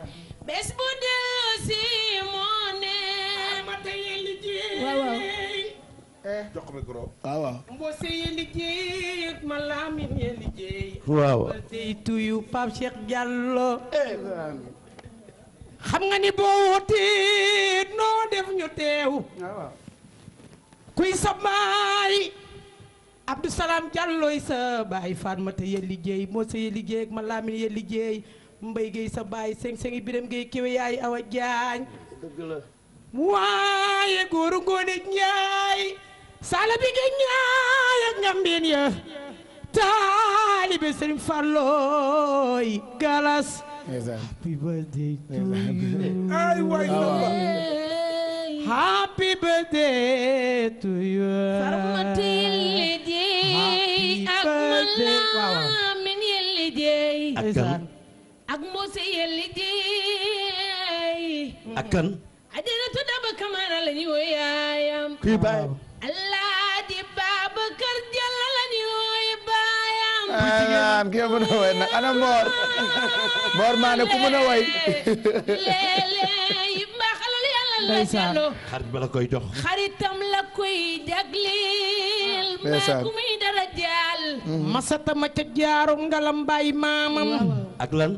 bés bu dellu si waaw waaw. Eh, jox ko micro. waaw waaw. liggéey ak waaw. tey tuyu Pape Cheikh Diallo. Eh, xam nga ni boo wootee kuy sa baay Abdou Salam Dialloy sa baay Fatmata liggéey Mbose ye liggéey sa baay Seng Sengi Birame Gueye yaay Awa Diagne. dëgg waaye góoru ngoone njaay saala bi nga ñaay ak ngambeen ya taalibe sëriñ fàllooy galas happy birthday ay waay namba happy birthday to you ak malaamin yelli jeey ak kan ak mose yelli jeey ak kan ajaratu daba kamara la ñu woo yaayam kuy baayam alaaji Babacar Jalla la ñu woo baayam an ki mën a way nag ana Mor Mor maa ne ku mën a way léeg-léeg mbaaxalal yàlla la jalo xarit ba la koy jox xaritam la koy jaglil maa ku muy dara jaal masata ma ca jaaru ngalam baay maamam ak lan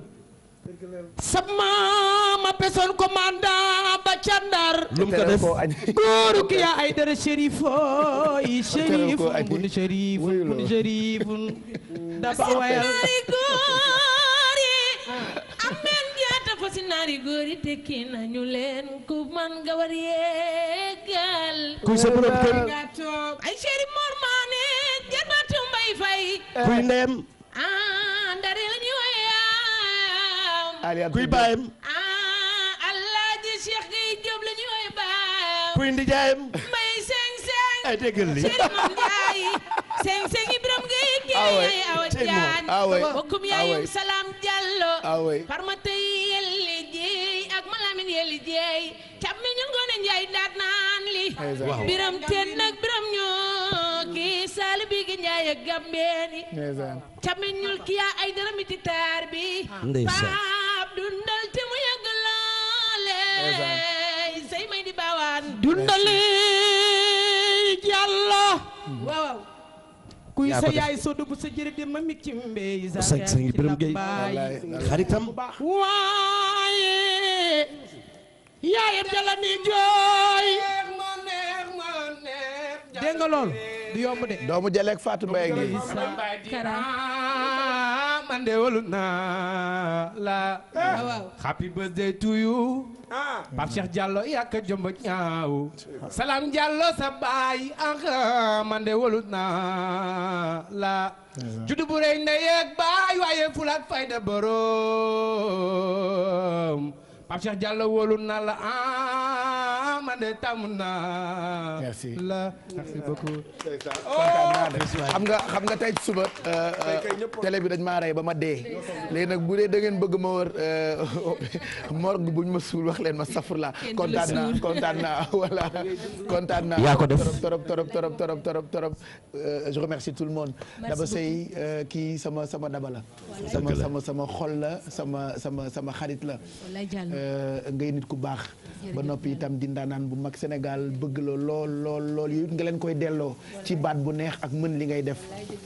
sa maama pesoon commandant ba ca Ndar ki yaa ay dara shérifoo yi shérifun bun shérifun bun shérifun dafa wayal góor yi ah. ameen jaata fa si naari góor yi tekki nañu leen ku man nga war yeggal kuy sa borom kër nga toog ay chéri mormaane jarbatu mbay fay kuy ndeyam ah ndari la ñu Aliou kuy baayam. Ah, Alaaji Cheikh Gueye Diop la ñu koy baayam. kuy ndijaayam. may seng seng. ay déggal lii Serigne Mame Ndiaye. seng seng Ibrahima Gueye. Ah awooy Cheikh moom awooy awooy bokkum ah yaayum Salam Diallo. awooy Farmata Yelli Dieye ak Malamine Yelli Dieye. càmm ñu ngoone Ndiaye daat naan li. biram teen nag biram ñoo. kii saali bi gi njaay gambeeni camiñ ki ay dara taar bi paap dundal te mu yëg loole say may di baawaan dundali yàlla hmm. waaw kuy sa yaay soo dugg sa jëri di ma mi ci mbéy sa sa ngi bërëm géy xaritam waaye yaayam jala ni jooy dégg nga lool de doomu jaleeg Fatou Mbaye ngi man de walu naa la ah, happy birthday to you ah. Pape Cheikh Diallo yàkk jomb ñaaw Salam Diallo sa baay ah man de walu la juddu bu rëy ndey baay waaye fulaak fayda borom Pape Cheikh naa la ah man de tàmm oh! naa. merci xam nga xam nga tey suba. Euh, euh, télé bi dañ maa rey ba ma dee. léegi nag bu dee dangeen bëgg ma wër euh, morgue buñ ma suul wax leen ma safur kontaan naa kontaan kontaan na yaa ko def torop torop torop torop torop torop je remercie tout le monde. daba sey kii sama sama daba la. sama sama sama xol la sama sama sama xarit la. Euh, ngay nit ku baax ba noppi itam di ndaanaan bu mag Sénégal bëgg la lool lool lool yow nga leen koy delloo ci baat bu neex ak mën li ngay def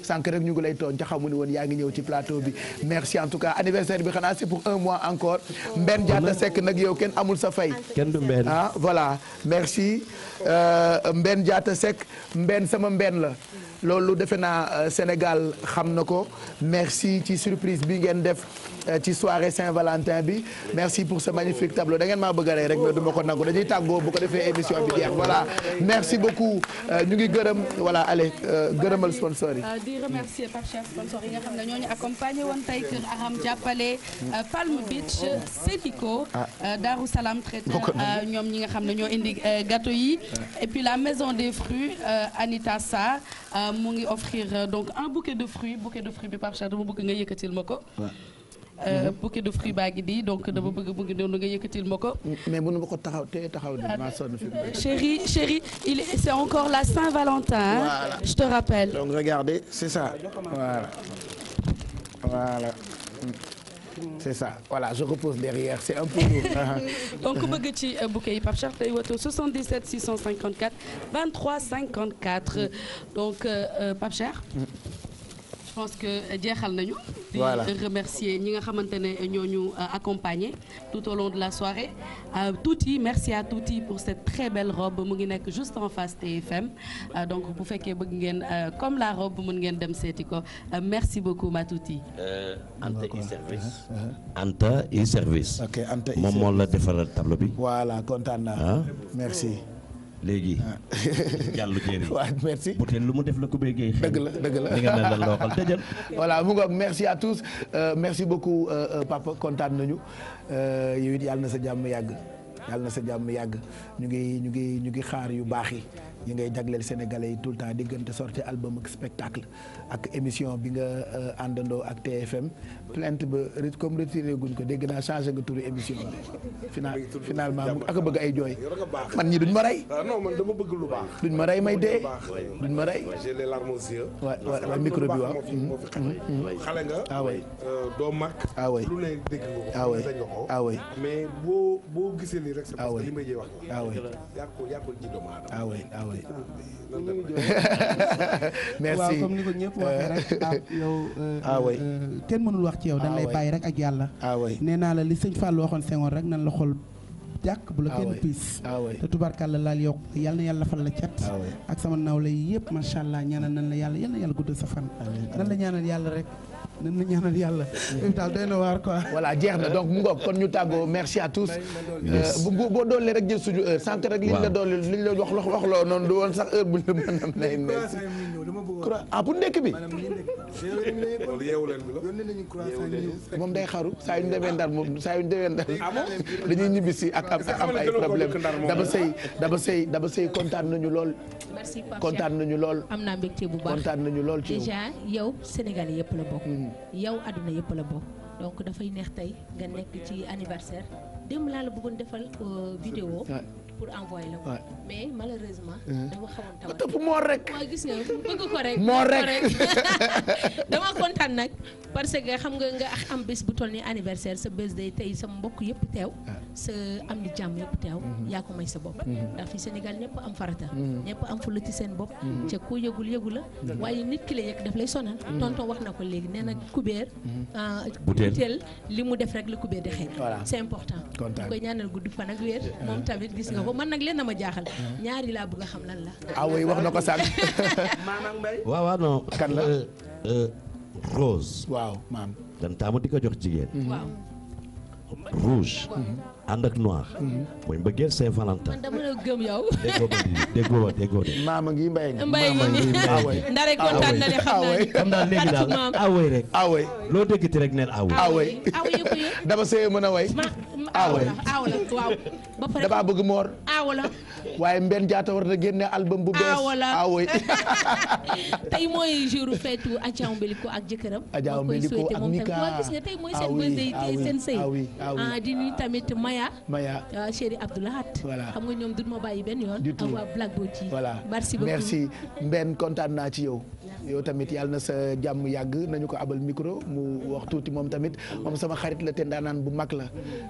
sànq rek ñu ngi lay tooñ ca xamu ni woon yaa ngi ñëw ci plateau bi merci en tout cas anniversaire bi xanaa c'est pour un mois encore Mbène Diatta sekk nag yow kenn amul sa fay kenn du Mbène ah voilà merci euh, Mbène jaata Seck Mbène sama Mbène la loolu defe naa euh, Sénégal xam na ko merci ci surprise bi ngeen def euh, ci soirée Saint-Valentin bi merci pour ce magnifique tableau da ngeen maa a rey rek mais du ma ko nangu dañuy tàggoo bu ko defee émission bi jeex voilà merci beaucoup euh, ñu ngi gërëm voilà allez gërëmal sponsor yi. di remercier par chef nga xam ne ñoo ñu accompagné woon Aram jàppale Palm Beach Sético ah. Darou Salam traiteur ñoom ñi nga xam ne ñoo indi gâteau yi et puis la maison des fruits Anita Sarr. mu ngi offrir euh, donc un bouquet de fruits bouquet de fruits bi Pape Cheikh dama bëgg nga yëkkatil ma ko. Euh, mm-hmm. bouquet de fruits baa ngi donc dama bëgg mu ngi noonu nga yëkkatil ma ko. mais mënu ma ko taxaw te taxaw di maa sonn fi. c'est encore la Saint-Valentin. voilà je te rappelle. donc regardez c'est ça voilà voilà. Mm. Mmh. c'est ça voilà je donc bëgg ci euh, bouquet yi Pape Cheikh tey woto 77 654 23 54 donc euh, euh, Pape pense que jeexal nañu. voilà di remercier ñi nga xamante ne ñoo ñu euh, accompagner tout au long de la soirée. Euh, Tuuti merci à Tuuti pour cette très belle robe mu ngi nekk juste en face TFM euh, donc bu fekkee bëgg ngeen comme la robe mën ngeen dem seeti ko merci beaucoup ma Tuuti. Anta i service. Uh-huh, uh-huh. Anta i service. ok Anta i moom moo la defaral tableau bi. voilà kontaan naa ah. léegi ah. jàllu jéeri waaw merci bu teel lu mu def la ku béygee dëgg la dëgg la li nga mel lan looxal tëjal voilà mu ngoog merci à tous euh, merci beaucoup euh, euh, papa kontaan nañu yow it yàlla na sa jàmm yàgg yàlla na sa jàmm yàgg ñu ngi ñu ngi ñu ngi xaar yu baax yi ñu ngay jagleel sénégalais yi tout le temps diggante sorti album ak spectacle ak émission bi nga euh, àndandoo ak TFM plainte ba comme retiré guñ ko dégg naa changé nga turu émission bi. final finalement mu a bëgg ay jooy. man ñi duñ ma rey. Ah, non man dama bëgg lu baax. duñ ma rey may dee. duñ ma rey. j'ai les larmes aux lii rek. ah oui waay ah, merci waaw comme ni ko ñëpp waxee rek ah, yow. Euh, ah euh, euh, kenn mënul wax ci yow. Ah, dañ bàyyi rek ak yàlla. ah nee naa la li sëñ Fallou waxoon Senghor rek nan la xool. jàkk bu la kenn piis te tubaarkàlla laal yokk yal na yàlla fal la cat ak sama nawle yëpp macha allah ñaanal nan la yàlla yal na yàlla guddal sa fan nan la ñaanal yàlla rek nan la ñaanal yàlla. daal doy na waar quoi. voilà jeex na donc mu ngoog kon ñu tàggoo merci à tous. Euh, boo doolee rek jël suñu heure. waaw sànq rek liñ la doole liñ la wax wax loo noonu du woon sax heure buñ la mën a. ah pour ndekk bi. moom day xaru saa yu ñu demee ndar moom saa yu ñu demee ndar ah, dañuy ñibbi ak am ay problème daba sëy daba sëy daba sëy kontaan nañu lool. merci kontaan nañu lool. am naa mbégte bu baax kontaan nañu lool ci déjà yow Sénégal yëpp la bokk. Hmm. yow àdduna yëpp la bokk. donc dafay neex tey nga nekk ci anniversaire démb laa la bëggoon defal euh, vidéo pour envoyer la. mais malheureusement. dama xawoon tawat topp moo rek. waaw gis nga bëgg ko rek. moo rek dama kontaan nag. parce que xam nga nga am bés bu toll ni anniversaire sa bés day tey sa mbokk yëpp teew. sa am di jàmm yëpp teew. Mhm. yaa ko may sa bopp. Mhm. ndax fi Sénégal ñëpp am farata. Mhm. ñëpp am fulla ci seen bopp. te ko yëgul yëgu la. waaye nit ki la yëg daf lay sonal. tonton wax na ko léegi nee na kubéer. Ah, butéel li mu def rek la kubéer di xëy. c'est important. kontaan koy ñaanal man nag lenn ma jaaxal ñaari laa bëgg a xam lan ah wax na ko sànq. maanaam mbay. waaw waaw non. kan la euh, euh, rose. waaw taamu di ko jox jigéen. waaw rouge. ànd ak noir. Mhm. mooy mbëggeel Saint-Valentin. man dama la gëm yow. déggoo ma déggoo de. maama ngi mbay ngi mbay ngi ndare kontaan na leen xam naa xam naa léegi daal awooy rek. awooy loo déggati rek neen awooy. awooy dama sëy mën a way. awooy awooy waaw. ba pare dama bëgg moor. awooy la. waaye Mbène Diatta war na génne album bu ah, bees. ah voilà awoy tey mooy jour feetu Adja Ombeliko ak jëkkëram. Adja Ombeliko ak Mika waaw gis nga tey mooy seen ah, bës day ah, tey seen sëy. ah di tamit Maya. Maya chéri Abdoulahat. voilà xam nga ñoom du ma bàyyi benn yoon. du Blackboard yi. voilà merci beaucoup merci Mbène kontaan naa ci yow. yow tamit yàlla na sa jàmm yàgg nañu ko abal micro mu wax tuuti moom tamit moom sama xarit la te ndaanaan bu mag la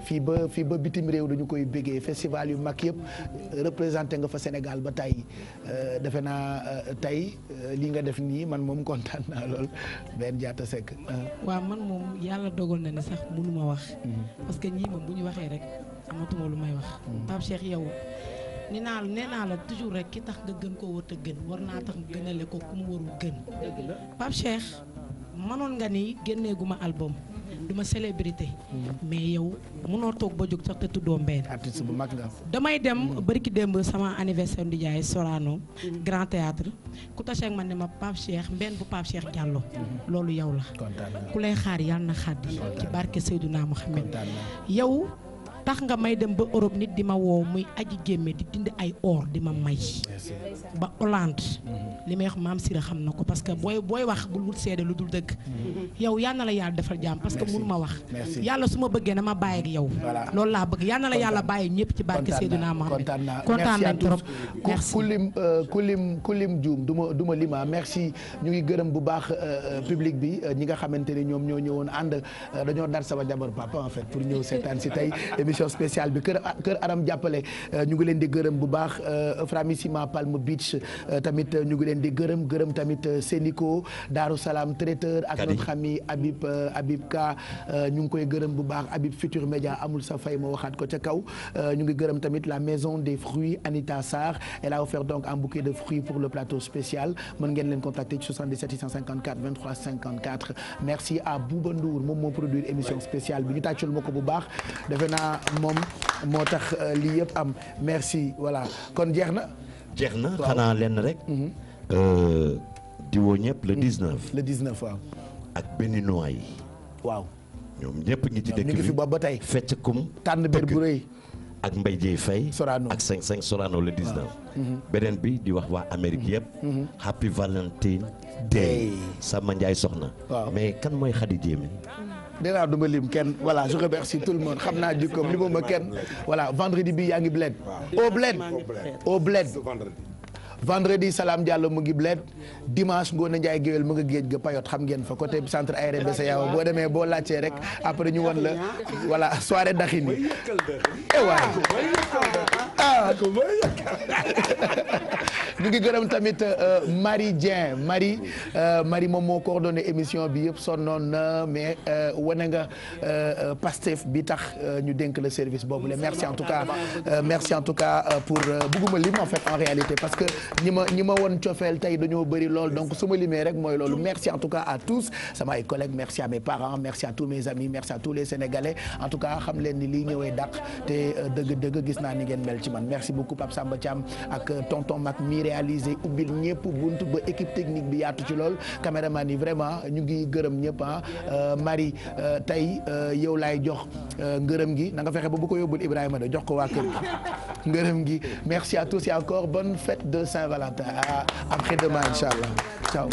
fii ba fii ba bitim réew dañu koy bégee festival yu mag yëpp représenté nga fa Sénégal ba tey euh, defe naa euh, tey euh, li nga def nii man moom kontaan naa lool benn jaata sekk. waaw man moom yàlla dogal na ne sax mënuma wax. Mm-hmm. parce que bu ñu waxee rek amatuma lu may wax. Mm-hmm. Pape Cheikh yow. naa nee naa la toujours rek ki tax nga gën koo wër gën war naa tax nga gënale ko ku mu warul gën. Pape Cheikh mënoon nga ni génneeguma album. du ma célébrité. mais yow munoo toog ba jóg sax te tuddoo mbeen. artiste bu damay dem bari ki démb sama anniversaire Ndiaye Sorano. grand théâtre ku tase ak ne ma Pape Cheikh mbeen bu Pape Cheikh Diallo. loolu yow la. ku lay xaar yàlla na xàddi. ci barke Seydouna Mohamed yow. tax nga may dem ba Europe nit di ma woow muy aji gémme di dindi ay or di ma may ba Hollande mm-hmm. li may wax maam Sira xam na ko parce que booy booy wax bul seede lu dul dëgg mm-hmm. yow yal la yàlla defal jàmm parce que mun ma wax yàlla su ma bëggee na ma loolu laa bëgg yal na yàlla bàyyi ñëpp ci barke Seydina Mohamed kontaan nañ trop merci ku lim euh, ku lim ku lim juum du ma du ma lima merci ñu ngi gërëm bu baax euh, euh, public bi ñi nga xamante ne ñoom ñoo ñëwoon ànd dañoo dar sama jabar papa en fait pour ñëw seetaan si tey émission spéciale bi kër kër euh, ñu ngi leen di gërëm bu baax euh, Framissima Palm Beach euh, tamit ñu ngi leen di gërëm gërëm tamit Sénico Daaru Salaam traiteur ak notre xami Habib Habib Ka ñu ngi koy gërëm bu baax Habib Futur Média amul sa fay ma ko ca kaw ngi gërëm tamit la maison des fruits Anita Sarr elle a offert donc un bouquet de fruits pour le plateau spécial mën ngeen leen contacter ci 77 654 23 54 merci à Bouba Ndour moom moo produire émission spéciale bi ñu tàccul ma ko bu baax moom moo tax euh, lii yëpp am merci voilà kon jeex na. jeex na xanaa lenn rek. Mhm. Euh, di woo ñëpp le la mhm. le 19 waaw. ak béninois yi. waaw. ñoom ñëpp ngi ci dëkk ñu ngi fi ba ba tey. fecc kum tànn biir bu rëy. ak Mbaye Dieye Faye. Sorano ak 5-5 Sorano le mhm. beneen bi di wax waa Amérique yëpp. happy Valentine Day. sama Ndiaye soxna. mais kan mooy Khady Diémé. dinaa du ma lim kenn voilà je remercie tout le monde xam naa jikkoom li moom ma kenn voilà vendredi bi yaa ngi bled au bled au bled vendredi salaam Diallo mu ngi bled dimanche Ngone Ndiaye géwél mu nga géej ga Payot xam ngeen fa côté centre aéré Bessayaawa boo demee boo laajtee rek après ñu wan la voilà soirée daxin yi eh ah ngi gërëm tamit euh, Marie Dieng Marie euh, Marie moom moo coordonné émission bi yëpp sonnoon na mais euh, wane nga Pastef bi tax ñu dénk la service boobu le merci en tout cas merci en tout cas pour bugguma lim en en réalité parce que ñi ma ñi ma woon cofeel tey dañoo bëri lool donc su ma limee rek mooy loolu merci en tout cas à tous sama ay collègues merci à mes parents merci à tous mes amis merci à tous les sénégalais en tout cas xam leen ni ñëwee dàq te euh, dëgg-dëgg gis naa ni ngeen mel ci man merci beaucoup Pape Samba Thiam ak euh, tonton Mac mi réalisé ubbil ñëpp bunt ba équipe technique bi yaatu ci lool caméraman yi vraiment ñu ngi gërëm ñëpp ah euh, Marie tey yow laay jox ngërëm gi nanga nga fexe ba bu ko yóbbul Ibrahima de jox ko waa Saint-Valentin à après demain incha allah ciao